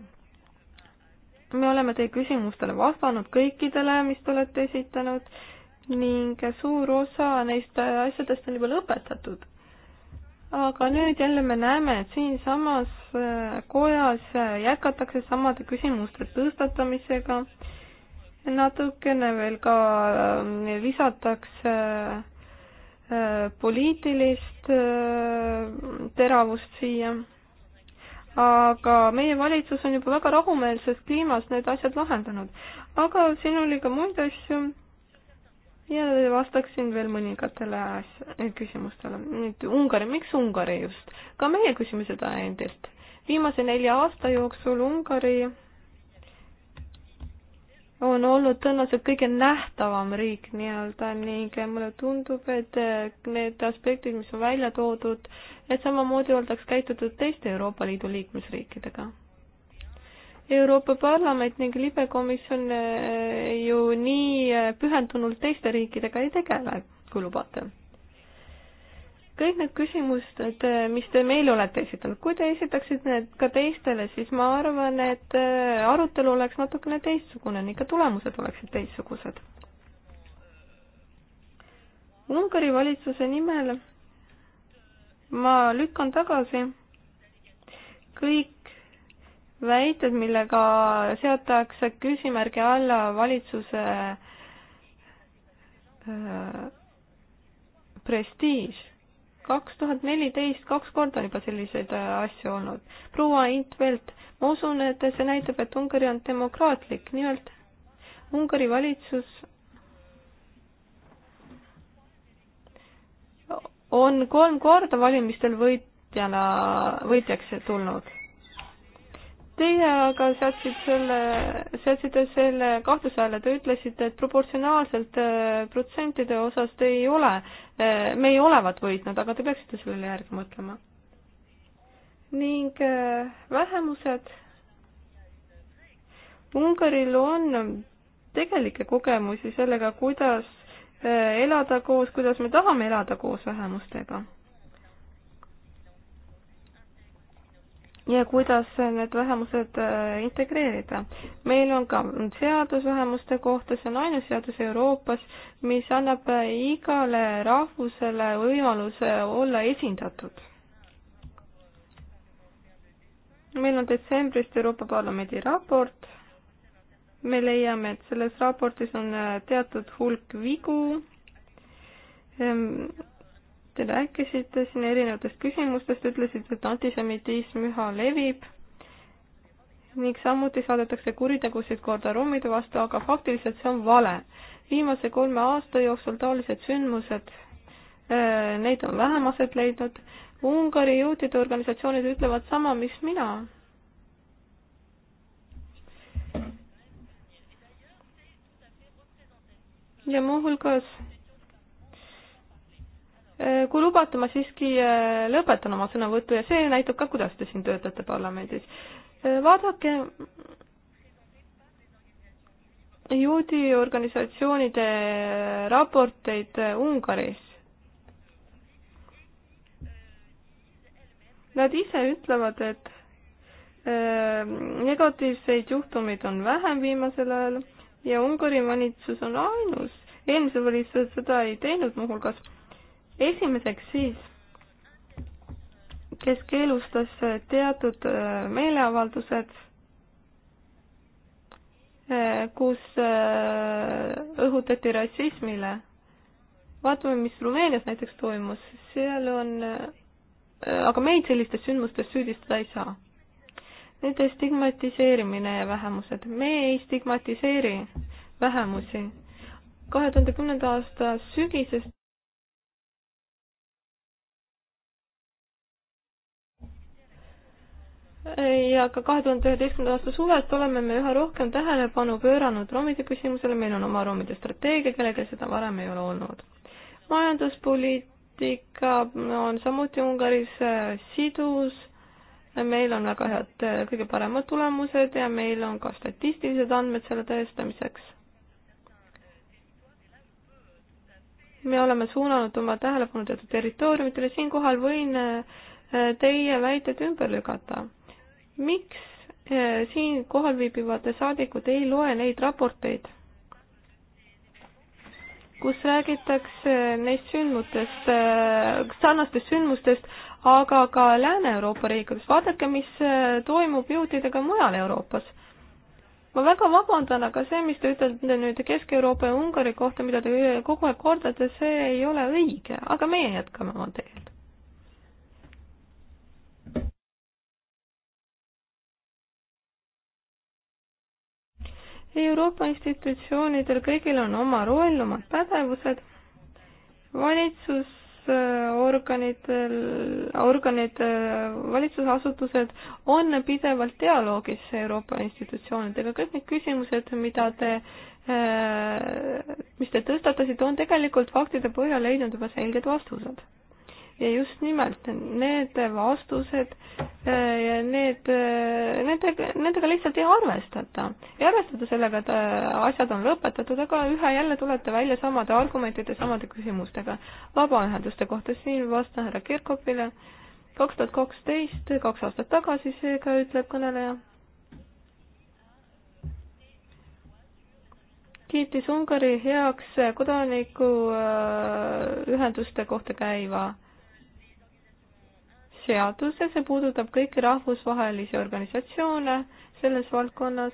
me oleme teie küsimustele vastanud kõikidele, mis te olete esitanud ning suur osa neist asjadest on juba lõpetatud. aga nüüd jälle me näeme, et siinsamas äh, kojas äh, jätkatakse samade küsimuste tõstatamisega. natukene veel ka äh, lisatakse poliitilist teravust siia aga meie valitsus on juba väga rahumeelses kliimas need asjad lahendanud. aga siin oli ka muid asju ja vastaksin veel mõningatele asja, eh, küsimustele. nüüd Ungari, miks Ungari just? ka meie küsime seda endilt. viimase nelja aasta jooksul Ungari on olnud tõenäoliselt kõige nähtavam riik nii-öelda ning mulle tundub, et eh, need aspektid, mis on välja toodud, et samamoodi oldaks käitutud teiste Euroopa Liidu liikmesriikidega. Euroopa Parlament ning libekomisjon eh, ju nii eh, pühendunult teiste riikidega ei tegele, kui lubate kõik need küsimused, mis te meile olete esitanud, kui te esitaksite need ka teistele, siis ma arvan, et äh, arutelu oleks natukene teistsugune ning ka tulemused oleksid teistsugused. Ungari valitsuse nimel ma lükkan tagasi kõik väited, millega seatakse küsimärgi alla valitsuse äh, prestiiž kaks tuhat neliteist, kaks korda on juba selliseid äh, asju olnud. proua Intvelt, ma usun, et see näitab, et Ungari on demokraatlik, nimelt Ungari valitsus on kolm korda valimistel võitjana, võitjaks tulnud Teie aga seadsid selle, seadsite selle kahtluse alla, te ütlesite, et proportsionaalselt äh, protsentide osas te ei ole, äh, me ei olevat võitnud, aga te peaksite sellele järgi mõtlema. ning äh, vähemused. Ungaril on tegelikke kogemusi sellega, kuidas elada koos, kuidas me tahame elada koos vähemustega ja kuidas need vähemused äh, integreerida. meil on ka seadus vähemuste kohta, see on ainus seadus Euroopas, mis annab äh, igale rahvusele võimaluse olla esindatud. meil on detsembrist Euroopa Parlamendi raport, me leiame, et selles raportis on äh, teatud hulk vigu, ehm, Te rääkisite siin erinevatest küsimustest, ütlesite, et antisemitism üha levib ning samuti saadetakse kuritegusid korda ruumide vastu, aga faktiliselt see on vale. viimase kolme aasta jooksul taolised sündmused, neid on vähem aset leidnud. Ungari juutide organisatsioonid ütlevad sama, mis mina. ja muuhulgas Eh, kui lubate, ma siiski eh, lõpetan oma sõnavõtu ja see näitab ka, kuidas te siin töötate parlamendis. Eh, vaadake, juudi organisatsioonide raporteid Ungaris. Nad ise ütlevad, et negatiivseid juhtumeid on vähem viimasel ajal ja Ungari valitsus on ainus. eelmisel valitsusel seda ei teinud muuhulgas esimeseks siis, kes keelustas teatud äh, meeleavaldused, äh, kus äh, õhutati rassismile. vaatame, mis Rumeenias näiteks toimus, seal on, aga meid sellistes sündmustes süüdistada ei saa. Nüüd stigmatiseerimine ja vähemused. me ei stigmatiseeri vähemusi. kahe tuhande kümnenda aasta sügisest ja ka kahe tuhande üheteistkümnenda aasta suvest oleme me üha rohkem tähelepanu pööranud romide küsimusele, meil on oma romide strateegia, kellelgi seda varem ei ole olnud. majanduspoliitika on samuti Ungaris äh, sidus, meil on väga head, äh, kõige paremad tulemused ja meil on ka statistilised andmed selle tõestamiseks. me oleme suunanud oma tähelepanu teatud territooriumitele, siinkohal võin äh, teie väited ümber lükata miks eh, siin kohal viibivad saadikud ei loe neid raporteid, kus räägitakse neist sündmustest, eh, sarnastest sündmustest, aga ka Lääne-Euroopa riikides. vaadake, mis eh, toimub juutidega mujal Euroopas. ma väga vabandan, aga see, mis te ütlete nüüd Kesk-Euroopa ja Ungari kohta, mida te kogu aeg kordate, see ei ole õige, aga meie jätkame oma teed Euroopa institutsioonidel kõigil on oma roll, omad pädevused, valitsusorganitel, organid, valitsusasutused on pidevalt dialoogis Euroopa institutsioonidega, kõik need küsimused, mida te, mis te tõstatasite, on tegelikult faktide põhjal leidnud juba selged vastused. ja just nimelt need vastused Äh, ja need, äh, nendega, nendega lihtsalt ei arvestata. ei arvestata sellega, et äh, asjad on lõpetatud, aga ühe jälle tulete välja samade argumentide, samade küsimustega. vabaühenduste kohta siin vastan härra Kirkopile. kaks tuhat kaksteist, kaks aastat tagasi, seega ütleb kõneleja. kiitis Ungari heaks kodanikuühenduste kohta käiva äh, seadus ja see puudutab kõiki rahvusvahelisi organisatsioone selles valdkonnas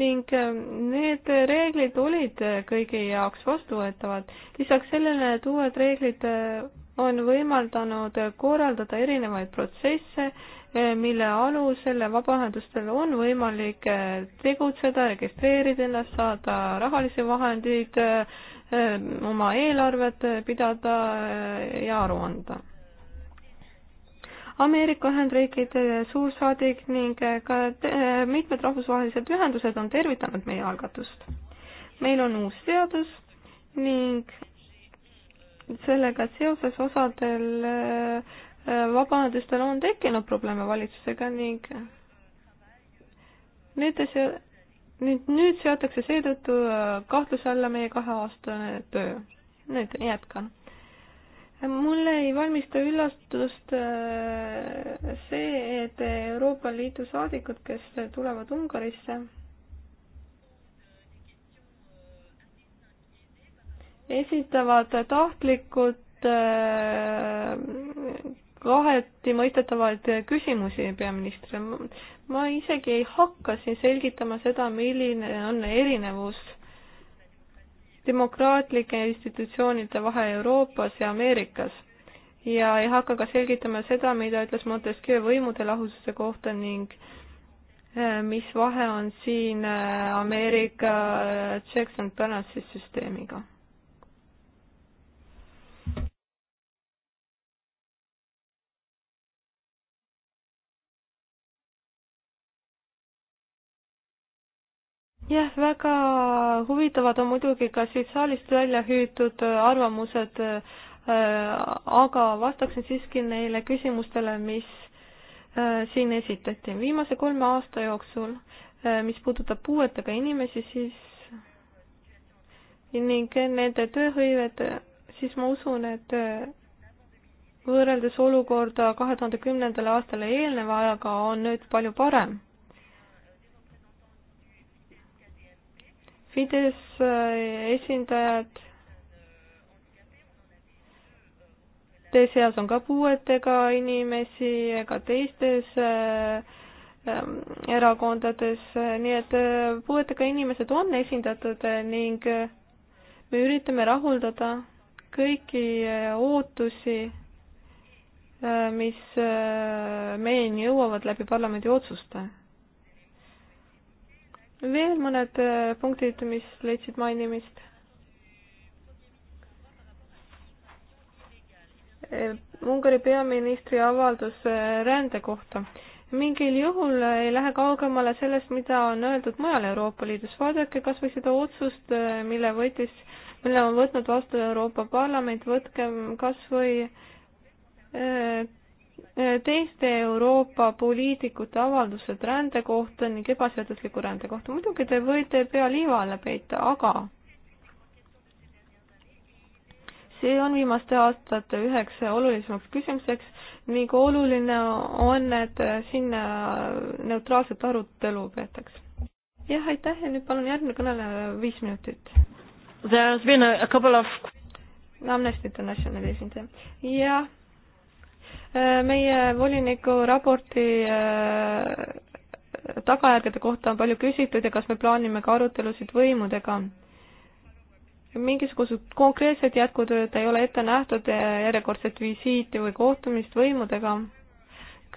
ning ähm, need reeglid olid äh, kõigi jaoks vastuvõetavad. lisaks sellele, et uued reeglid äh, on võimaldanud äh, korraldada erinevaid protsesse, mille alusel vabaühendustel on võimalik tegutseda, registreerida ennast, saada rahalisi vahendeid, oma eelarvet pidada ja aru anda Ameerika Ühendriikide suursaadik ning eh, ka eh, mitmed rahvusvahelised ühendused on tervitanud meie algatust. meil on uus seadus ning sellega seoses osadel eh, vabaühendustel on tekkinud probleeme valitsusega ning need asjad nüüd, nüüd seatakse seetõttu kahtluse alla meie kaheaastane töö. nüüd jätkan mulle ei valmista üllatust äh, see, et Euroopa Liidu saadikud, kes tulevad Ungarisse, esitavad tahtlikult äh, kaheti mõistetavaid küsimusi peaministrile. ma isegi ei hakka siin selgitama seda, milline on erinevus demokraatlike institutsioonide vahe Euroopas ja Ameerikas ja ei hakka ka selgitama seda, mida ütles Montesquieu võimude lahususe kohta ning äh, mis vahe on siin äh, Ameerika äh, checks and balances süsteemiga. jah, väga huvitavad on muidugi ka siit saalist välja hüütud äh, arvamused, äh, aga vastaksin siiski neile küsimustele, mis äh, siin esitati. viimase kolme aasta jooksul, mis puudutab puuetega inimesi, siis ning nende tööhõivet, siis ma usun, et võrreldes olukorda kahe tuhande kümnendale aastale eelneva ajaga on nüüd palju parem Fides äh, esindajad, teie seas on ka puuetega inimesi, ka teistes äh, ähm, erakondades, nii et äh, puuetega inimesed on esindatud ning me üritame rahuldada kõiki ootusi, mis meieni jõuavad läbi parlamendi otsuste veel mõned äh, punktid, mis leidsid mainimist. Äh, Ungari peaministri avaldus äh, rände kohta. mingil juhul ei lähe kaugemale sellest, mida on öeldud mujal Euroopa Liidus. vaadake kas või seda otsust, mille võttis, mille on võtnud vastu Euroopa Parlament, võtkem kas või teiste Euroopa poliitikute avaldused rände kohta ning ebaseadusliku rände kohta. muidugi te võite pea liiva alla peita, aga see on viimaste aastate üheks olulisemaks küsimuseks ning oluline on, et sinna neutraalset arutelu peetakse. jah, aitäh ja nüüd palun järgmine kõneleja, viis minutit. There's been a, a couple of Amnesty Internationali esindaja. jah Äh, meie voliniku raporti äh, tagajärgede kohta on palju küsitud ja kas me plaanime ka arutelusid võimudega. mingisugused konkreetsed jätkutööd ei ole ette nähtud, äh, järjekordset visiiti või kohtumist võimudega.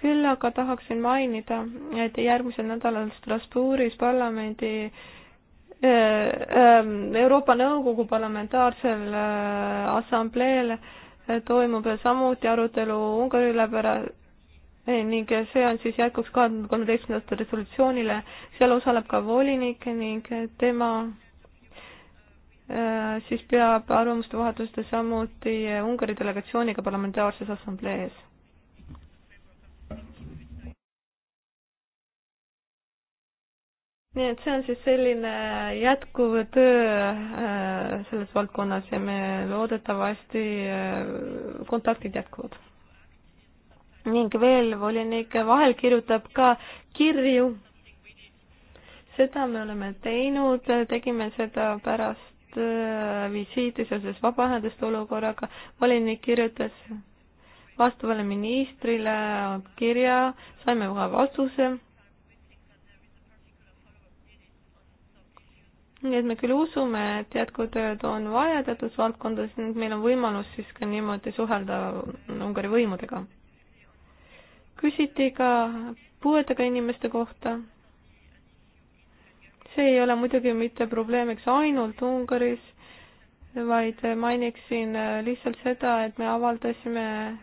küll aga tahaksin mainida, et järgmisel nädalal Strasbourgis parlamendi Euroopa Nõukogu parlamentaarsel assambleel äh, toimub samuti arutelu Ungarile pärast eh, ning see on siis jätkuks kahe tuhande kolmeteistkümnendast resolutsioonile, seal osaleb ka volinik ning tema eh, siis peab arvamuste vahetust samuti Ungari delegatsiooniga parlamentaarses assamblees nii et see on siis selline jätkuv töö äh, selles valdkonnas ja me loodetavasti äh, kontaktid jätkuvad. ning veel volinik vahel kirjutab ka kirju. seda me oleme teinud, tegime seda pärast äh, visiiti seoses vabaühenduste olukorraga. volinik kirjutas vastavale ministrile kirja, saime kohe vastuse nii et me küll usume, et jätkutööd on vaja teatud valdkondades ning meil on võimalus siis ka niimoodi suhelda Ungari võimudega. küsiti ka puuetega inimeste kohta. see ei ole muidugi mitte probleemiks ainult Ungaris, vaid mainiksin lihtsalt seda, et me avaldasime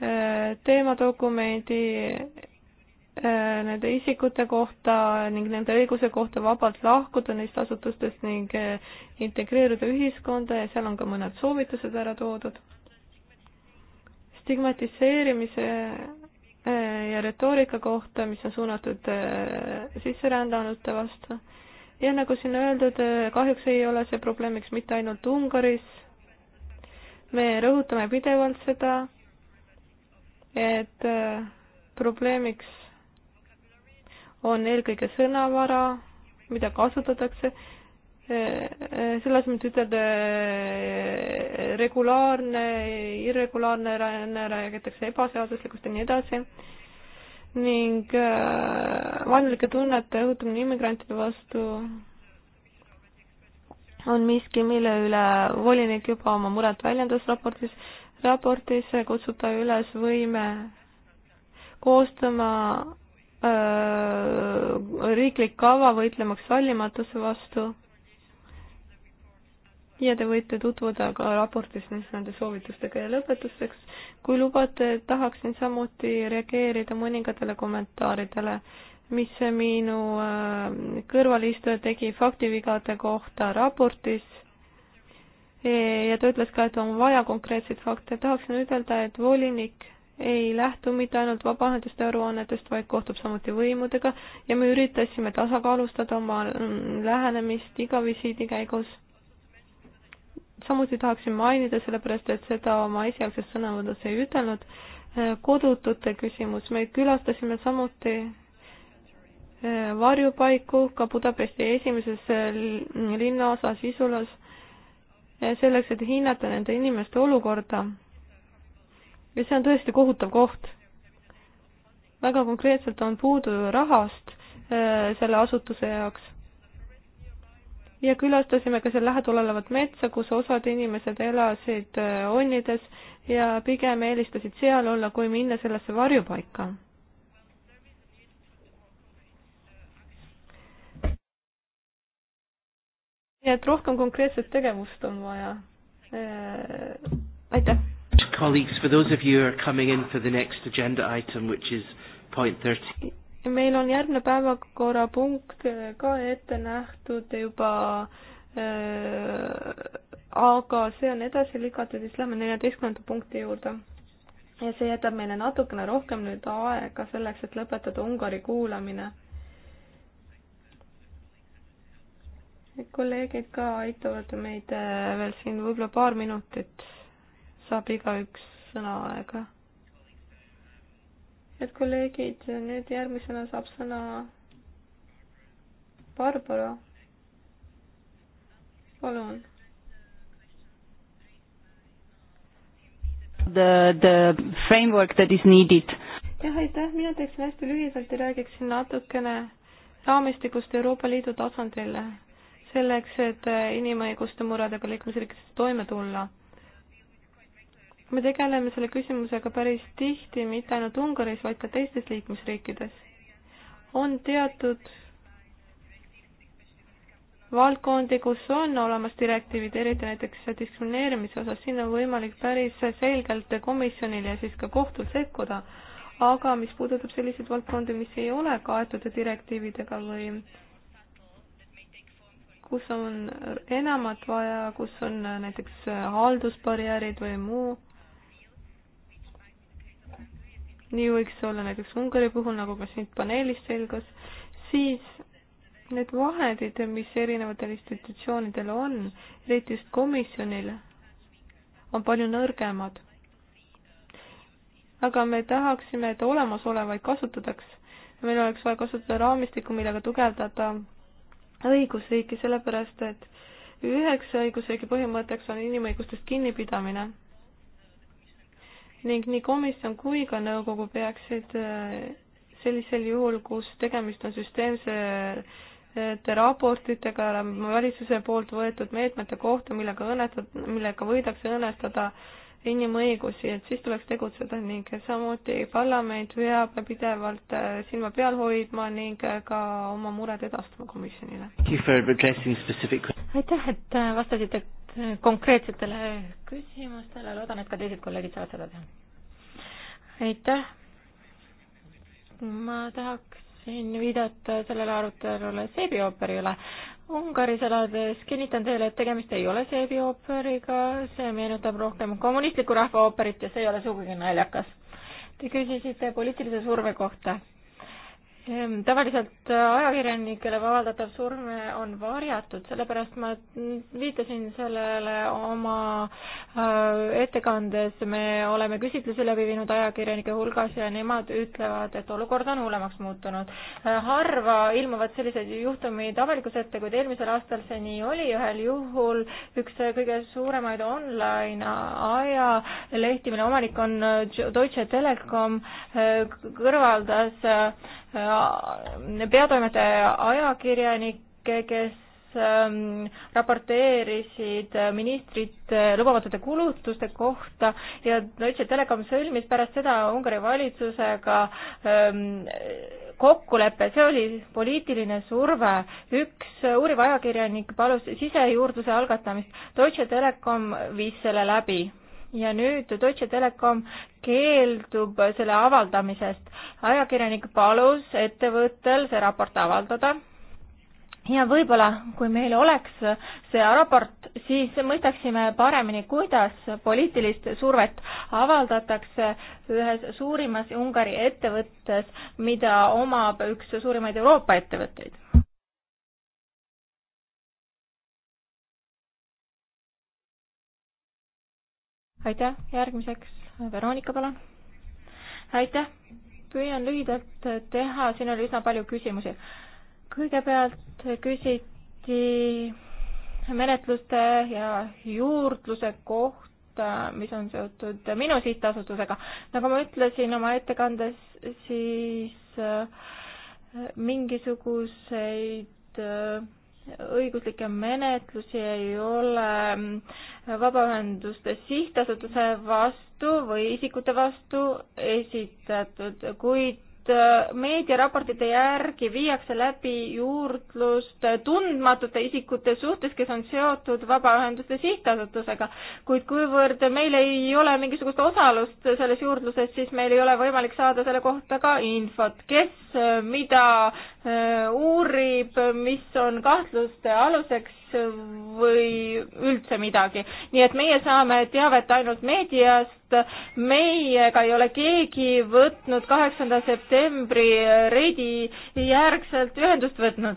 eh, teemadokumendi Äh, nende isikute kohta ning nende õiguse kohta vabalt lahkuda neist asutustest ning äh, integreeruda ühiskonda ja seal on ka mõned soovitused ära toodud. stigmatiseerimise äh, ja retoorika kohta, mis on suunatud sisserändanute vastu. ja nagu siin öeldud, kahjuks ei ole see probleemiks mitte ainult Ungaris. me rõhutame pidevalt seda, et probleemiks on eelkõige sõnavara, mida kasutatakse, eh, eh, selles mõttes ütelda eh, regulaarne, irregulaarne ränne, räägitakse ebaseaduslikust ja nii edasi ning vaenulike tunnete õhutamine immigrantide vastu on miski, mille üle volinik juba oma muret väljendas raportis. raportis kutsub ta üles võime koostama Äh, riiklik kava võitlemaks sallimatuse vastu. ja te võite tutvuda ka raportis nende soovitustega ja lõpetuseks, kui lubate, tahaksin samuti reageerida mõningatele kommentaaridele, mis minu äh, kõrvalistuja tegi faktivigade kohta raportis ja ta ütles ka, et on vaja konkreetseid fakte, tahaksin ütelda, et volinik ei lähtu mitte ainult vabaühenduste aruannetest, vaid kohtub samuti võimudega ja me üritasime tasakaalustada oma mm, lähenemist iga visiidi käigus. samuti tahaksin mainida, sellepärast et seda oma esialgses sõnavõtus ei ütelnud, e, kodutute küsimus, me külastasime samuti e, varjupaiku ka Budapesti esimeses e, linnaosas Isulas, selleks, et hinnata nende inimeste olukorda ja see on tõesti kohutav koht. väga konkreetselt on puudu rahast äh, selle asutuse jaoks. ja külastasime ka seal lähedal olevat metsa, kus osad inimesed elasid äh, onnides ja pigem eelistasid seal olla, kui minna sellesse varjupaika. nii et rohkem konkreetset tegevust on vaja. Äh, aitäh! colleagues, for those of you who are coming in for the next agenda item, which is point 13. meil on järgmine päevakorrapunkt eh, ka ette nähtud juba äh,, aga see on edasi lükatud ja siis lähme neljateistkümnenda punkti juurde. ja see jätab meile natukene rohkem nüüd aega selleks, et lõpetada Ungari kuulamine. kolleegid ka aitavad meid eh, veel siin võib-olla paar minutit saab igaüks sõna aega. head kolleegid, nüüd järgmisena saab sõna Barbara. palun. The, the framework that is needed. jah, aitäh, mina teeksin hästi lühidalt ja räägiksin natukene raamistikust Euroopa Liidu tasandil selleks, et inimõiguste muredega liikmesriikides toime tulla me tegeleme selle küsimusega päris tihti, mitte ainult Ungaris, vaid ka teistes liikmesriikides. on teatud valdkondi, kus on olemas direktiivid, eriti näiteks diskrimineerimise osas, siin on võimalik päris selgelt komisjonil ja siis ka kohtul sekkuda, aga mis puudutab selliseid valdkondi, mis ei ole kaetud direktiividega või kus on enamat vaja, kus on näiteks haldusbarjäärid või muu, nii võiks olla näiteks Ungari puhul, nagu ka siin paneelis selgus, siis need vahendid, mis erinevatel institutsioonidel on, eriti just komisjonil, on palju nõrgemad. aga me tahaksime, et olemasolevaid kasutataks. meil oleks vaja kasutada raamistikku, millega tugevdada õigusriiki, sellepärast et üheks õigusriigi põhimõtteks on inimõigustest kinnipidamine ning nii komisjon kui ka nõukogu peaksid äh, sellisel juhul, kus tegemist on süsteemse äh, raportitega valitsuse poolt võetud meetmete kohta, millega õnnestat-, millega võidakse õnnestada inimõigusi, et siis tuleks tegutseda ning samuti parlament peab pidevalt äh, silma peal hoidma ning ka oma mured edastama komisjonile. aitäh, et vastasite konkreetsetele küsimustele, loodan, et ka teised kolleegid saavad seda teha. aitäh. ma tahaksin viidata sellele arutelule Seebi ooperi üle. Ungaris elades kinnitan teile, et tegemist ei ole Seebi ooperiga, see meenutab rohkem kommunistlikku rahvaooperit ja see ei ole sugugi naljakas. Te küsisite poliitilise surve kohta tavaliselt äh, ajakirjanikele avaldatav surve on varjatud, sellepärast ma viitasin sellele oma äh, ettekandes, me oleme küsitlusi läbi viinud ajakirjanike hulgas ja nemad ütlevad, et olukord on hullemaks muutunud. Äh, harva ilmuvad sellised juhtumid avalikkuse ette, kuid eelmisel aastal see nii oli, ühel juhul üks kõige suuremaid online ajalehti, mille omanik on Deutsche Telekom, kõrvaldas Äh, peatoimetaja ajakirjanikke, kes ähm, raporteerisid äh, ministrite lubamatute kulutuste kohta ja Deutsche Telekom sõlmis pärast seda Ungari valitsusega ähm, kokkulepe, see oli poliitiline surve. üks uuriv ajakirjanik palus sisejuurdluse algatamist, Deutsche Telekom viis selle läbi ja nüüd Deutsche Telekom keeldub selle avaldamisest. ajakirjanik palus ettevõttel see raport avaldada ja võib-olla, kui meil oleks see raport, siis mõistaksime paremini, kuidas poliitilist survet avaldatakse ühes suurimas Ungari ettevõttes, mida omab üks suurimaid Euroopa ettevõtteid aitäh, järgmiseks Veronika, palun. aitäh, püüan lühidalt teha, siin oli üsna palju küsimusi. kõigepealt küsiti menetluste ja juurdluse kohta, mis on seotud minu sihtasutusega. nagu ma ütlesin oma ettekandes, siis äh, mingisuguseid äh, õiguslikke menetlusi ei ole Vabaühenduste Sihtasutuse vastu või isikute vastu esitatud, kuid et äh, meediaraportite järgi viiakse läbi juurdlust tundmatute isikute suhtes, kes on seotud Vabaühenduste Sihtasutusega. kuid kuivõrd meil ei ole mingisugust osalust selles juurdluses, siis meil ei ole võimalik saada selle kohta ka infot, kes mida äh, uurib, mis on kahtluste aluseks või üldse midagi. nii et meie saame teavet ainult meediast, meiega ei ole keegi võtnud kaheksanda septembri reidi järgselt ühendust võtnud.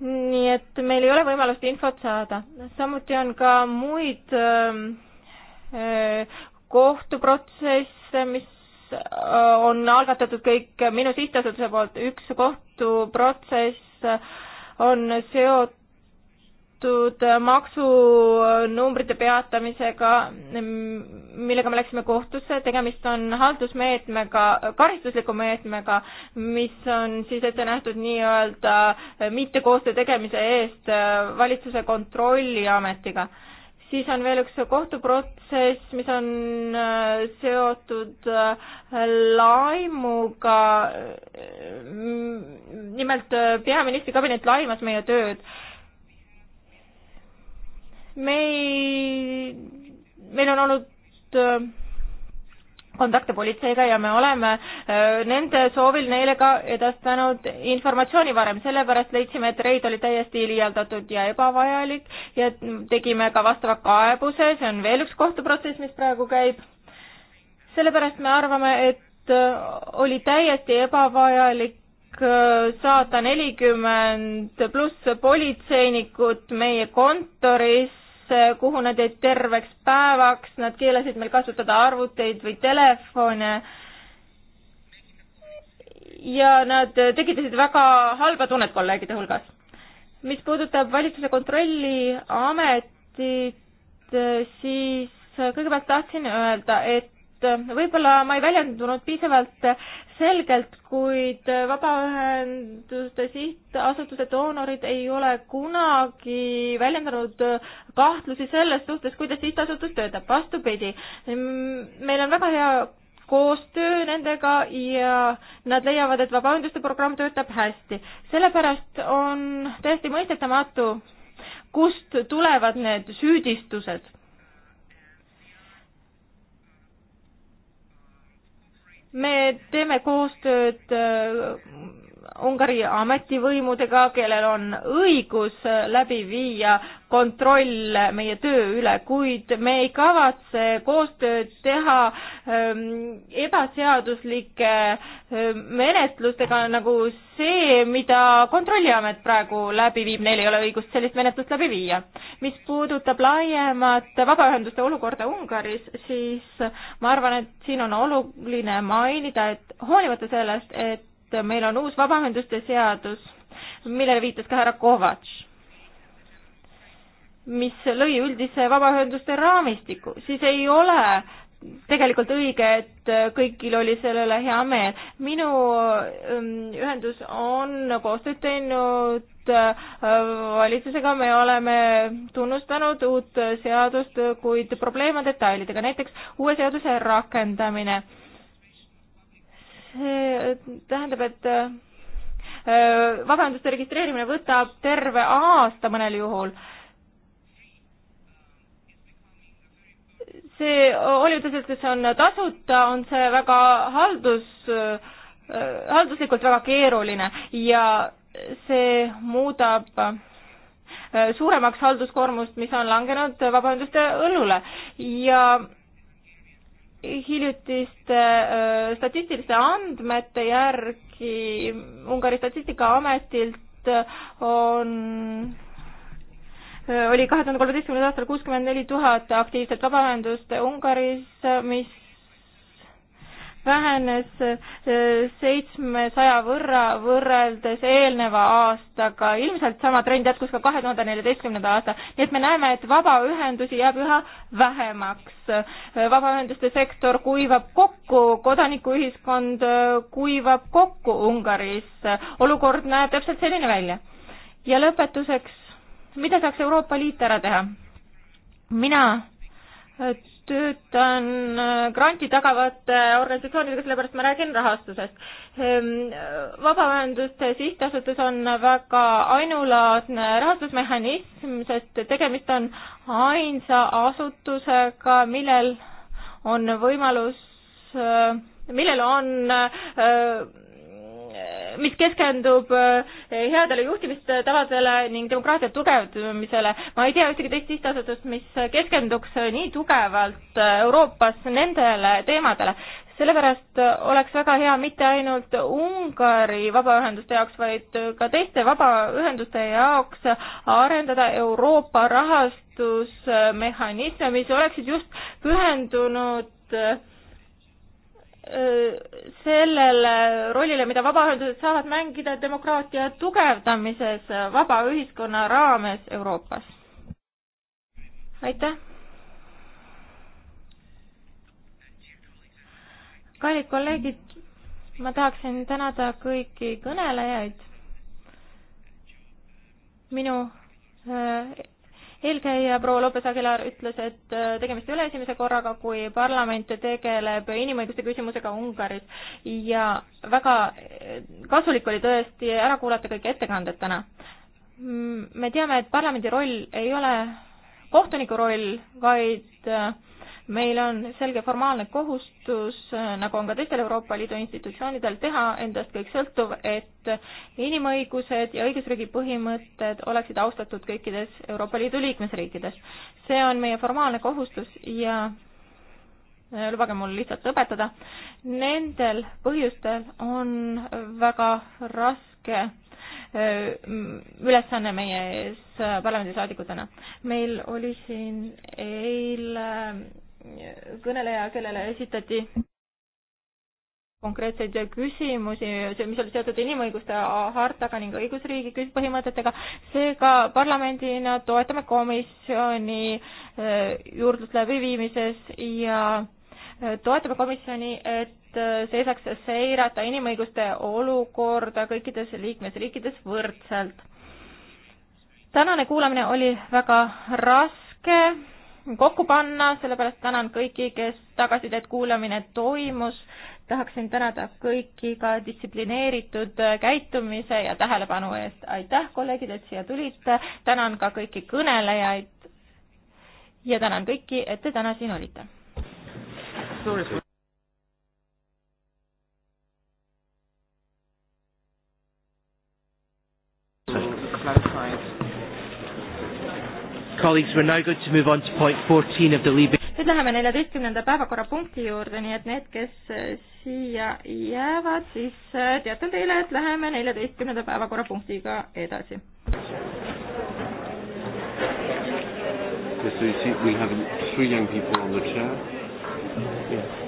nii et meil ei ole võimalust infot saada. samuti on ka muid äh, äh, kohtuprotsesse, mis äh, on algatatud kõik minu sihtasutuse poolt, üks kohtuprotsess on seotud seotud maksunumbrite peatamisega, millega me läksime kohtusse, tegemist on haldusmeetmega, karistusliku meetmega, mis on siis ette nähtud nii-öelda mittekoostöö tegemise eest valitsuse kontrolliametiga. siis on veel üks kohtuprotsess, mis on seotud laimuga, nimelt peaministri kabinet laimas meie tööd me ei, meil on olnud äh, kontakte politseiga ja me oleme äh, nende soovil neile ka edastanud informatsiooni varem, sellepärast leidsime, et reid oli täiesti liialdatud ja ebavajalik ja tegime ka vastava kaebuse, see on veel üks kohtuprotsess, mis praegu käib. sellepärast me arvame, et äh, oli täiesti ebavajalik saata nelikümmend pluss politseinikut meie kontorist, Eh, kuhu nad jäid terveks päevaks, nad keelasid meil kasutada arvuteid või telefone. ja nad eh, tekitasid väga halba tunnet kolleegide hulgas. mis puudutab valitsuse kontrolli ametit, eh, siis kõigepealt tahtsin öelda, et Äh, võib-olla ma ei väljendunud piisavalt selgelt, kuid äh, vabaühenduste sihtasutuse doonorid ei ole kunagi väljendanud äh, kahtlusi selles suhtes, kuidas sihtasutus töötab. vastupidi, meil on väga hea koostöö nendega ja nad leiavad, et vabaühenduste programm töötab hästi. sellepärast on täiesti mõistetamatu, kust tulevad need süüdistused me teeme koostööd äh, Ungari ametivõimudega, kellel on õigus läbi viia kontroll meie töö üle, kuid me ei kavatse koostööd teha ähm, ebaseaduslike ähm, menetlustega, nagu see, mida Kontrolliamet praegu läbi viib, neil ei ole õigust sellist menetlust läbi viia. mis puudutab laiemat vabaühenduste olukorda Ungaris, siis ma arvan, et siin on oluline mainida, et hoolimata sellest, et et meil on uus vabaühenduste seadus, millele viitas ka härra Kovatš, mis lõi üldise vabaühenduste raamistiku, siis ei ole tegelikult õige, et kõigil oli selle üle hea meel. minu ähm, ühendus on koostööd teinud äh, valitsusega, me oleme tunnustanud uut seadust, kuid probleem on detailidega, näiteks uue seaduse rakendamine see tähendab, et äh, äh, vabanduste registreerimine võtab terve aasta mõnel juhul. see hoolimata sellest, et see on tasuta, on see väga haldus, äh, halduslikult väga keeruline ja see muudab suuremaks halduskoormust, mis on langenud vabaühenduste õlule ja hiljutiste statistiliste andmete järgi Ungari statistikaametilt on oli kahe tuhande kolmeteistkümnendal aastal kuuskümmend neli tuhat aktiivset vabaühendust Ungaris, mis vähenes e, seitsmesaja võrra võrreldes eelneva aastaga. ilmselt sama trend jätkus ka kahe tuhande neljateistkümnenda aasta, nii et me näeme, et vabaühendusi jääb üha vähemaks. E, vabaühenduste sektor kuivab kokku, kodanikuühiskond e, kuivab kokku Ungaris. olukord näeb täpselt selline välja. ja lõpetuseks, mida saaks Euroopa Liit ära teha? mina töötan äh, granti tagavate organisatsioonidega, sellepärast ma räägin rahastusest. Ehm, vabaühenduste sihtasutus on väga ainulaadne rahastusmehhanism, sest tegemist on ainsa asutusega, millel on võimalus, äh, millel on äh, mis keskendub eh, headele juhtimistavadele ning demokraatia tugevdamisele. ma ei tea ühtegi teist sihtasutust, mis keskenduks nii tugevalt eh, Euroopas nendele teemadele sellepärast oleks väga hea mitte ainult Ungari vabaühenduste jaoks, vaid ka teiste vabaühenduste jaoks arendada Euroopa rahastusmehhanisme, mis oleksid just pühendunud eh, sellele rollile, mida vabaühendused saavad mängida demokraatia tugevdamises vaba ühiskonna raames Euroopas. aitäh! kallid kolleegid, ma tahaksin tänada kõiki kõnelejaid. minu eelkäija proua Lopes-Aguilar ütles, et äh, tegemist ei ole esimese korraga, kui parlament tegeleb inimõiguste küsimusega Ungaris ja väga äh, kasulik oli tõesti ära kuulata kõik ettekanded täna. me teame, et parlamendi roll ei ole kohtuniku roll, vaid äh, meil on selge formaalne kohustus, nagu on ka teistel Euroopa Liidu institutsioonidel, teha endast kõik sõltuv, et inimõigused ja õigusriigi põhimõtted oleksid austatud kõikides Euroopa Liidu liikmesriikides. see on meie formaalne kohustus ja äh, lubage mul lihtsalt õpetada, nendel põhjustel on väga raske äh, ülesanne meie ees äh, parlamendisaadikutena. meil oli siin eile kõneleja, kellele esitati konkreetseid küsimusi, mis olid seotud inimõiguste hartaga ning õigusriigi põhimõtetega. seega parlamendina toetame komisjoni eh, juurdluse läbiviimises ja eh, toetame komisjoni, et eh, see saaks seirata inimõiguste olukorda kõikides liikmesriikides võrdselt. tänane kuulamine oli väga raske kokku panna, sellepärast tänan kõiki, kes tagasisidet kuulamine toimus. tahaksin tänada kõiki ka distsiplineeritud käitumise ja tähelepanu eest. aitäh, kolleegid, et siia tulite. tänan ka kõiki kõnelejaid. ja tänan kõiki, et te täna siin olite. suur clarify colleagues, we're now going to move on to point 14 of the Libe nüüd läheme neljateistkümnenda päevakorrapunkti juurde, nii et need, kes äh, siia jäävad, siis äh, teatan teile, et läheme neljateistkümnenda päevakorrapunktiga edasi. Yes, so you see, we have three young people on the chair. Yes.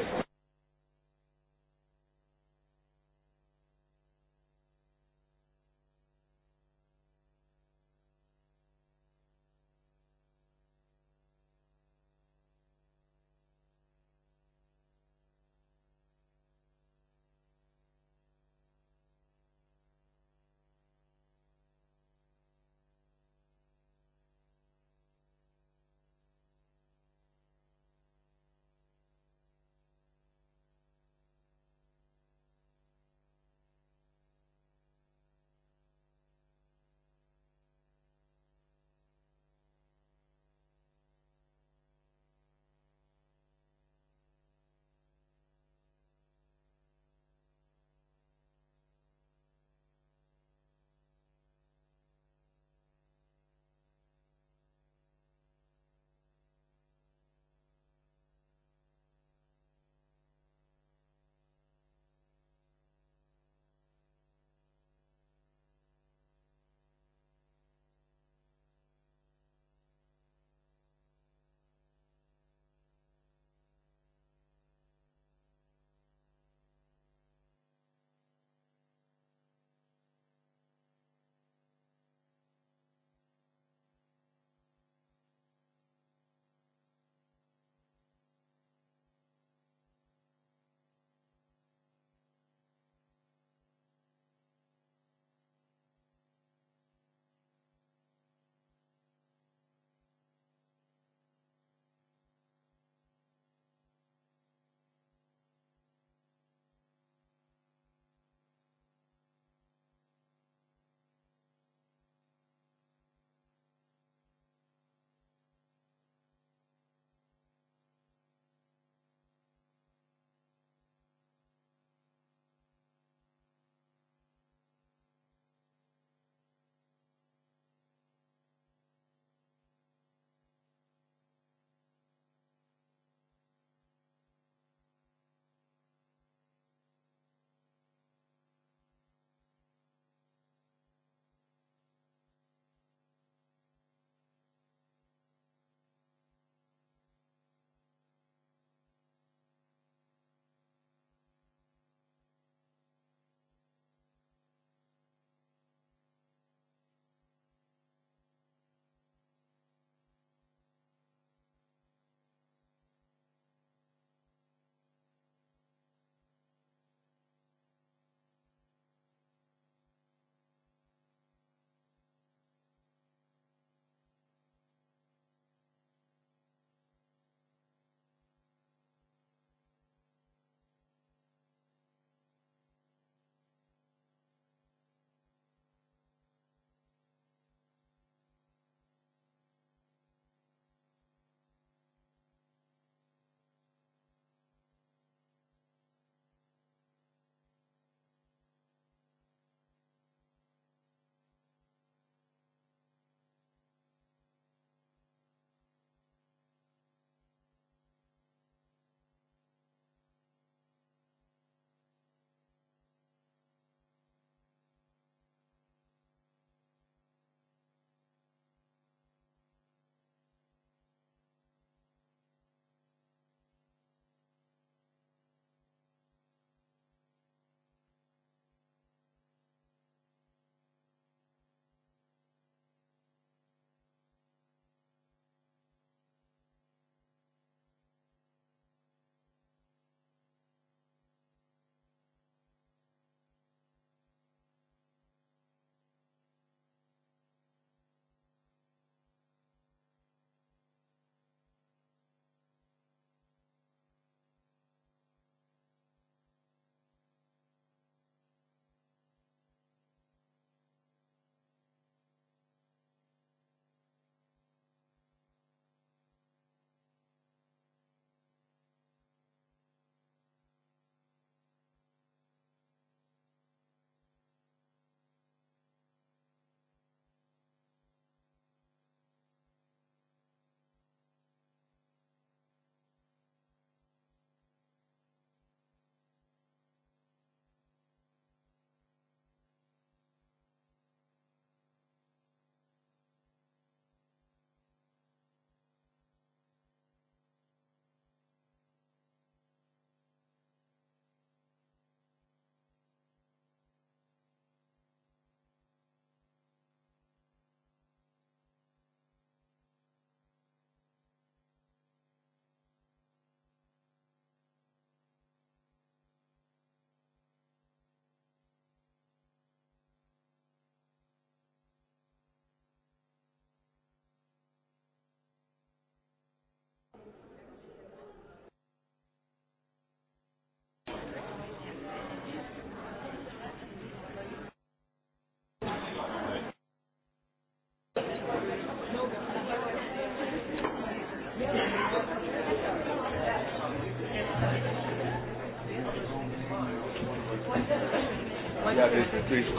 Yeah, there's, there's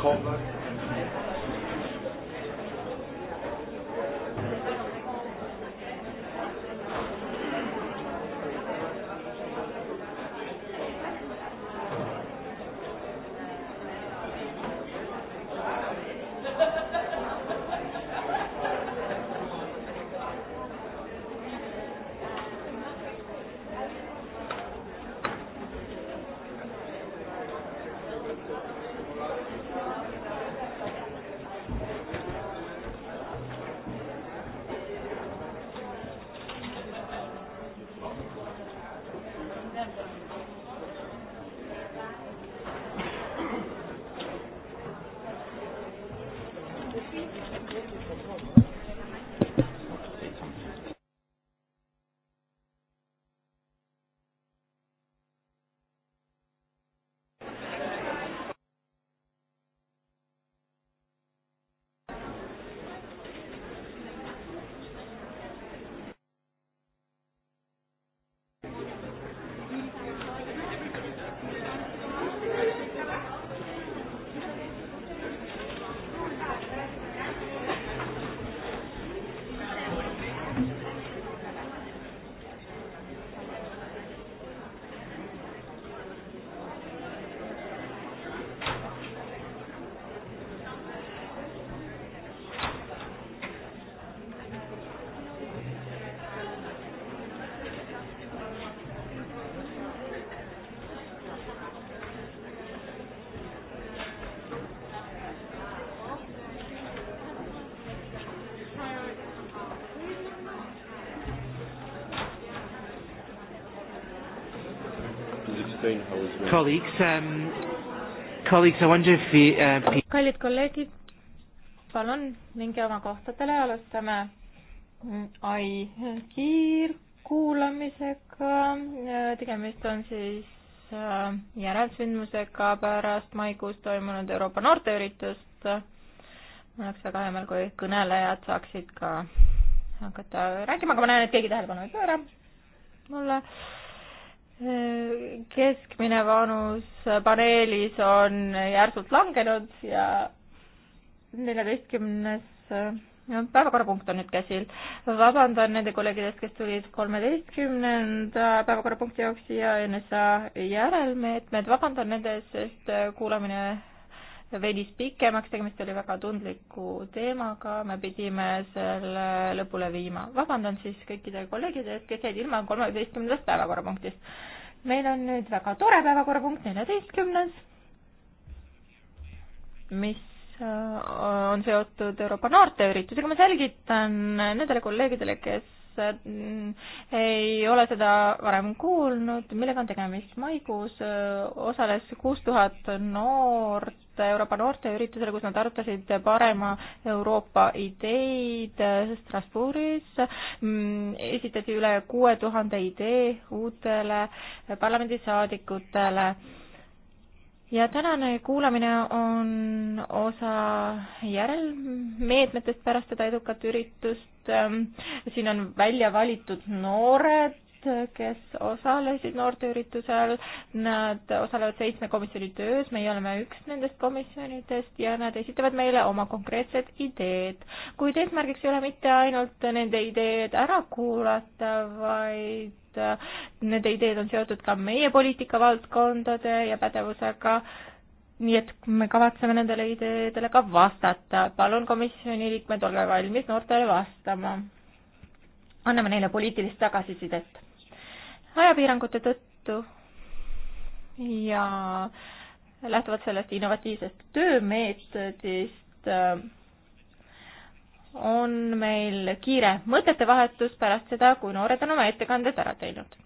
colleagues, um, colleagues, I wonder if we, uh, kallid kolleegid, palun minge oma kohtadele, alustame mm, ai kiirkuulamisega. Äh, tegemist on siis äh, järelsündmusega pärast maikuus toimunud Euroopa noorteüritust. mul oleks väga hea meel, kui kõnelejad saaksid ka hakata rääkima, aga ma näen, et keegi tähelepanu ei pööra mulle keskmine vanus paneelis on järsult langenud ja neljateistkümnes päevakorrapunkt on nüüd käsil. vabandan nende kolleegidest, kes tulid kolmeteistkümnenda päevakorrapunkti jaoks siia NSA järelmeetmed, vabandan nende eest, sest kuulamine venis pikemaks, tegemist oli väga tundliku teemaga, me pidime selle lõpule viima. vabandan siis kõikide kolleegide ees, kes jäid ilma kolmeteistkümnendast päevakorrapunktist meil on nüüd väga tore päevakorrapunkt, neljateistkümnes, mis äh, on seotud Euroopa noorteüritusega, ma selgitan nendele kolleegidele, kes Mm, ei ole seda varem kuulnud, millega on tegemist. maikuus äh, osales kuus tuhat noort Euroopa noorteüritusel, kus nad arutasid parema Euroopa ideid äh, Strasbourgis. Mm, esitati üle kuue tuhande idee uutele äh, parlamendisaadikutele ja tänane kuulamine on osa järelmeetmetest pärast seda edukat üritust. Ähm, siin on välja valitud noored, kes osalesid noorteüritusel. Nad osalevad seitsme komisjoni töös, meie oleme üks nendest komisjonidest ja nad esitavad meile oma konkreetsed ideed. kuid eesmärgiks ei ole mitte ainult nende ideed ära kuulata, vaid et need ideed on seotud ka meie poliitikavaldkondade ja pädevusega, nii et me kavatseme nendele ideedele ka vastata. palun, komisjoni liikmed, olge valmis noortele vastama. anname neile poliitilist tagasisidet. ajapiirangute tõttu ja lähtuvalt sellest innovatiivsest töömeetodist on meil kiire mõtetevahetus pärast seda, kui noored on oma ettekanded ära teinud.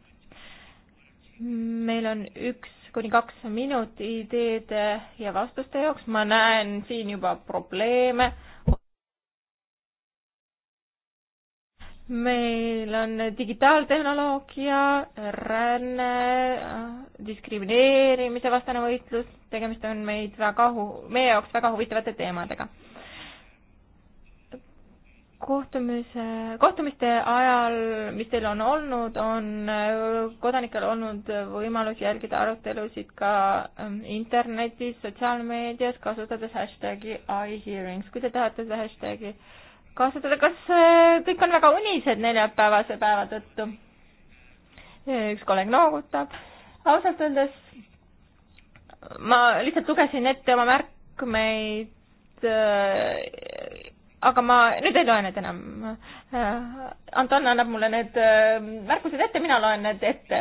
meil on üks kuni kaks minutit ideede ja vastuste jaoks, ma näen siin juba probleeme. meil on digitaaltehnoloogia, ränne, diskrimineerimise vastane võitlus, tegemist on meid väga hu-, meie jaoks väga huvitavate teemadega kohtumise, kohtumiste ajal, mis teil on olnud, on äh, kodanikel olnud võimalus jälgida arutelusid ka ähm, internetis, sotsiaalmeedias, kasutades hashtag'i iHearings. kui te tahate seda hashtag'i kasutada, kas äh, kõik on väga unised neljapäevase päeva tõttu? üks kolleeg noogutab. ausalt öeldes ma lihtsalt lugesin ette oma märkmeid äh, aga ma nüüd ei loe need enam. Äh, Anton annab mulle need äh, märkused ette, mina loen need ette.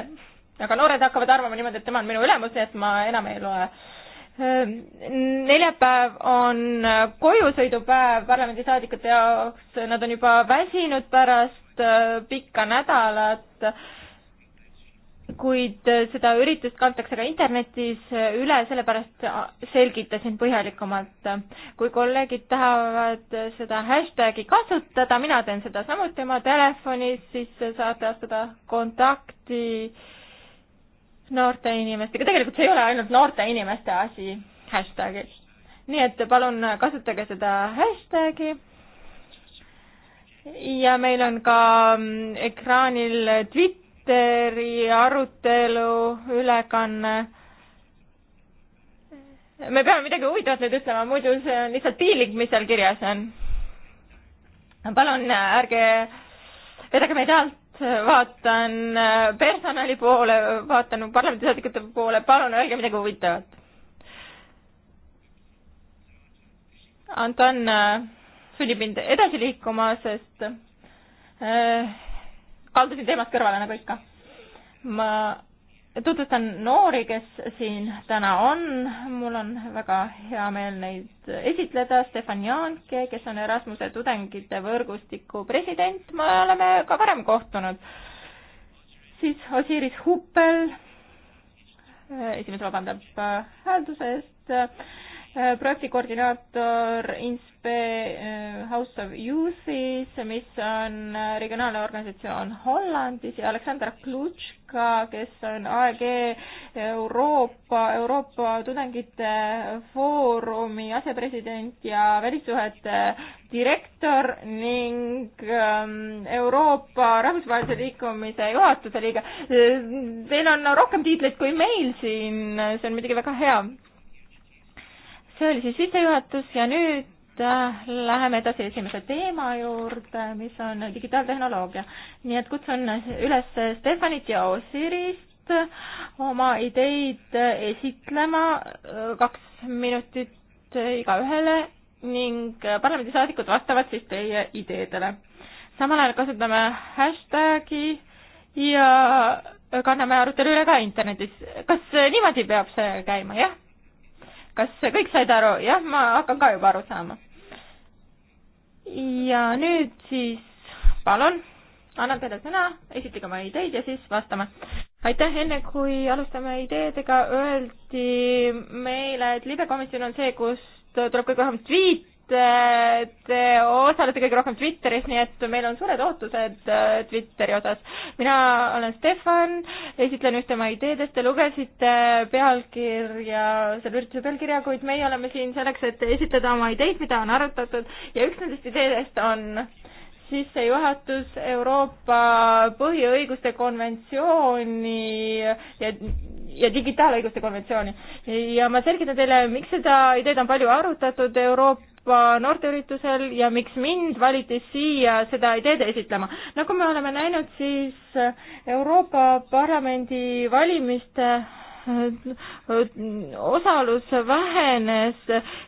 aga noored hakkavad arvama niimoodi, et tema on minu ülemus, nii et ma enam ei loe. Äh, neljapäev on kojusõidupäev parlamendisaadikute jaoks, nad on juba väsinud pärast pikka nädalat kuid äh, seda üritust kantakse ka internetis äh, üle, sellepärast äh, selgitasin põhjalikumalt. kui kolleegid tahavad seda hashtag'i kasutada, mina teen seda samuti oma telefonis, siis saate astuda kontakti noorte inimestega, tegelikult see ei ole ainult noorte inimeste asi, hashtag'i. nii et palun kasutage seda hashtag'i ja meil on ka mm, ekraanil Twitter, Twitteri arutelu ülekanne. me peame midagi huvitavat nüüd ütlema, muidu see on lihtsalt piinlik, mis seal kirjas on. palun ärge vedage meid alt, vaatan personali poole, vaatan parlamendisaadikute poole, palun öelge midagi huvitavat. Anton sunnib mind edasi liikuma, sest äh, kaldusin teemast kõrvale nagu ikka. ma tutvustan noori, kes siin täna on. mul on väga hea meel neid esitleda. Stefan Jaanke, kes on Erasmuse tudengite võrgustiku president, me oleme ka varem kohtunud. siis Osiris Huppel, esimees vabandab äh, häälduse eest Äh, projektikoordinaator Inspe äh, House of Youth'is, mis on äh, regionaalne organisatsioon Hollandis ja Aleksandr Klutška, kes on AEG Euroopa, Euroopa Tudengite Foorumi asepresident ja välissuhete direktor ning ähm, Euroopa Rahvusvahelise Liikumise juhatuse liige. Teil on rohkem tiitleid kui meil siin, see on muidugi väga hea see oli siis sissejuhatus ja nüüd äh, läheme edasi esimese teema juurde, mis on digitaaltehnoloogia. nii et kutsun üles Stefanit ja Osirist oma ideid esitlema, äh, kaks minutit igaühele ning äh, parlamendisaadikud vastavad siis teie ideedele. samal ajal kasutame hashtag'i ja kanname arutelu üle ka internetis. kas niimoodi peab see käima, jah? kas kõik said aru? jah, ma hakkan ka juba aru saama. ja nüüd siis palun, annan teile sõna, esitage oma ideid ja siis vastame. aitäh, enne kui alustame ideedega, öeldi meile, et libekomisjon on see, kus tuleb kõige vähemalt viit te osalete kõige rohkem Twitteris, nii et meil on suured ootused äh, Twitteri osas. mina olen Stefan, esitlen ühte oma ideedest, te lugesite pealkirja, selle ürituse pealkirja, kuid meie oleme siin selleks, et esitleda oma ideid, mida on arutatud ja üks nendest ideedest on sissejuhatus Euroopa põhiõiguste konventsiooni ja, ja digitaalõiguste konventsiooni. ja ma selgitan teile, miks seda ideed on palju arutatud Euroopa Euroopa noorteüritusel ja miks mind valiti siia seda ideed esitlema. nagu me oleme näinud, siis Euroopa Parlamendi valimiste äh, osalus vähenes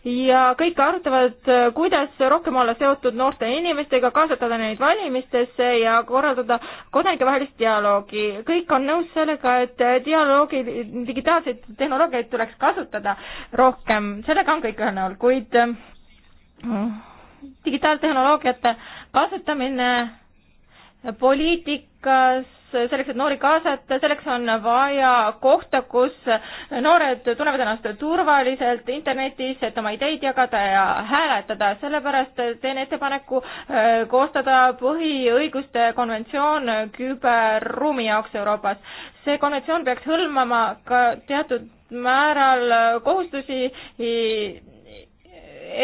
ja kõik arutavad, kuidas rohkem olla seotud noorte inimestega, kaasatada neid valimistesse ja korraldada kodanikevahelist dialoogi. kõik on nõus sellega, et dialoogi, digitaalseid tehnoloogiaid tuleks kasutada rohkem, sellega on kõik ühel nõul, kuid äh, digitaaltehnoloogiate kasutamine poliitikas, selleks, et noori kaasata, selleks on vaja kohta, kus noored tunnevad ennast turvaliselt internetis, et oma ideid jagada ja hääletada, sellepärast teen ettepaneku äh, koostada põhiõiguste konventsioon küberruumi jaoks Euroopas. see konventsioon peaks hõlmama ka teatud määral kohustusi,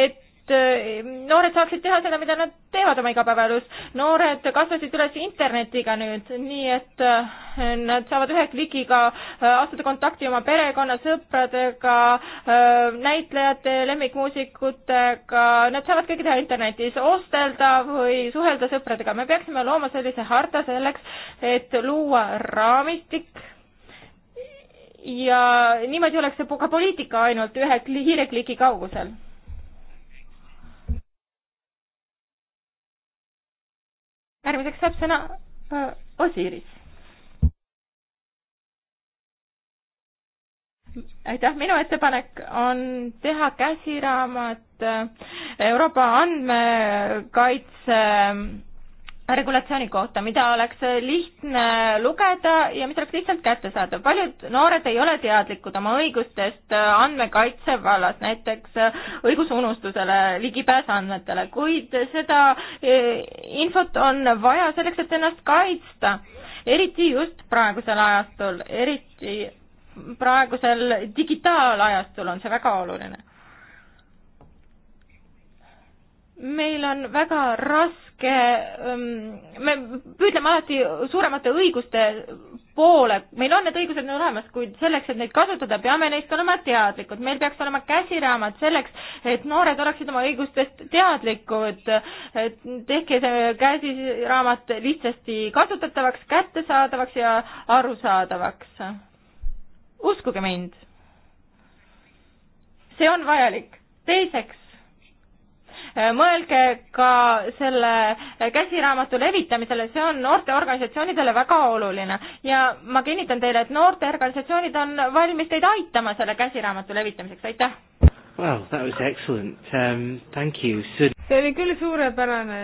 et et eh, noored saaksid teha seda, mida nad teevad oma igapäevaelus. noored kasvasid üles internetiga nüüd, nii et eh, nad saavad ühe klikiga eh, astuda kontakti oma perekonna, sõpradega, näitlejate, lemmikmuusikutega, nad saavad kõike teha internetis, ostelda või suhelda sõpradega. me peaksime looma sellise harta selleks, et luua raamistik, ja niimoodi oleks see ka poliitika ainult ühe hiireklikki kaugusel. järgmiseks saab sõna äh, Osiris. aitäh, minu ettepanek on teha käsiraamat äh, Euroopa andmekaitse äh, regulatsiooni kohta, mida oleks lihtne lugeda ja mis oleks lihtsalt kättesaadav. paljud noored ei ole teadlikud oma õigustest andmekaitse vallas, näiteks õigus unustusele, ligipääs andmetele, kuid seda e, infot on vaja selleks, et ennast kaitsta, eriti just praegusel ajastul, eriti praegusel digitaalajastul on see väga oluline meil on väga raske raske, ähm, me püüdleme alati suuremate õiguste poole, meil on need õigused nüüd olemas, kuid selleks, et neid kasutada, peame neist olema teadlikud, meil peaks olema käsiraamat selleks, et noored oleksid oma õigustest teadlikud, et tehke see käsiraamat lihtsasti kasutatavaks, kättesaadavaks ja arusaadavaks. uskuge mind, see on vajalik. teiseks, Äh, mõelge ka selle käsiraamatu levitamisele, see on noorteorganisatsioonidele väga oluline ja ma kinnitan teile, et noorteorganisatsioonid on valmis teid aitama selle käsiraamatu levitamiseks, aitäh! Well, that was excellent. Um, thank you. So... see oli küll suurepärane.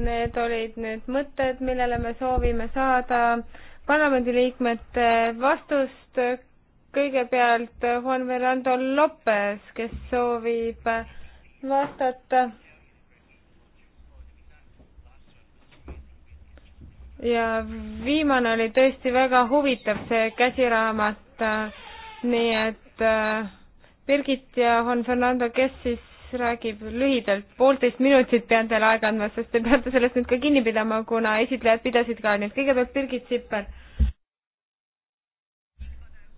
Need olid need mõtted, millele me soovime saada parlamendiliikmete vastust. kõigepealt Juan Fernando Lopez, kes soovib vastata. ja viimane oli tõesti väga huvitav, see käsiraamat, nii et äh, Birgit ja Juan Fernando, kes siis räägib lühidalt, poolteist minutit pean teile aega andma, sest te peate sellest nüüd ka kinni pidama, kuna esitlejad pidasid ka, nii et kõigepealt Birgit Sipper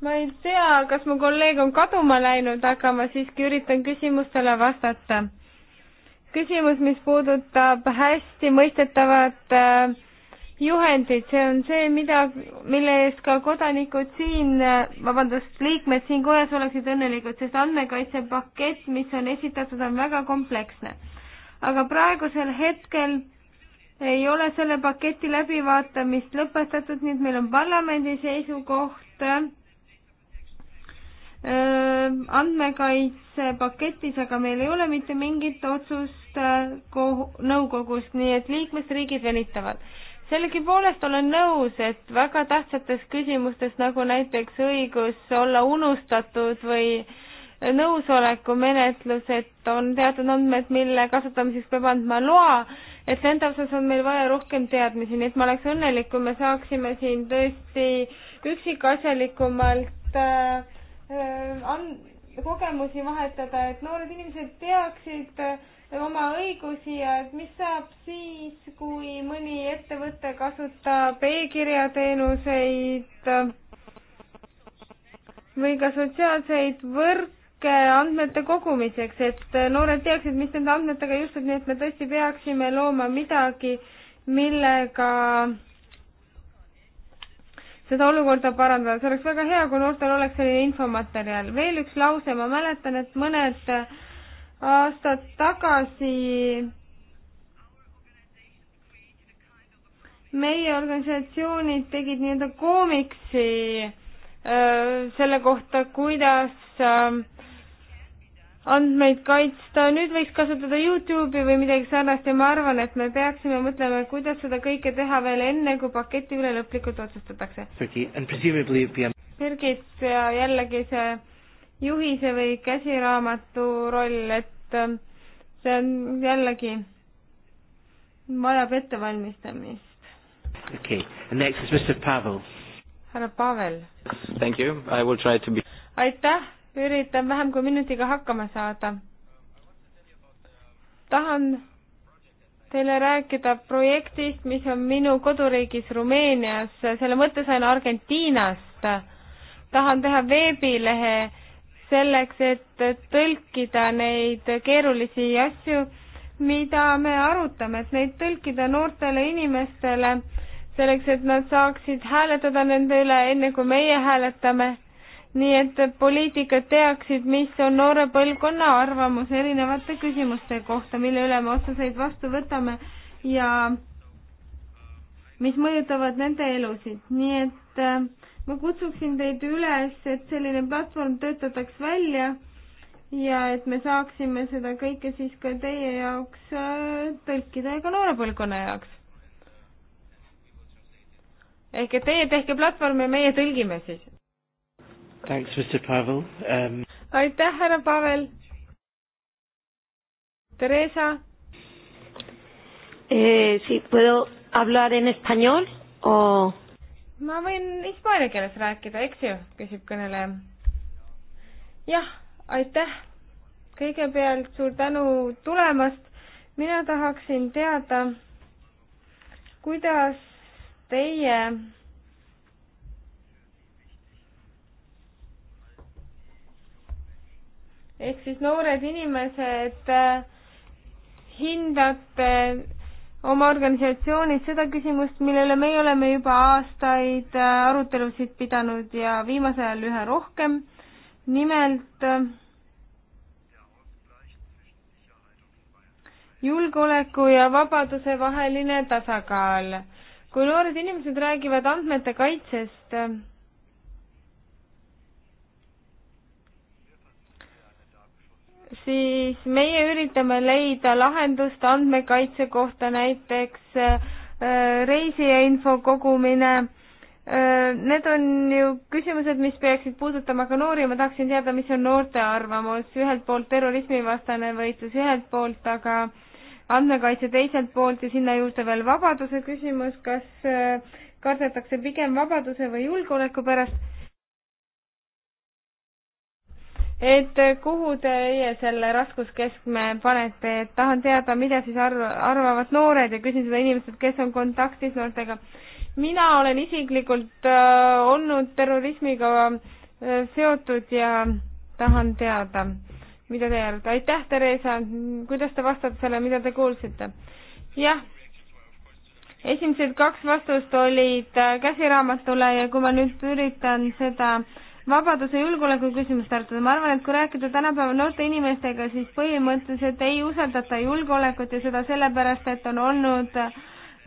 ma ei tea, kas mu kolleeg on kaduma läinud, aga ma siiski üritan küsimustele vastata. küsimus, mis puudutab hästi mõistetavat äh, juhendit, see on see, mida, mille eest ka kodanikud siin, äh, vabandust, liikmed siin kojas oleksid õnnelikud, sest andmekaitsepakett, mis on esitatud, on väga kompleksne. aga praegusel hetkel ei ole selle paketi läbivaatamist lõpetatud, nii et meil on parlamendi seisukoht andmekaitsepaketis, aga meil ei ole mitte mingit otsust äh, nõukogus, nii et liikmesriigid venitavad. sellegipoolest olen nõus, et väga tähtsates küsimustes, nagu näiteks õigus olla unustatud või nõusoleku menetlus, et on teatud andmed, mille kasutamiseks peab andma loa, et nende osas on meil vaja rohkem teadmisi, nii et ma oleks õnnelik, kui me saaksime siin tõesti üksikasjalikumalt äh, and-, äh, kogemusi vahetada, et noored inimesed teaksid äh, oma õigusi ja et mis saab siis, kui mõni ettevõte kasutab e-kirja teenuseid äh, või ka sotsiaalseid võrke andmete kogumiseks, et noored teaksid, mis nende andmetega just, et nii et me tõesti peaksime looma midagi, millega seda olukorda parandada, see oleks väga hea, kui noortel oleks selline infomaterjal. veel üks lause, ma mäletan, et mõned aastad tagasi meie organisatsioonid tegid nii-öelda koomiksi äh, selle kohta, kuidas äh, andmeid kaitsta, nüüd võiks kasutada Youtube'i või midagi sarnast ja ma arvan, et me peaksime mõtlema, kuidas seda kõike teha veel enne, kui paketi üle lõplikult otsustatakse. Birgit ja jällegi see juhise või käsiraamatu roll, et ähm, see on jällegi, vajab ettevalmistamist. okei okay., next is Mr Pavel. härra Pavel. Thank you, I will try to be. aitäh üritan vähem kui minutiga hakkama saada. tahan teile rääkida projektist, mis on minu koduriigis Rumeenias, selle mõtte sain Argentiinast. tahan teha veebilehe selleks, et tõlkida neid keerulisi asju, mida me arutame, et neid tõlkida noortele inimestele, selleks et nad saaksid hääletada nende üle, enne kui meie hääletame nii et poliitikud teaksid, mis on noore põlvkonna arvamus erinevate küsimuste kohta, mille üle me otsuseid vastu võtame ja mis mõjutavad nende elusid, nii et äh, ma kutsuksin teid üles, et selline platvorm töötataks välja ja et me saaksime seda kõike siis ka teie jaoks äh, tõlkida ja ka noore põlvkonna jaoks. ehk et teie tehke platvorm ja meie tõlgime siis Thanks, Mr Pavel um.... aitäh, härra Pavel. Teresa eh,. Si puedo hablar en español o? ma võin hispaania keeles rääkida, eks ju, küsib kõneleja. jah, aitäh. kõigepealt suur tänu tulemast. mina tahaksin teada, kuidas teie ehk siis noored inimesed, äh, hindate oma organisatsioonis seda küsimust, mille üle meie oleme juba aastaid äh, arutelusid pidanud ja viimasel ajal üha rohkem, nimelt äh, julgeoleku ja vabaduse vaheline tasakaal. kui noored inimesed räägivad andmete kaitsest, siis meie üritame leida lahendust andmekaitse kohta, näiteks äh, reisijainfo kogumine. Äh, need on ju küsimused, mis peaksid puudutama ka noori, ma tahaksin teada, mis on noorte arvamus, ühelt poolt terrorismivastane võitlus ühelt poolt, aga andmekaitse teiselt poolt ja sinna juurde veel vabaduse küsimus, kas äh, kardetakse pigem vabaduse või julgeoleku pärast et kuhu teie selle raskuskeskme panete, et tahan teada, mida siis arv-, arvavad noored ja küsin seda inimestelt, kes on kontaktis noortega. mina olen isiklikult äh, olnud terrorismiga äh, seotud ja tahan teada, mida teie arvate. aitäh, Theresa, kuidas te vastate sellele, mida te kuulsite? jah, esimesed kaks vastust olid äh, käsiraamatule ja kui ma nüüd üritan seda äh, vabaduse julgeoleku küsimust arutada, ma arvan, et kui rääkida tänapäeva noorte inimestega, siis põhimõtteliselt ei usaldata julgeolekut ja seda sellepärast, et on olnud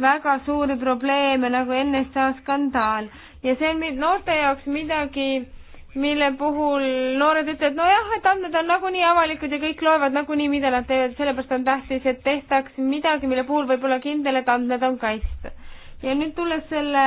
väga suuri probleeme nagu NSA skandaal ja see on noorte jaoks midagi, mille puhul noored ütlevad, nojah, et andmed on nagunii avalikud ja kõik loevad nagunii, mida nad teevad, sellepärast on tähtis, et tehtaks midagi, mille puhul võib olla kindel, et andmed on kaitstud. ja nüüd tulles selle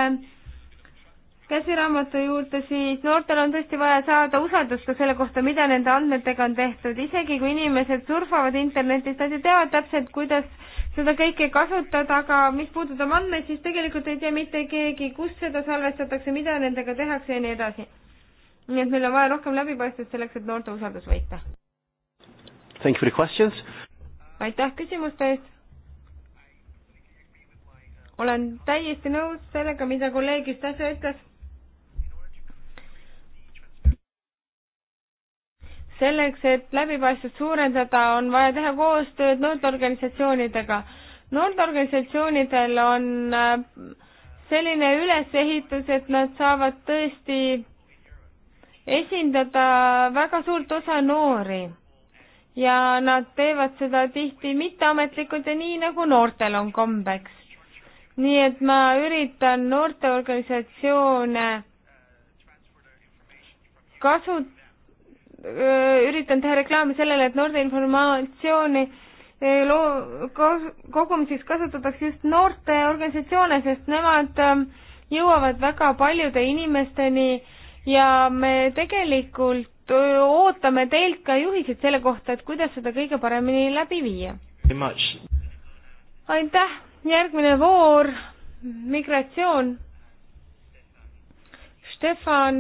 käsiraamatu juurde, siis noortel on tõesti vaja saada usaldust ka selle kohta, mida nende andmetega on tehtud, isegi kui inimesed surfavad internetis, nad ju teavad täpselt, kuidas seda kõike kasutada, aga mis puudutab andmeid, siis tegelikult ei tea mitte keegi, kus seda salvestatakse, mida nendega tehakse ja nii edasi. nii et meil on vaja rohkem läbipaistvust selleks, et noorte usaldus võita. aitäh küsimuste eest! olen täiesti nõus sellega, mida kolleeg just äsja ütles selleks, et läbipaistvust suurendada, on vaja teha koostööd noorteorganisatsioonidega. noorteorganisatsioonidel on äh, selline ülesehitus, et nad saavad tõesti esindada väga suurt osa noori ja nad teevad seda tihti mitteametlikult ja nii, nagu noortel on kombeks. nii et ma üritan noorteorganisatsioone kasut-, üritan teha reklaami sellele, et noorte informatsiooni loo-, kogumises kasutatakse just noorte organisatsioone, sest nemad jõuavad väga paljude inimesteni ja me tegelikult ootame teilt ka juhised selle kohta, et kuidas seda kõige paremini läbi viia. aitäh, järgmine voor, migratsioon. Stefan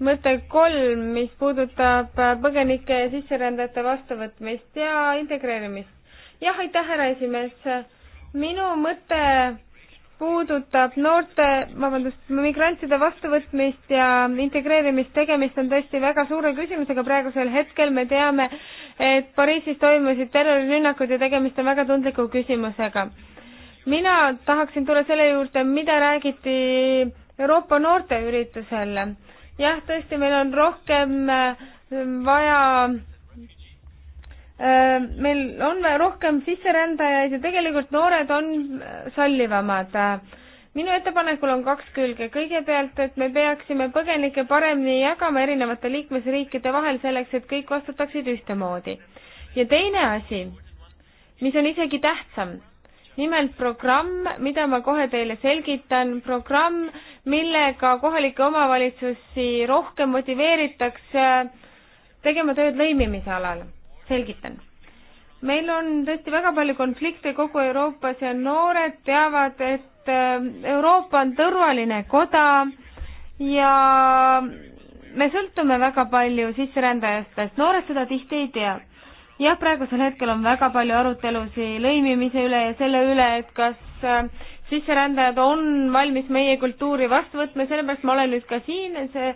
mõte kolm, mis puudutab põgenike ja sisserändajate vastuvõtmist ja integreerimist. jah, aitäh, härra esimees. minu mõte puudutab noorte, vabandust, migrantide vastuvõtmist ja integreerimist, tegemist on tõesti väga suure küsimusega praegusel hetkel, me teame, et Pariisis toimusid terrorirünnakud ja tegemist on väga tundliku küsimusega. mina tahaksin tulla selle juurde, mida räägiti Euroopa noorteüritusel. jah, tõesti, meil on rohkem äh, vaja äh, meil on rohkem sisserändajaid ja tegelikult noored on äh, sallivamad. minu ettepanekul on kaks külge. kõigepealt, et me peaksime põgenikke paremini jagama erinevate liikmesriikide vahel selleks, et kõik vastutaksid ühtemoodi. ja teine asi, mis on isegi tähtsam nimelt programm, mida ma kohe teile selgitan, programm, millega kohalikke omavalitsusi rohkem motiveeritakse tegema tööd lõimimise alal. selgitan. meil on tõesti väga palju konflikte kogu Euroopas ja noored teavad, et äh, Euroopa on turvaline koda ja me sõltume väga palju sisserändajatest, noored seda tihti ei tea jah, praegusel hetkel on väga palju arutelusi lõimimise üle ja selle üle, et kas äh, sisserändajad on valmis meie kultuuri vastu võtma, sellepärast ma olen nüüd ka siin, see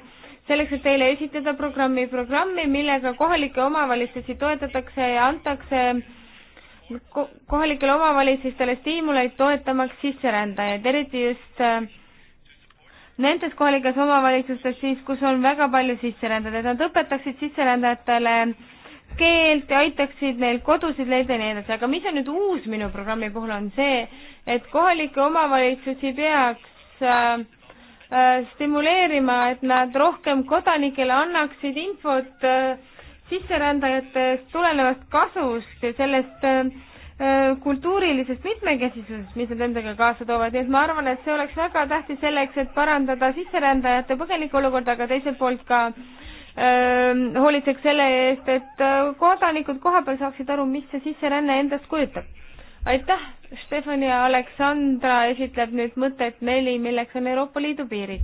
selleks, et teile esitada programmi, programmi, millega kohalikke omavalitsusi toetatakse ja antakse kohalikele omavalitsustele stiimuleid toetamaks sisserändajaid, eriti just äh, nendes kohalikes omavalitsustes siis, kus on väga palju sisserändajaid, et nad õpetaksid sisserändajatele äh, keelt ja aitaksid meil kodusid leida ja nii edasi, aga mis on nüüd uus minu programmi puhul, on see, et kohalikke omavalitsusi peaks äh, äh, stimuleerima, et nad rohkem kodanikele annaksid infot äh, sisserändajatest tulenevast kasust ja sellest äh, äh kultuurilisest mitmekesisusest, mis nad endaga kaasa toovad, nii et ma arvan, et see oleks väga tähtis selleks, et parandada sisserändajate põgenike olukorda, aga teiselt poolt ka äh, hoolitseks selle eest, et kodanikud kohapeal saaksid aru, mis see sisseränne endast kujutab. aitäh, Stefan ja Aleksandra esitleb nüüd mõtet neli, milleks on Euroopa Liidu piirid.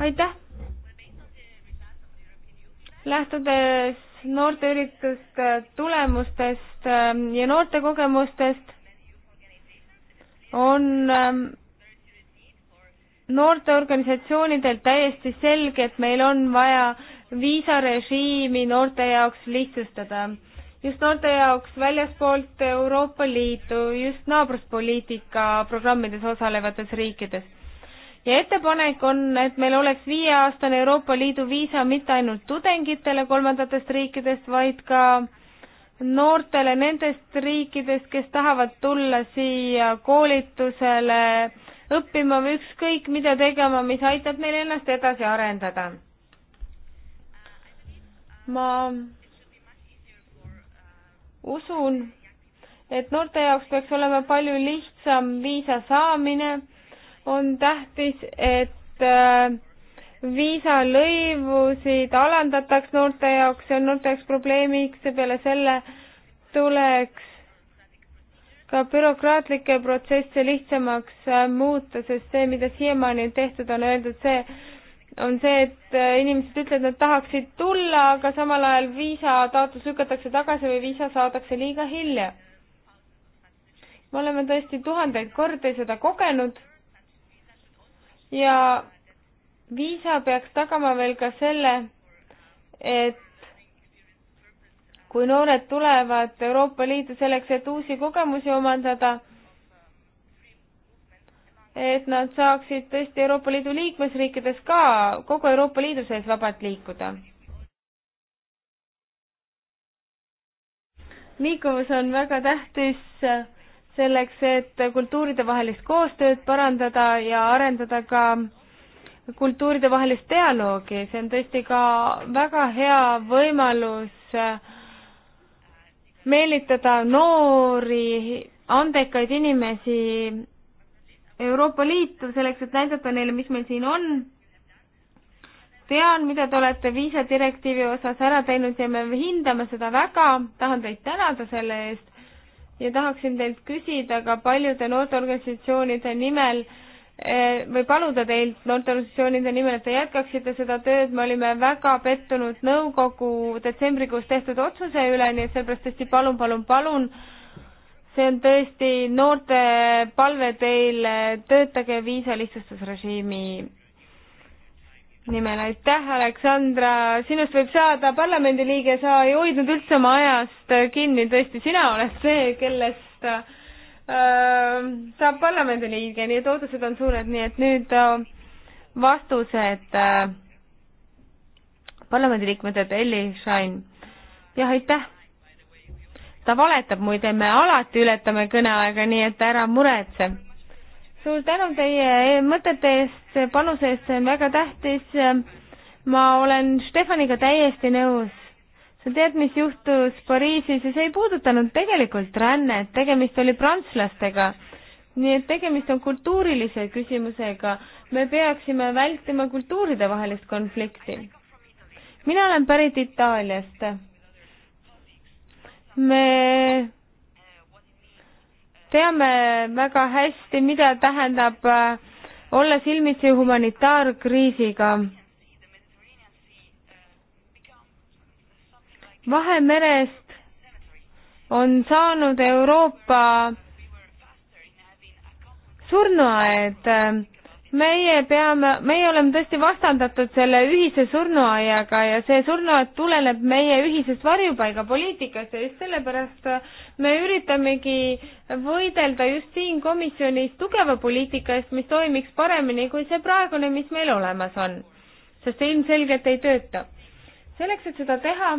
aitäh. lähtudes noorteürituste tulemustest ja noorte kogemustest, on noorteorganisatsioonidelt täiesti selge, et meil on vaja viisarežiimi noorte jaoks lihtsustada. just noorte jaoks väljaspoolt Euroopa Liitu, just naabruspoliitika programmides osalevates riikides. ja ettepanek on, et meil oleks viieaastane Euroopa Liidu viisa mitte ainult tudengitele kolmandatest riikidest, vaid ka noortele nendest riikidest, kes tahavad tulla siia koolitusele, õppima või ükskõik mida tegema, mis aitab meil ennast edasi arendada. ma usun, et noorte jaoks peaks olema palju lihtsam viisa saamine, on tähtis, et äh, viisalõivusid alandataks noorte jaoks, see on noorte jaoks probleemiks ja peale selle tuleks ka bürokraatlikke protsesse lihtsamaks äh, muuta, sest see, mida siiamaani on tehtud, on öeldud see, on see, et äh, inimesed ütlevad, et nad tahaksid tulla, aga samal ajal viisataotlus lükatakse tagasi või viisa saadakse liiga hilja. me oleme tõesti tuhandeid kordi seda kogenud ja viisa peaks tagama veel ka selle, et kui noored tulevad Euroopa Liitu selleks, et uusi kogemusi omandada, et nad saaksid tõesti Euroopa Liidu liikmesriikides ka kogu Euroopa Liidu sees vabalt liikuda. liikuvus on väga tähtis selleks, et kultuuridevahelist koostööd parandada ja arendada ka kultuuridevahelist dialoogi, see on tõesti ka väga hea võimalus äh, meelitada noori andekaid inimesi Euroopa Liitu, selleks et näidata neile, mis meil siin on. tean, mida te olete viisadirektiivi osas ära teinud ja me hindame seda väga, tahan teid tänada selle eest ja tahaksin teilt küsida ka paljude noorteorganisatsioonide nimel, Eh, või paluda teilt noorteorganisatsioonide nimel, et te jätkaksite seda tööd, me olime väga pettunud nõukogu detsembrikuus tehtud otsuse üle, nii et seepärast tõesti palun, palun, palun, see on tõesti noorte palve teile, eh, töötage viisalihtsustusrežiimi nimel, aitäh, Aleksandra, sinust võib saada parlamendiliige, sa ei hoidnud üldse oma ajast kinni, tõesti, sina oled see, kellest äh, Äh, saab parlamendiliige, nii et ootused on suured, nii et nüüd äh, vastused äh, parlamendiliikmetelt Elli Schein. jah, aitäh. ta valetab muide, me alati ületame kõneaega, nii et ära muretse. suur tänu teie mõtete eest, panuse eest, see on väga tähtis. ma olen Stefaniga täiesti nõus sa tead, mis juhtus Pariisis ja see ei puudutanud tegelikult rännet, tegemist oli prantslastega. nii et tegemist on kultuurilise küsimusega, me peaksime vältima kultuuride vahelist konflikti. mina olen pärit Itaaliast. me teame väga hästi, mida tähendab äh, olla silmitsi humanitaarkriisiga Vahemerest on saanud Euroopa surnuaed. meie peame, meie oleme tõesti vastandatud selle ühise surnuaiaga ja see surnuaed tuleneb meie ühisest varjupaigapoliitikast ja just sellepärast me üritamegi võidelda just siin komisjonis tugeva poliitika eest, mis toimiks paremini kui see praegune, mis meil olemas on. sest see ilmselgelt ei tööta. selleks, et seda teha,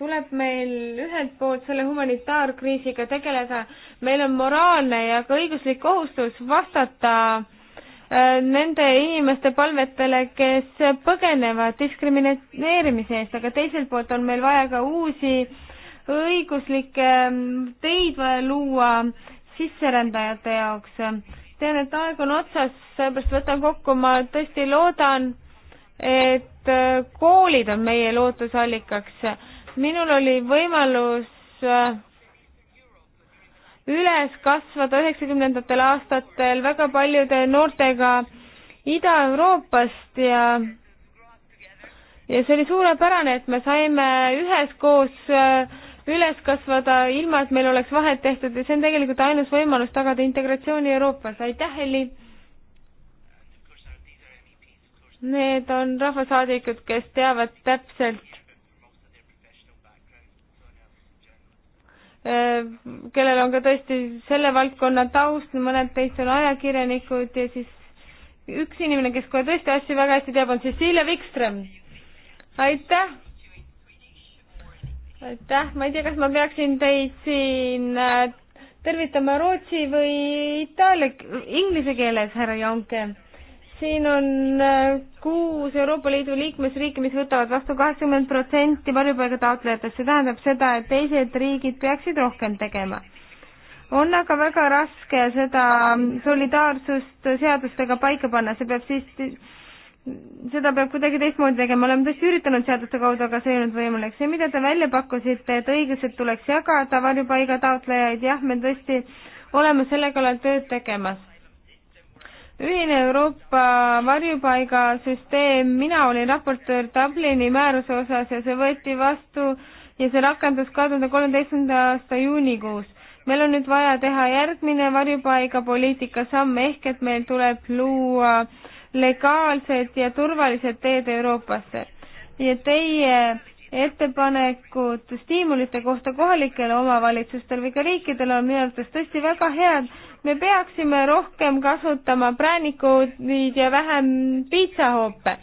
tuleb meil ühelt poolt selle humanitaarkriisiga tegeleda, meil on moraalne ja ka õiguslik kohustus vastata äh, nende inimeste palvetele, kes põgenevad diskrimineerimise eest, aga teiselt poolt on meil vaja ka uusi õiguslikke teid vaja luua sisserändajate jaoks. tean, et aeg on otsas, seepärast võtan kokku, ma tõesti loodan, et äh, koolid on meie lootusallikaks minul oli võimalus äh, üles kasvada üheksakümnendatel aastatel väga paljude noortega Ida-Euroopast ja ja see oli suurepärane, et me saime üheskoos äh, üles kasvada, ilma et meil oleks vahet tehtud ja see on tegelikult ainus võimalus tagada integratsiooni Euroopas, aitäh, Heli! Need on rahvasaadikud, kes teavad täpselt, Äh, kellel on ka tõesti selle valdkonna taust, mõned teist on ajakirjanikud ja siis üks inimene, kes kohe tõesti asju väga hästi teab, on Cecilia Wikström. aitäh! aitäh, ma ei tea, kas ma peaksin teid siin äh, tervitama rootsi või itaalia, inglise keeles, härra Jonke siin on äh, kuus Euroopa Liidu liikmesriiki, mis võtavad vastu kaheksakümmend protsenti varjupaiga taotlejatest, see tähendab seda, et teised riigid peaksid rohkem tegema. on aga väga raske seda solidaarsust seadustega paika panna, see peab siis, seda peab kuidagi teistmoodi tegema, oleme tõesti üritanud seaduste kaudu, aga see ei olnud võimalik. see, mida te välja pakkusite, et õigused tuleks jagada varjupaiga taotlejaid, jah, me tõesti oleme selle kallal tööd tegemas ühine Euroopa varjupaigasüsteem, mina olin raportöör Dublini määruse osas ja see võeti vastu ja see rakendus kahe tuhande kolmeteistkümnenda aasta juunikuus. meil on nüüd vaja teha järgmine varjupaigapoliitika samm, ehk et meil tuleb luua legaalsed ja turvalised teed Euroopasse. ja teie ettepanekud stiimulite kohta kohalikel omavalitsustel või ka riikidel on minu arvates tõesti väga head me peaksime rohkem kasutama präänikuid ja vähem piitsahoope.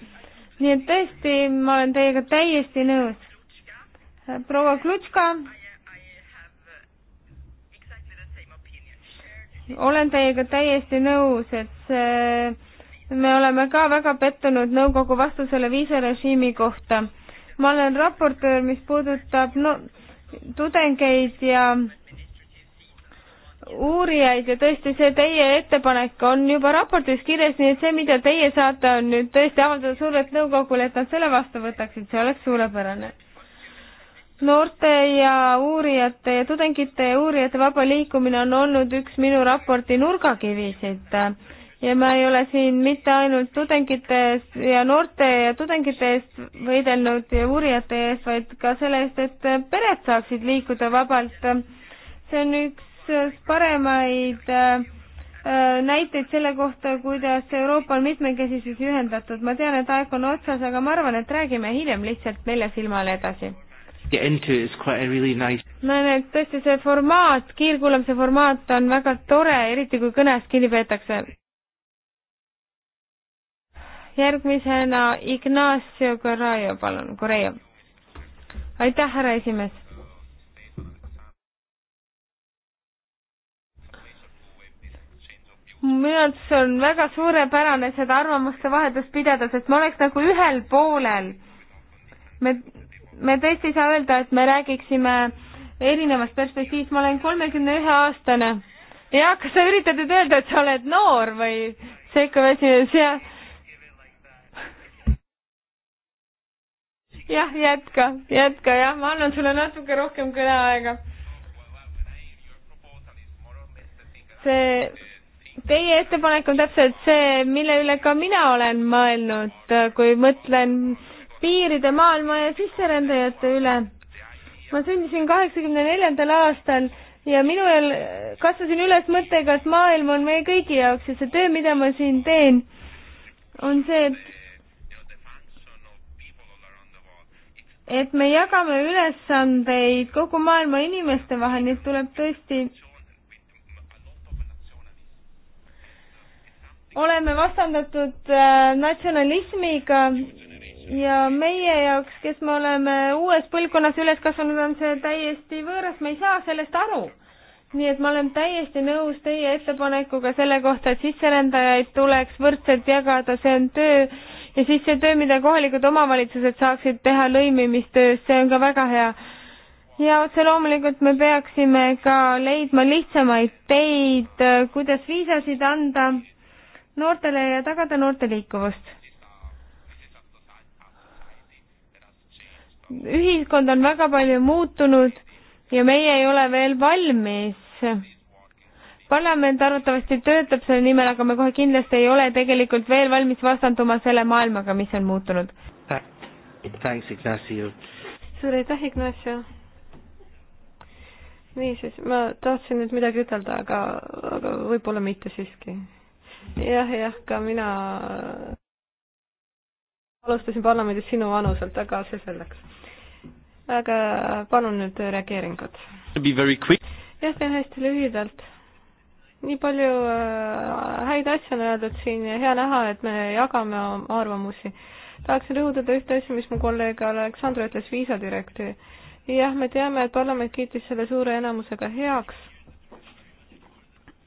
nii et tõesti, ma olen teiega täiesti nõus. proua Klutška. olen teiega täiesti nõus, et see, me oleme ka väga pettunud nõukogu vastusele viisarežiimi kohta. ma olen raportöör, mis puudutab no, tudengeid ja uurijaid ja tõesti see teie ettepanek on juba raportis kirjas, nii et see, mida teie saate, on nüüd tõesti avaldada suurelt nõukogule, et nad selle vastu võtaksid, see oleks suurepärane. noorte ja uurijate ja tudengite ja uurijate vaba liikumine on olnud üks minu raporti nurgakivisid ja ma ei ole siin mitte ainult tudengite ja noorte ja tudengite eest võidelnud ja uurijate eest, vaid ka selle eest, et pered saaksid liikuda vabalt. see on üks üks paremaid äh, äh, näiteid selle kohta, kuidas Euroopa on mitmekesisus ühendatud. ma tean, et aeg on otsas, aga ma arvan, et räägime hiljem lihtsalt nelja silma all edasi. Really nice... no need, tõesti see formaat, kiirkuulamise formaat on väga tore, eriti kui kõnest kinni peetakse. järgmisena Ignacio Correio, palun, Correio. aitäh, härra esimees minu arvates on väga suurepärane seda arvamuste vahetust pidada, sest me oleks nagu ühel poolel. me, me tõesti ei saa öelda, et me räägiksime erinevast perspektiivist, ma olen kolmekümne ühe aastane. jah, kas sa üritad nüüd öelda, et sa oled noor või sekkab esimees, jah. jah, jätka, jätka, jah, ma annan sulle natuke rohkem kõneaega. see Teie ettepanek on täpselt see, mille üle ka mina olen mõelnud, äh, kui mõtlen piiride maailma ja sisserändajate üle. ma sündisin kaheksakümne neljandal aastal ja minu ajal kasvasin üles mõttega, et maailm on meie kõigi jaoks ja see töö, mida ma siin teen, on see, et et me jagame ülesandeid kogu maailma inimeste vahel, neid tuleb tõesti oleme vastandatud äh, natsionalismiga ja meie jaoks, kes me oleme uues põlvkonnas üles kasvanud, on see täiesti võõras, me ei saa sellest aru. nii et ma olen täiesti nõus teie ettepanekuga selle kohta, et sisserändajaid tuleks võrdselt jagada, see on töö ja siis see töö, mida kohalikud omavalitsused saaksid teha lõimimistöös, see on ka väga hea ja otse loomulikult me peaksime ka leidma lihtsamaid teid, äh, kuidas viisasid anda noortele ja tagada noorte liikuvust. ühiskond on väga palju muutunud ja meie ei ole veel valmis. parlament arvatavasti töötab selle nimel, aga me kohe kindlasti ei ole tegelikult veel valmis vastanduma selle maailmaga, mis on muutunud. Thanks, Ignacio. suur aitäh, Ignacio. niisiis, ma tahtsin nüüd midagi ütelda, aga, aga võib-olla mitte siiski jah, jah, ka mina alustasin parlamendis sinu vanuselt, aga see selleks. aga palun nüüd reageeringud. jah, teen hästi lühidalt. nii palju äh, häid asju on öeldud siin ja hea näha, et me jagame oma arvamusi. tahaksin rõhutada ühte asja, mis mu kolleeg Aleksandr ütles viisadirektiivi. jah, me teame, et parlament kiitis selle suure enamusega heaks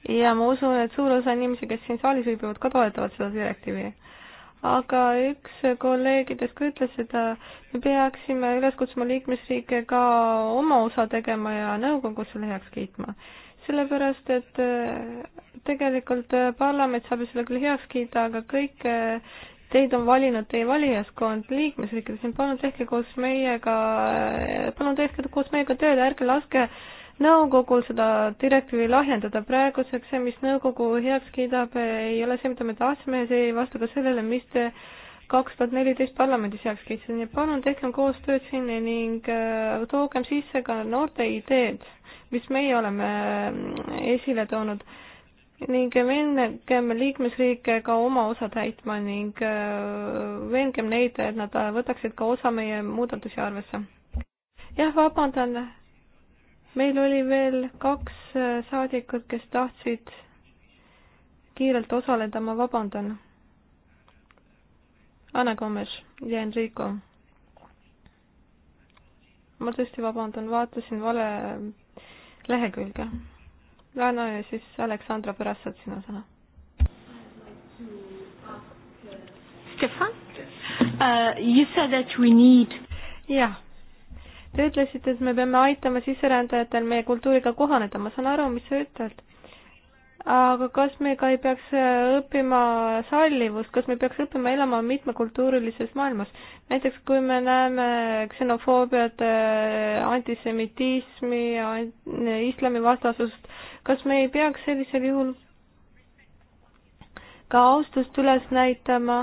ja ma usun, et suur osa inimesi, kes siin saalis viibivad, ka toetavad seda direktiivi. aga üks kolleegidest ka ütles seda, äh, me peaksime üles kutsuma liikmesriike ka oma osa tegema ja nõukogus selle heaks kiitma. sellepärast, et äh, tegelikult äh, parlament saab ju selle küll heaks kiita, aga kõik teid on valinud teie valijaskond liikmesriikides, nii palun tehke koos meiega, palun tehke koos meiega tööd, ärge laske äh, nõukogul seda direktiivi lahjendada. praeguseks see, mis nõukogu heaks kiidab, ei ole see, mida me tahtsime ja see ei vasta ka sellele, mis te kaks tuhat neliteist parlamendis heaks kiitsite, nii et palun tehkem koostööd siin ning äh, toogem sisse ka noorte ideed, mis meie oleme mm, esile toonud ning veengem liikmesriike ka oma osa täitma ning äh, veengem neid, et nad äh, võtaksid ka osa meie muudatusi arvesse. jah, vabandan meil oli veel kaks äh, saadikut, kes tahtsid kiirelt osaleda, ma vabandan. Anna Gomes ja Enrico. ma tõesti vabandan, vaatasin vale lehekülge. Anna ja siis Aleksandra pärast saad sina sõna. Stefan uh,, you said that we need. jah Te ütlesite, et me peame aitama sisserändajatel meie kultuuriga kohaneda, ma saan aru, mis sa ütled. aga kas me ka ei peaks äh, õppima sallivust, kas me peaks õppima elama mitmekultuurilises maailmas? näiteks kui me näeme ksenofoobiat, äh, antisemitismi, islamivastasust, kas me ei peaks sellisel juhul ka austust üles näitama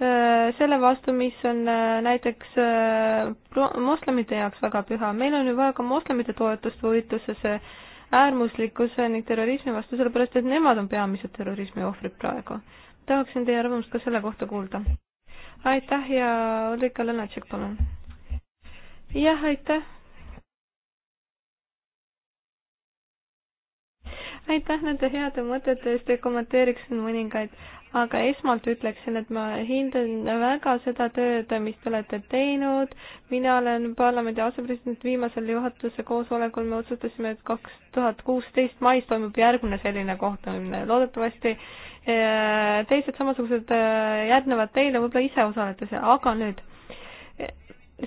Äh, selle vastu, mis on äh, näiteks äh, moslemite jaoks väga püha. meil on ju vaja ka moslemite toetust võitluses äärmuslikkuse ning terrorismi vastu, sellepärast et nemad on peamised terrorismi ohvrid praegu. tahaksin teie arvamust ka selle kohta kuulda. aitäh ja Ulrika Lõnatšik, palun. jah, aitäh. aitäh nende heade mõtete eest ja kommenteeriksin mõningaid aga esmalt ütleksin, et ma hindan väga seda tööd, mis te olete teinud. mina olen parlamendi asepresident, viimasel juhatuse koosolekul me otsustasime, et kaks tuhat kuusteist mais toimub järgmine selline kohtumine. loodetavasti äh, teised samasugused äh, järgnevad teile, võib-olla ise osalete seal, aga nüüd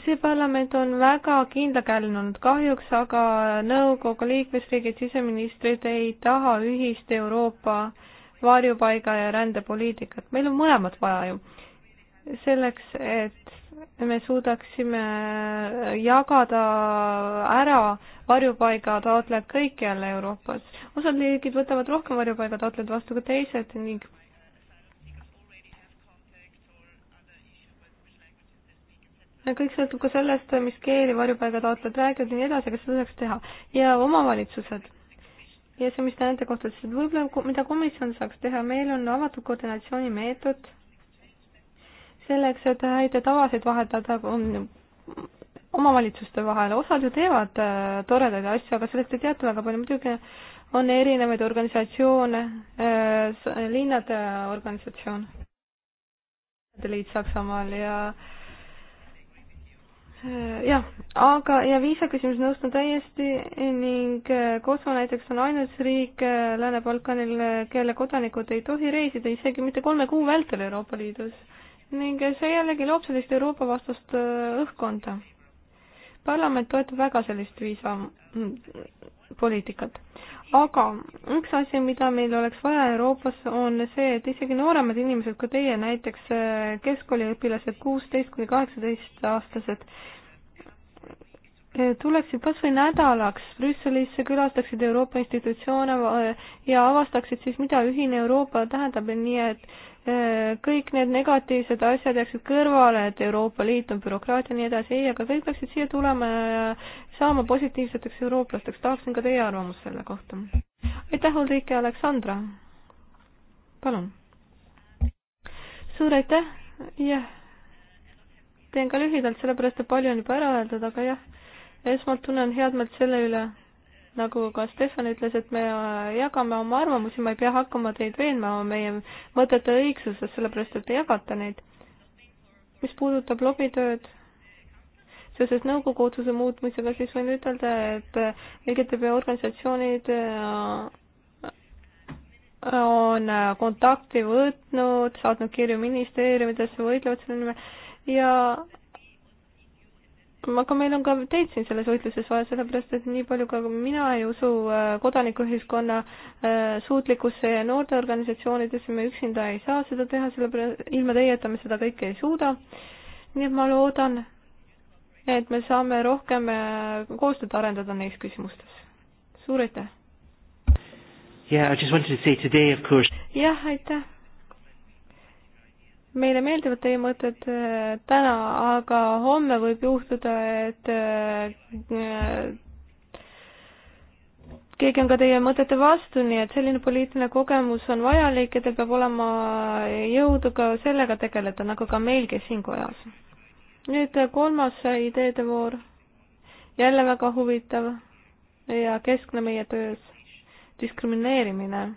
see parlament on väga kindlakäeline olnud kahjuks, aga nõukogu liikmesriigid, siseministrid ei taha ühist Euroopa äh, varjupaiga ja rändepoliitikat, meil on mõlemat vaja ju. selleks, et me suudaksime jagada ära varjupaiga taotlejad kõikjal Euroopas. osad liigid võtavad rohkem varjupaiga taotlejad vastu kui teised ning kõik sõltub ka sellest, mis keeli varjupaiga taotlejad räägivad ja nii edasi, aga seda saaks teha. ja omavalitsused ja see, mis te nende kohta ütlesite, võib-olla mida komisjon saaks teha, meil on avatud koordinatsioonimeetod selleks, et häid tavasid vahetada um, omavalitsuste vahel, osad ju teevad äh, toredaid asju, aga sellest ei teata väga palju, muidugi on erinevaid organisatsioone, äh, linnade organisatsioon, liit Saksamaal ja äh, Äh, jah, aga, ja viisaküsimus nõustun täiesti ning äh, Kosovo näiteks on ainus riik äh, Lääne-Balkanil, kelle kodanikud ei tohi reisida isegi mitte kolme kuu vältel Euroopa Liidus. ning see jällegi loob sellist Euroopa vastust õhkkonda parlament toetab väga sellist viisapoliitikat. Mm, aga üks asi, mida meil oleks vaja Euroopas, on see, et isegi nooremad inimesed kui teie, näiteks eh, keskkooliõpilased, kuusteist kuni kaheksateist aastased, tuleksid kas või nädalaks Brüsselisse, külastaksid Euroopa institutsioone äh, ja avastaksid siis, mida ühine Euroopa tähendab, nii et äh, kõik need negatiivsed asjad jääksid kõrvale, et Euroopa Liit on bürokraatia ja nii edasi, ei, aga kõik peaksid siia tulema ja saama positiivseteks eurooplasteks, tahaksin ka teie arvamust selle kohta. aitäh, Ulrike Aleksandra! palun! suur aitäh, jah, teen ka lühidalt, sellepärast et palju on juba ära öeldud, aga jah esmalt tunnen head meelt selle üle, nagu ka Stefan ütles, et me jagame oma arvamusi, ma ei pea hakkama teid veenma meie mõtete õigsuses, sellepärast et te jagate neid. mis puudutab lobitööd, seoses nõukogu otsuse muutmisega, siis võin ütelda, et LGTB organisatsioonid äh, äh, on äh, kontakti võtnud, saatnud kirju ministeeriumidesse, võitlevad selle nimel ja aga meil on ka teid siin selles võitluses vaja, sellepärast et nii palju ka mina ei usu äh, kodanikuühiskonna äh, suutlikkusse ja noorteorganisatsioonidesse, me üksinda ei saa seda teha, sellepärast ilma teieta me seda kõike ei suuda. nii et ma loodan, et me saame rohkem äh, koostööd arendada neis küsimustes. suur aitäh! jah, aitäh! meile meeldivad teie mõtted äh, täna, aga homme võib juhtuda, et äh, keegi on ka teie mõtete vastu, nii et selline poliitiline kogemus on vajalik ja teil peab olema jõudu ka sellega tegeleda, nagu ka meilgi siin kojas. nüüd äh, kolmas ideede voor, jälle väga huvitav ja keskne meie töös, diskrimineerimine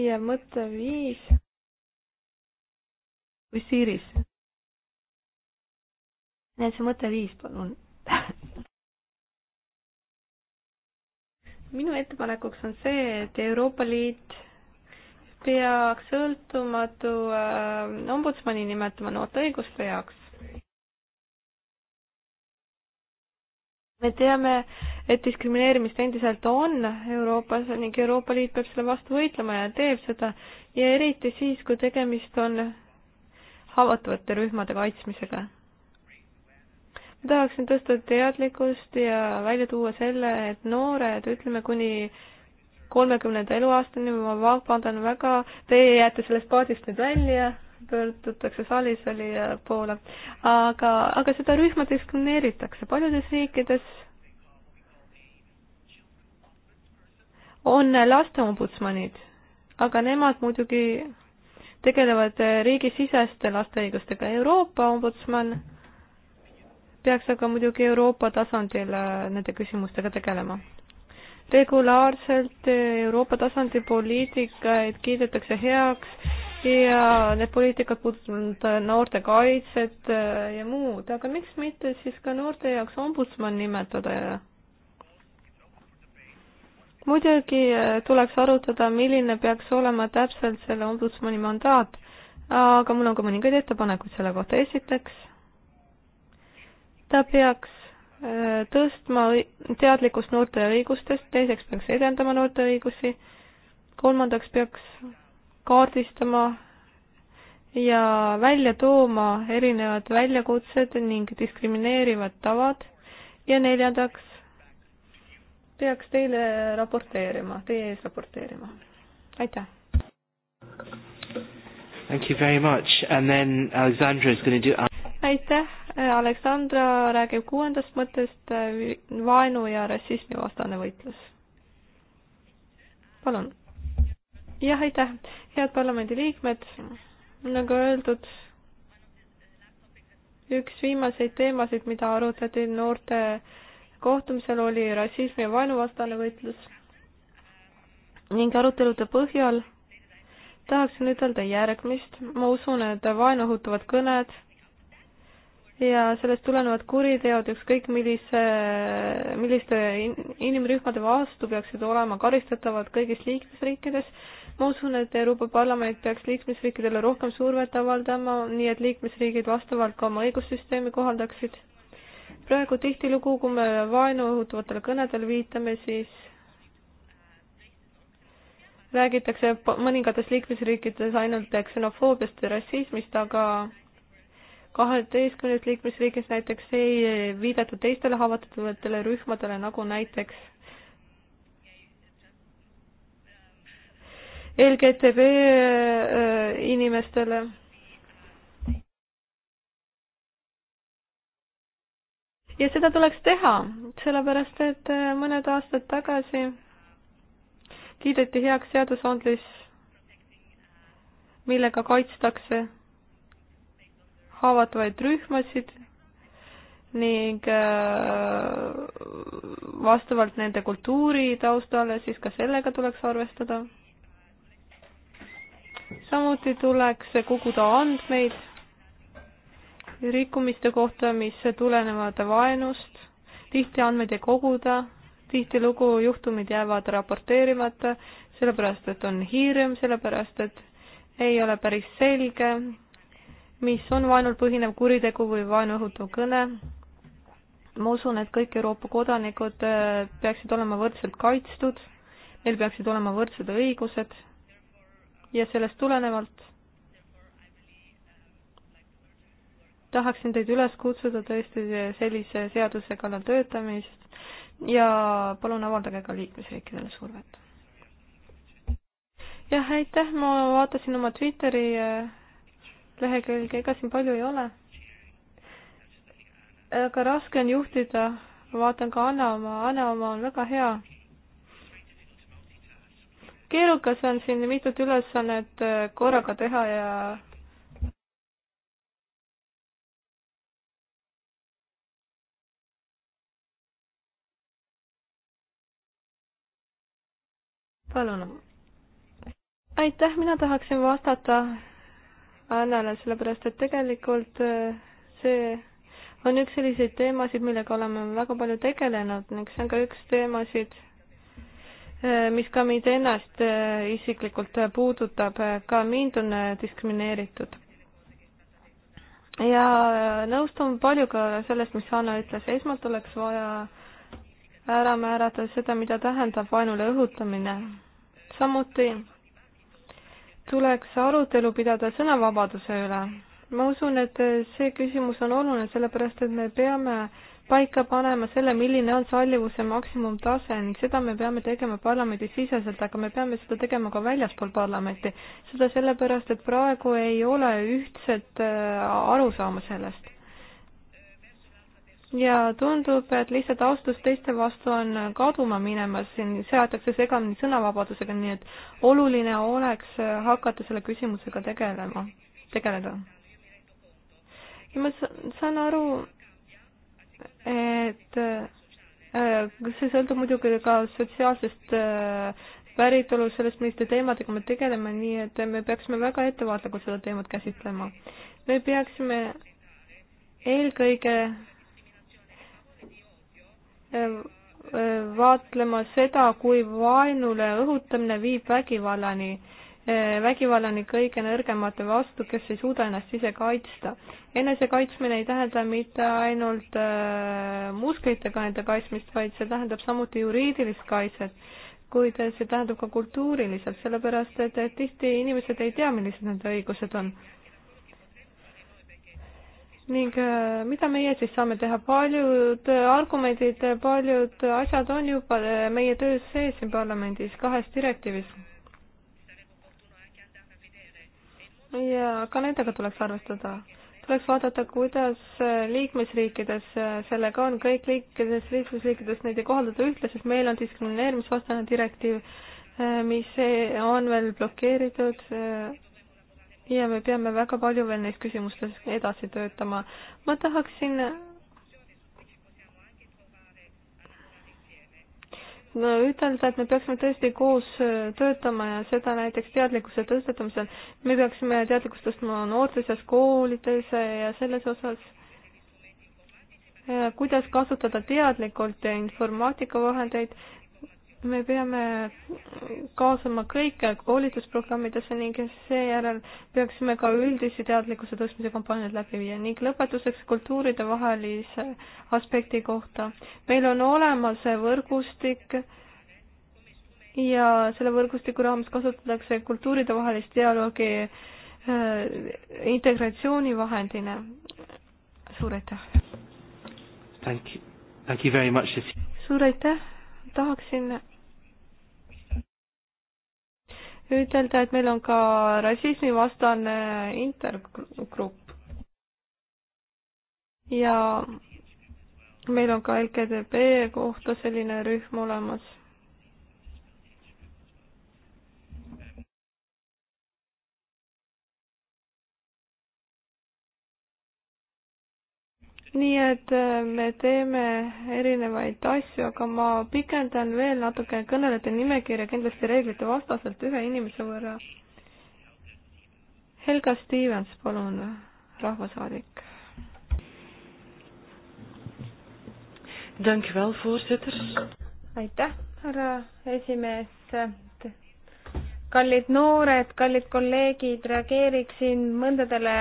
ja mõtteviis või Siiris. nii et see mõtteviis, palun *laughs* minu ettepanekuks on see, et Euroopa Liit peaks sõltumatu äh, ombudsmani nimetama noorte õiguste jaoks. me teame äh, et diskrimineerimist endiselt on Euroopas ning Euroopa Liit peab selle vastu võitlema ja teeb seda ja eriti siis, kui tegemist on haavatavate rühmade kaitsmisega. ma tahaksin tõsta teadlikkust ja välja tuua selle, et noored, ütleme kuni kolmekümnenda eluaastani, ma vabandan väga, teie jääte sellest paadist nüüd välja, pöördutakse saalis oli poole, aga, aga seda rühma diskrimineeritakse paljudes riikides on lasteombudsmanid, aga nemad muidugi tegelevad riigisiseste laste õigustega. Euroopa ombudsman peaks aga muidugi Euroopa tasandil äh, nende küsimustega tegelema. regulaarselt Euroopa tasandi poliitikaid kiidetakse heaks ja need poliitikad puudutavad noorte kaitset äh, ja muud, aga miks mitte siis ka noorte jaoks ombudsman nimetada ja muidugi eh, tuleks arutada, milline peaks olema täpselt selle ombudsmani mandaat, aga mul on ka mõningaid ettepanekuid selle kohta. esiteks, ta peaks eh, tõstma teadlikkust noorte õigustest, teiseks peaks edendama noorte õigusi, kolmandaks peaks kaardistama ja välja tooma erinevad väljakutsed ning diskrimineerivad tavad ja neljandaks peaks teile raporteerima, teie ees raporteerima. aitäh! Thank you very much and then Alexandra is going to do aitäh, Aleksandra räägib kuuendast mõttest vaenu ja rassismi vastane võitlus. palun. jah, aitäh, head parlamendiliikmed, nagu öeldud, üks viimaseid teemasid, mida arutati noorte äh, kohtumisel oli rassismi ja vaenuvastane võitlus ning arutelude põhjal tahaksin ütelda järgmist. ma usun, et vaenu õhutavad kõned ja sellest tulenevad kuriteod ükskõik millise, milliste inimrühmade vastu peaksid olema karistatavad kõigis liikmesriikides. ma usun, et Euroopa Parlament peaks liikmesriikidele rohkem survet avaldama, nii et liikmesriigid vastavalt ka oma õigussüsteemi kohaldaksid praegu tihtilugu, kui me vaenu õhutavatele kõnedele viitame, siis räägitakse mõningates liikmesriikides ainult ksenofoobiast ja rassismist, aga kaheteistkümnes liikmesriigis näiteks ei viidatud teistele haavatavatele rühmadele, nagu näiteks LGTB äh, inimestele ja seda tuleks teha, sellepärast et äh, mõned aastad tagasi kiideti heaks seadusandlus, millega kaitstakse haavatavaid rühmasid ning äh, vastavalt nende kultuuri taustale siis ka sellega tuleks arvestada. samuti tuleks koguda andmeid rikkumiste kohta, mis tulenevad vaenust, tihti andmeid ei koguda, tihtilugu juhtumid jäävad raporteerimata, sellepärast et on hirm, sellepärast et ei ole päris selge, mis on vaenul põhinev kuritegu või vaenu õhutav kõne. ma usun, et kõik Euroopa kodanikud äh, peaksid olema võrdselt kaitstud, neil peaksid olema võrdsed õigused ja sellest tulenevalt tahaksin teid üles kutsuda tõesti sellise seaduse kallal töötamist ja palun avaldage ka liikmesriikidele survet. jah, aitäh, ma vaatasin oma Twitteri eh, lehekülge, ega siin palju ei ole. aga raske on juhtida, vaatan ka Anna oma, Anna oma on väga hea. keerukas on siin mitut ülesannet eh, korraga teha ja palun. aitäh, mina tahaksin vastata Annale, sellepärast et tegelikult eh, see on üks selliseid teemasid, millega oleme väga palju tegelenud ning see on ka üks teemasid, eh, mis ka mind ennast eh, isiklikult puudutab, ka mind on diskrimineeritud. ja nõustun paljuga sellest, mis Anna ütles, esmalt oleks vaja ära määrata seda, mida tähendab vaenule õhutamine. samuti tuleks arutelu pidada sõnavabaduse üle. ma usun, et see küsimus on oluline, sellepärast et me peame paika panema selle, milline on sallivuse maksimumtase ning seda me peame tegema parlamendisiseselt, aga me peame seda tegema ka väljaspool parlamenti. seda sellepärast, et praegu ei ole ühtset äh, arusaama sellest ja tundub, et lihtsalt austus teiste vastu on kaduma minemas, siin seatakse segamini sõnavabadusega, nii et oluline oleks hakata selle küsimusega tegelema, tegeleda. ja ma saan aru, et äh, see sõltub muidugi ka sotsiaalsest äh, päritolu sellest, milliste teemadega me tegeleme, nii et me peaksime väga ettevaatlikult seda teemat käsitlema. me peaksime eelkõige Ehm, ehm, vaatlema seda, kui vaenule õhutamine viib vägivallani, eh, vägivallani kõige nõrgemate vastu, kes ei suuda ennast ise kaitsta. enesekaitsmine ei tähenda mitte ainult eh, musklitega enda kaitsmist, vaid see tähendab samuti juriidilist kaitset, kuid see tähendab ka kultuuriliselt, sellepärast et tihti inimesed ei tea, millised nende õigused on ning äh, mida meie siis saame teha, paljud äh, argumendid, äh, paljud asjad on juba meie töös sees siin parlamendis, kahes direktiivis. ja ka nendega tuleks arvestada. tuleks vaadata, kuidas liikmesriikides sellega on, kõik liikides, liikmesriikides neid ei kohaldata ühtlaselt, meil on diskrimineerimisvastane direktiiv, mis on veel blokeeritud ja me peame väga palju veel neis küsimustes edasi töötama. ma tahaksin no ütelda, et me peaksime tõesti koos äh, töötama ja seda näiteks teadlikkuse tõstetamisel. me peaksime teadlikkust tõstma noorte seas, koolides äh, ja selles osas, äh, kuidas kasutada teadlikult informaatikavahendeid me peame kaasama kõik koolitusprogrammidesse ning seejärel peaksime ka üldisi teadlikkuse tõstmise kampaaniaid läbi viia ning lõpetuseks kultuuride vahelise aspekti kohta. meil on olemas võrgustik ja selle võrgustiku raames kasutatakse kultuuride vahelist dialoogi äh, integratsioonivahendina. suur aitäh! suur aitäh! tahaksin ütelda, et meil on ka rassismivastane intergrupp. ja meil on ka LGDB kohta selline rühm olemas nii et äh, me teeme erinevaid asju, aga ma pikendan veel natuke kõnelejate nimekirja kindlasti reeglite vastaselt ühe inimese võrra. Helga Stevens, palun, rahvasaadik. aitäh, härra esimees. kallid noored, kallid kolleegid, reageeriksin mõndadele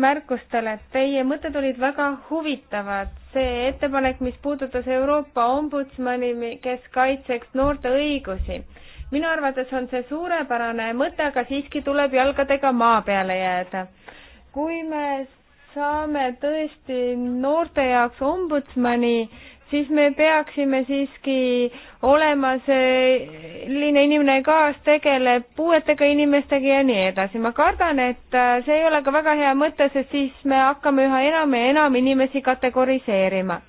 märkustele. Teie mõtted olid väga huvitavad. see ettepanek, mis puudutas Euroopa ombudsmani, kes kaitseks noorte õigusi. minu arvates on see suurepärane mõte, aga siiski tuleb jalgadega maa peale jääda. kui me saame tõesti noorte jaoks ombudsmani, siis me peaksime siiski olema selline inimene ka, kes tegeleb puuetega inimestega ja nii edasi. ma kardan, et äh, see ei ole ka väga hea mõte, sest siis me hakkame üha enam ja enam inimesi kategoriseerima.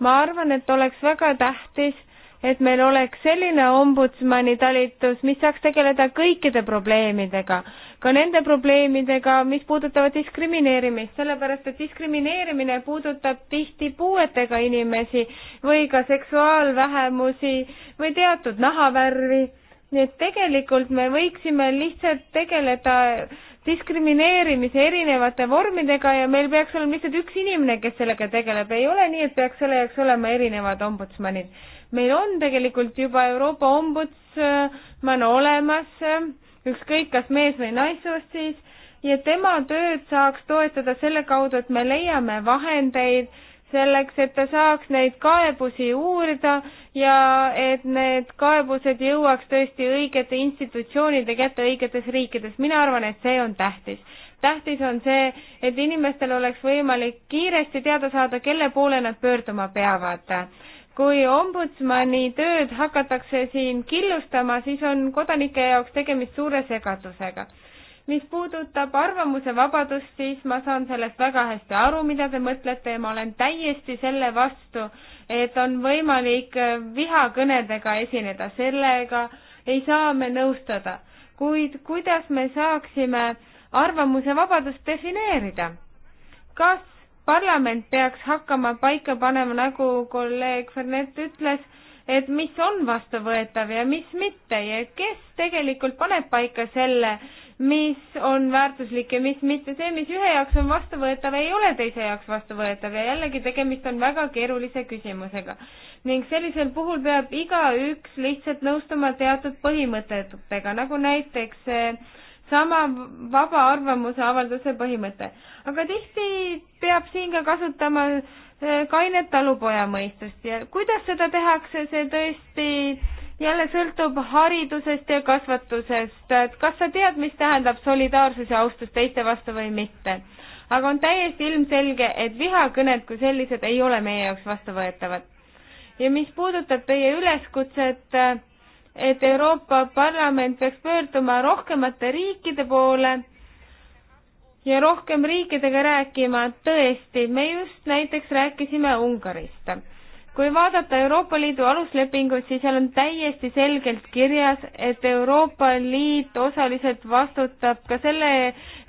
ma arvan, et oleks väga tähtis, et meil oleks selline ombudsmani talitus, mis saaks tegeleda kõikide probleemidega, ka nende probleemidega, mis puudutavad diskrimineerimist, sellepärast et diskrimineerimine puudutab tihti puuetega inimesi või ka seksuaalvähemusi või teatud nahavärvi. nii et tegelikult me võiksime lihtsalt tegeleda diskrimineerimise erinevate vormidega ja meil peaks olema lihtsalt üks inimene, kes sellega tegeleb, ei ole nii, et peaks selle jaoks olema erinevad ombudsmanid meil on tegelikult juba Euroopa ombudsman olemas, ükskõik kas mees või naissoost siis, ja tema tööd saaks toetada selle kaudu, et me leiame vahendeid selleks, et ta saaks neid kaebusi uurida ja et need kaebused jõuaks tõesti õigete institutsioonide kätte õigetes riikides. mina arvan, et see on tähtis. tähtis on see, et inimestel oleks võimalik kiiresti teada saada, kelle poole nad pöörduma peavad kui ombudsmani tööd hakatakse siin killustama, siis on kodanike jaoks tegemist suure segadusega. mis puudutab arvamuse vabadust, siis ma saan sellest väga hästi aru, mida te mõtlete ja ma olen täiesti selle vastu, et on võimalik vihakõnedega esineda, sellega ei saa me nõustada. kuid kuidas me saaksime arvamuse vabadust defineerida? kas parlament peaks hakkama paika panema, nagu kolleeg Fernet ütles, et mis on vastuvõetav ja mis mitte ja kes tegelikult paneb paika selle, mis on väärtuslik ja mis mitte. see, mis ühe jaoks on vastuvõetav, ei ole teise jaoks vastuvõetav ja jällegi tegemist on väga keerulise küsimusega. ning sellisel puhul peab igaüks lihtsalt nõustuma teatud põhimõtetega, nagu näiteks äh, sama vaba arvamuse avalduse põhimõte. aga tihti peab siin ka kasutama eh, kainet talupoja mõistust ja kuidas seda tehakse, see tõesti jälle sõltub haridusest ja kasvatusest, et kas sa tead, mis tähendab solidaarsus ja austus teiste vastu või mitte. aga on täiesti ilmselge, et vihakõned kui sellised ei ole meie jaoks vastuvõetavad. ja mis puudutab teie üleskutset äh, et Euroopa Parlament peaks pöörduma rohkemate riikide poole ja rohkem riikidega rääkima, tõesti, me just näiteks rääkisime Ungarist. kui vaadata Euroopa Liidu aluslepingut, siis seal on täiesti selgelt kirjas, et Euroopa Liit osaliselt vastutab ka selle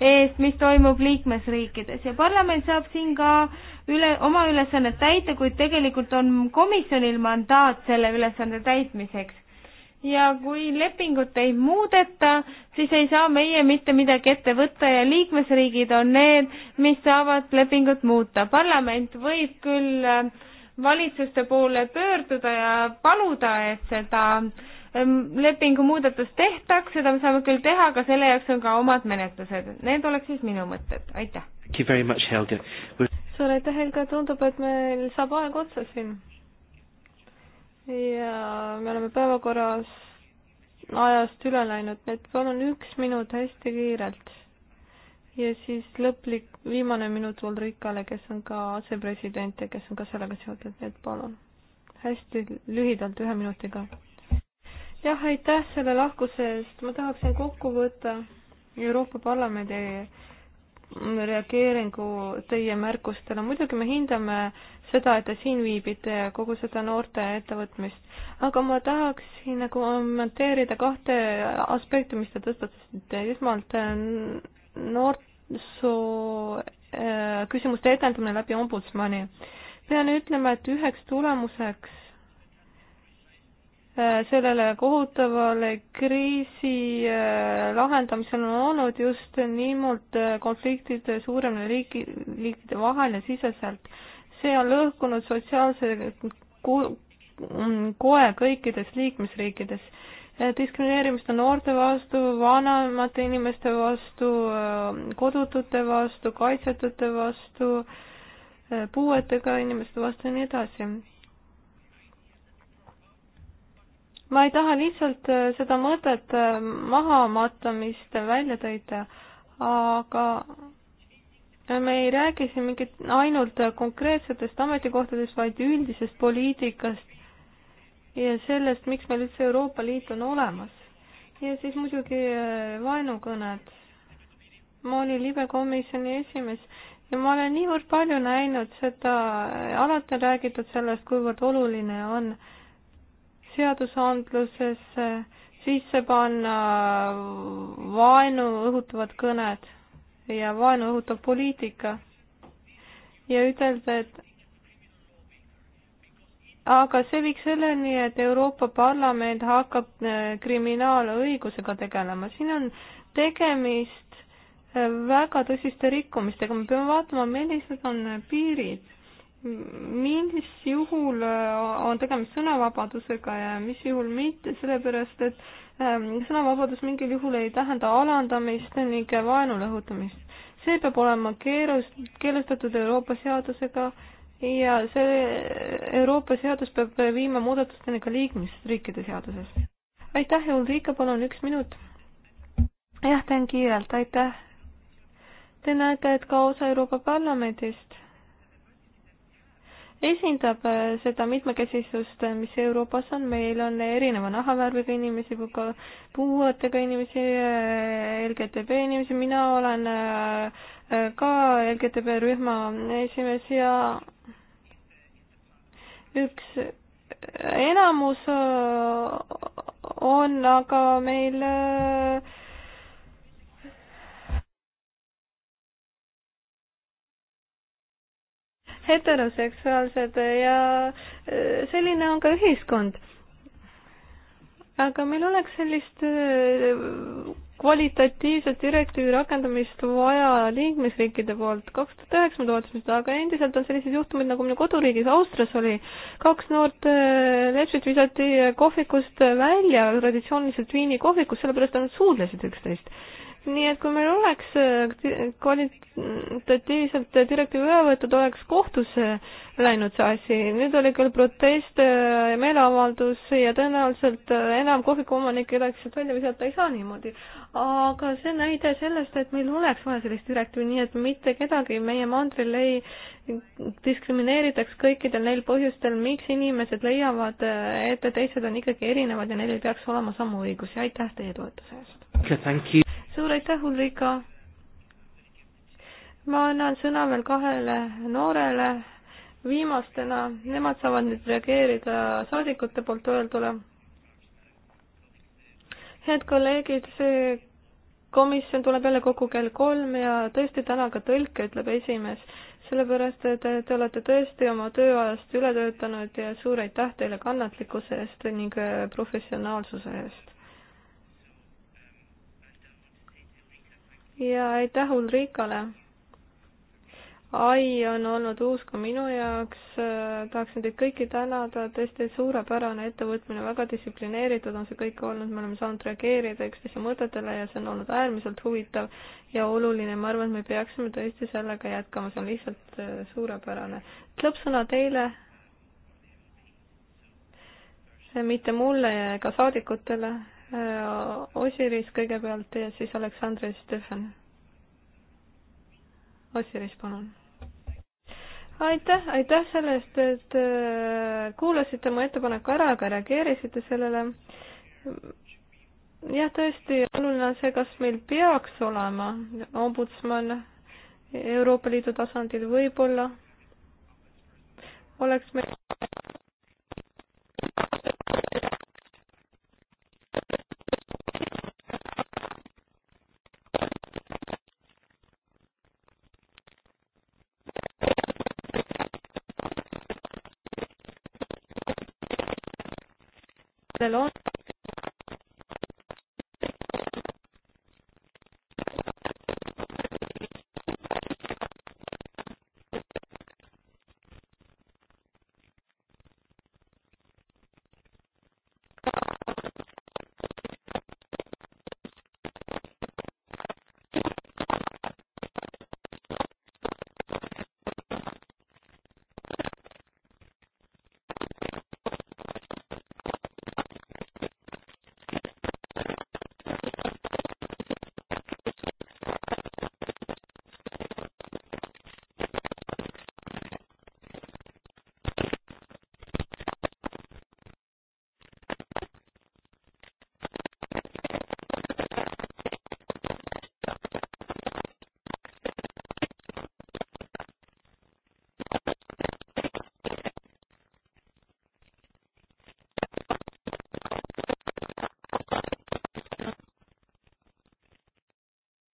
eest, mis toimub liikmesriikides ja parlament saab siin ka üle, oma ülesannet täita, kuid tegelikult on komisjonil mandaat selle ülesande täitmiseks ja kui lepingut ei muudeta, siis ei saa meie mitte midagi ette võtta ja liikmesriigid on need, mis saavad lepingut muuta. parlament võib küll äh, valitsuste poole pöörduda ja paluda, et seda ähm, lepingu muudatust tehtaks, seda me saame küll teha, aga selle jaoks on ka omad menetlused. Need oleks siis minu mõtted, aitäh! suur aitäh, Helga, tundub, et meil saab aeg otsa siin ja me oleme päevakorras ajast üle läinud, nii et palun üks minut hästi kiirelt. ja siis lõplik, viimane minut Ulrikale, kes on ka asepresident ja kes on ka sellega seotud, nii et palun. hästi lühidalt, ühe minutiga. jah, aitäh selle lahkuse eest, ma tahaksin kokku võtta Euroopa Parlamendi reageeringu teie märkustele, muidugi me hindame seda, et te siin viibite ja kogu seda noorte ettevõtmist, aga ma tahaksin nagu kommenteerida kahte aspekti, mis te tõstatasite, esmalt äh, noorsoo äh, küsimuste etendamine läbi ombudsmani. pean ütlema, et üheks tulemuseks Äh, sellele kohutavale kriisi äh, lahendamisel on olnud just nimelt äh, konfliktide suuremine riigi, liikide vahel ja siseselt. see on lõhkunud sotsiaalse mm, koe kõikides liikmesriikides. diskrimineerimist on noorte vastu, vanemate inimeste vastu, kodutute vastu, kaitsetute vastu, puuetega inimeste vastu ja nii edasi ma ei taha lihtsalt äh, seda mõtet äh, maha matta, mis te välja tõite, aga me ei räägi siin mingit ainult konkreetsetest ametikohtadest, vaid üldisest poliitikast ja sellest, miks meil üldse Euroopa Liit on olemas. ja siis muidugi äh, vaenukõned. ma olin libekomisjoni esimees ja ma olen niivõrd palju näinud seda, alati on räägitud sellest, kuivõrd oluline on äh, seadusandlusesse sisse panna vaenu õhutavad kõned ja vaenu õhutav poliitika ja ütelda, et aga see viiks selleni, et Euroopa Parlament hakkab äh, kriminaalõigusega tegelema. siin on tegemist äh, väga tõsiste rikkumistega, me peame vaatama, millised on piirid mis juhul äh, on tegemist sõnavabadusega ja mis juhul mitte, sellepärast et ähm, sõnavabadus mingil juhul ei tähenda alandamist ning vaenu lõhutamist. see peab olema keelust, keelustatud Euroopa seadusega ja see Euroopa seadus peab viima muudatusteni ka liikmesriikide seaduses. aitäh, Ulrika, palun üks minut. jah, teen kiirelt, aitäh. Te näete, et ka osa Euroopa Parlamendist esindab äh, seda mitmekesisust, äh, mis Euroopas on, meil on erineva nahavärviga inimesi, ka puuetega inimesi, äh, LGTB inimesi, mina olen ka LGTB rühma esimees ja üks enamus on aga meil äh, heteroseksuaalsed ja eh, selline on ka ühiskond. aga meil oleks sellist eh, kvalitatiivset direktiivi rakendamist vaja liikmesriikide poolt. kaks tuhat üheksa me toetasime seda, aga endiselt on selliseid juhtumeid, nagu minu koduriigis Austrias oli. kaks noort eh, lepsit visati kohvikust välja, traditsiooniliselt Viini kohvikust, sellepärast et nad suudlesid üksteist nii et kui meil oleks äh, kvalitatiivselt direktiivi üle võetud, oleks kohtusse äh, läinud see asi. nüüd oli küll protest, äh, meeleavaldus ja tõenäoliselt enam kohvikuomanikke kedagi sealt välja visata ei saa niimoodi. aga see näide sellest, et meil oleks vaja sellist direktiivi, nii et mitte kedagi meie mandril ei diskrimineeritaks kõikidel neil põhjustel, miks inimesed leiavad, et teised on ikkagi erinevad ja neil ei peaks olema samu õigusi. aitäh teie toetuse eest! suur aitäh, Ulrika! ma annan sõna veel kahele noorele viimastena, nemad saavad nüüd reageerida saadikute poolt öeldule. head kolleegid, see komisjon tuleb jälle kokku kell kolm ja tõesti täna ka tõlke, ütleb esimees, sellepärast et te olete tõesti oma tööajast üle töötanud ja suur aitäh teile kannatlikkuse eest ning professionaalsuse eest. ja aitäh Ulrikale. ai on olnud uus ka minu jaoks, tahaksin teid kõiki tänada, tõesti suurepärane ettevõtmine, väga distsiplineeritud on see kõik olnud, me oleme saanud reageerida üksteise mõtetele ja see on olnud äärmiselt huvitav ja oluline, ma arvan, et me peaksime tõesti sellega jätkama, see on lihtsalt äh, suurepärane. lõppsõna teile mitte mulle ega saadikutele, Äh, Osiris kõigepealt ja siis Aleksandr Stefan. Osiris, palun. aitäh, aitäh selle eest, et äh, kuulasite mu ettepaneku ära, aga reageerisite sellele. jah, tõesti, oluline on see, kas meil peaks olema ombudsman Euroopa Liidu tasandil, võib-olla oleks meil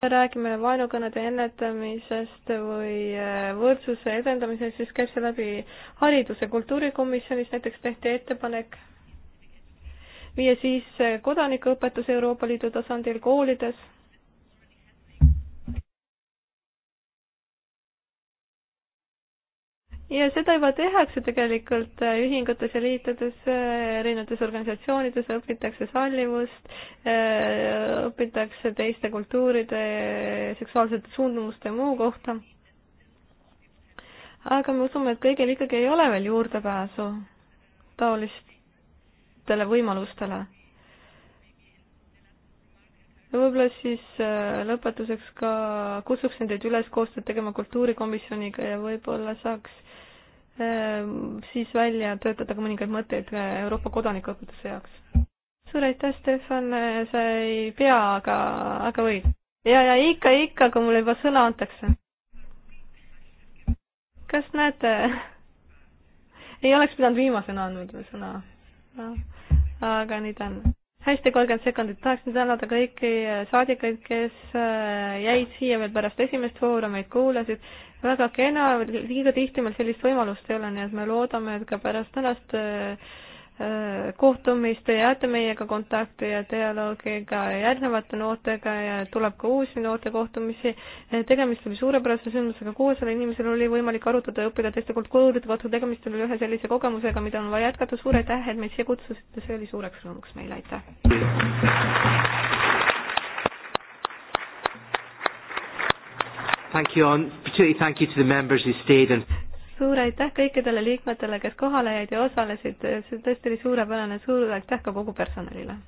räägime vaenukõnede ennetamisest või äh, võrdsuse edendamisest, siis käib see läbi hariduse kultuurikomisjonis, näiteks tehti ettepanek viia siis kodanikuõpetus Euroopa Liidu tasandil koolides. ja seda juba tehakse tegelikult äh, ühingutes ja liitudes, äh, erinevates organisatsioonides õpitakse sallivust, Äh, õpitakse teiste kultuuride, seksuaalsete suundumuste ja muu kohta. aga me usume, et kõigil ikkagi ei ole veel juurdepääsu taolistele võimalustele. võib-olla siis äh, lõpetuseks ka kutsuksin teid üles koostööd tegema kultuurikomisjoniga ja võib-olla saaks äh, siis välja töötada ka mõningaid mõtteid Euroopa kodanikuõpetuse jaoks suur aitäh, Stefan, sa ei pea, aga, aga võid. ja, ja ikka, ikka, kui mulle juba sõna antakse. kas näete, ei oleks pidanud viimasena andma seda sõna no.. aga nii ta on. hästi, kolmkümmend sekundit, tahaksin tänada kõiki saadikuid, kes äh, jäid siia veel pärast esimest vooru, meid kuulasid väga kena, liiga tihti meil sellist võimalust ei ole, nii et me loodame, et ka pärast tänast äh, kohtumist, jääte meiega kontakti ja dialoogi ka järgnevate noortega ja tuleb ka uusi noorte kohtumisi. tegemist oli suurepärase sündmusega, kuuesajal inimesel oli võimalik arutada ja õppida teiste kultuuride kohta, tegemist oli ühe sellise kogemusega, mida on vaja jätkata. suur aitäh, et meid siia kutsusite, see oli suureks rõõmuks meile, aitäh! Thank you, on, particularly thank you to the members who stayed and suur aitäh kõikidele liikmetele, kes kohale jäid ja osalesid, see tõesti oli suurepärane, suur aitäh ka kogu personalile!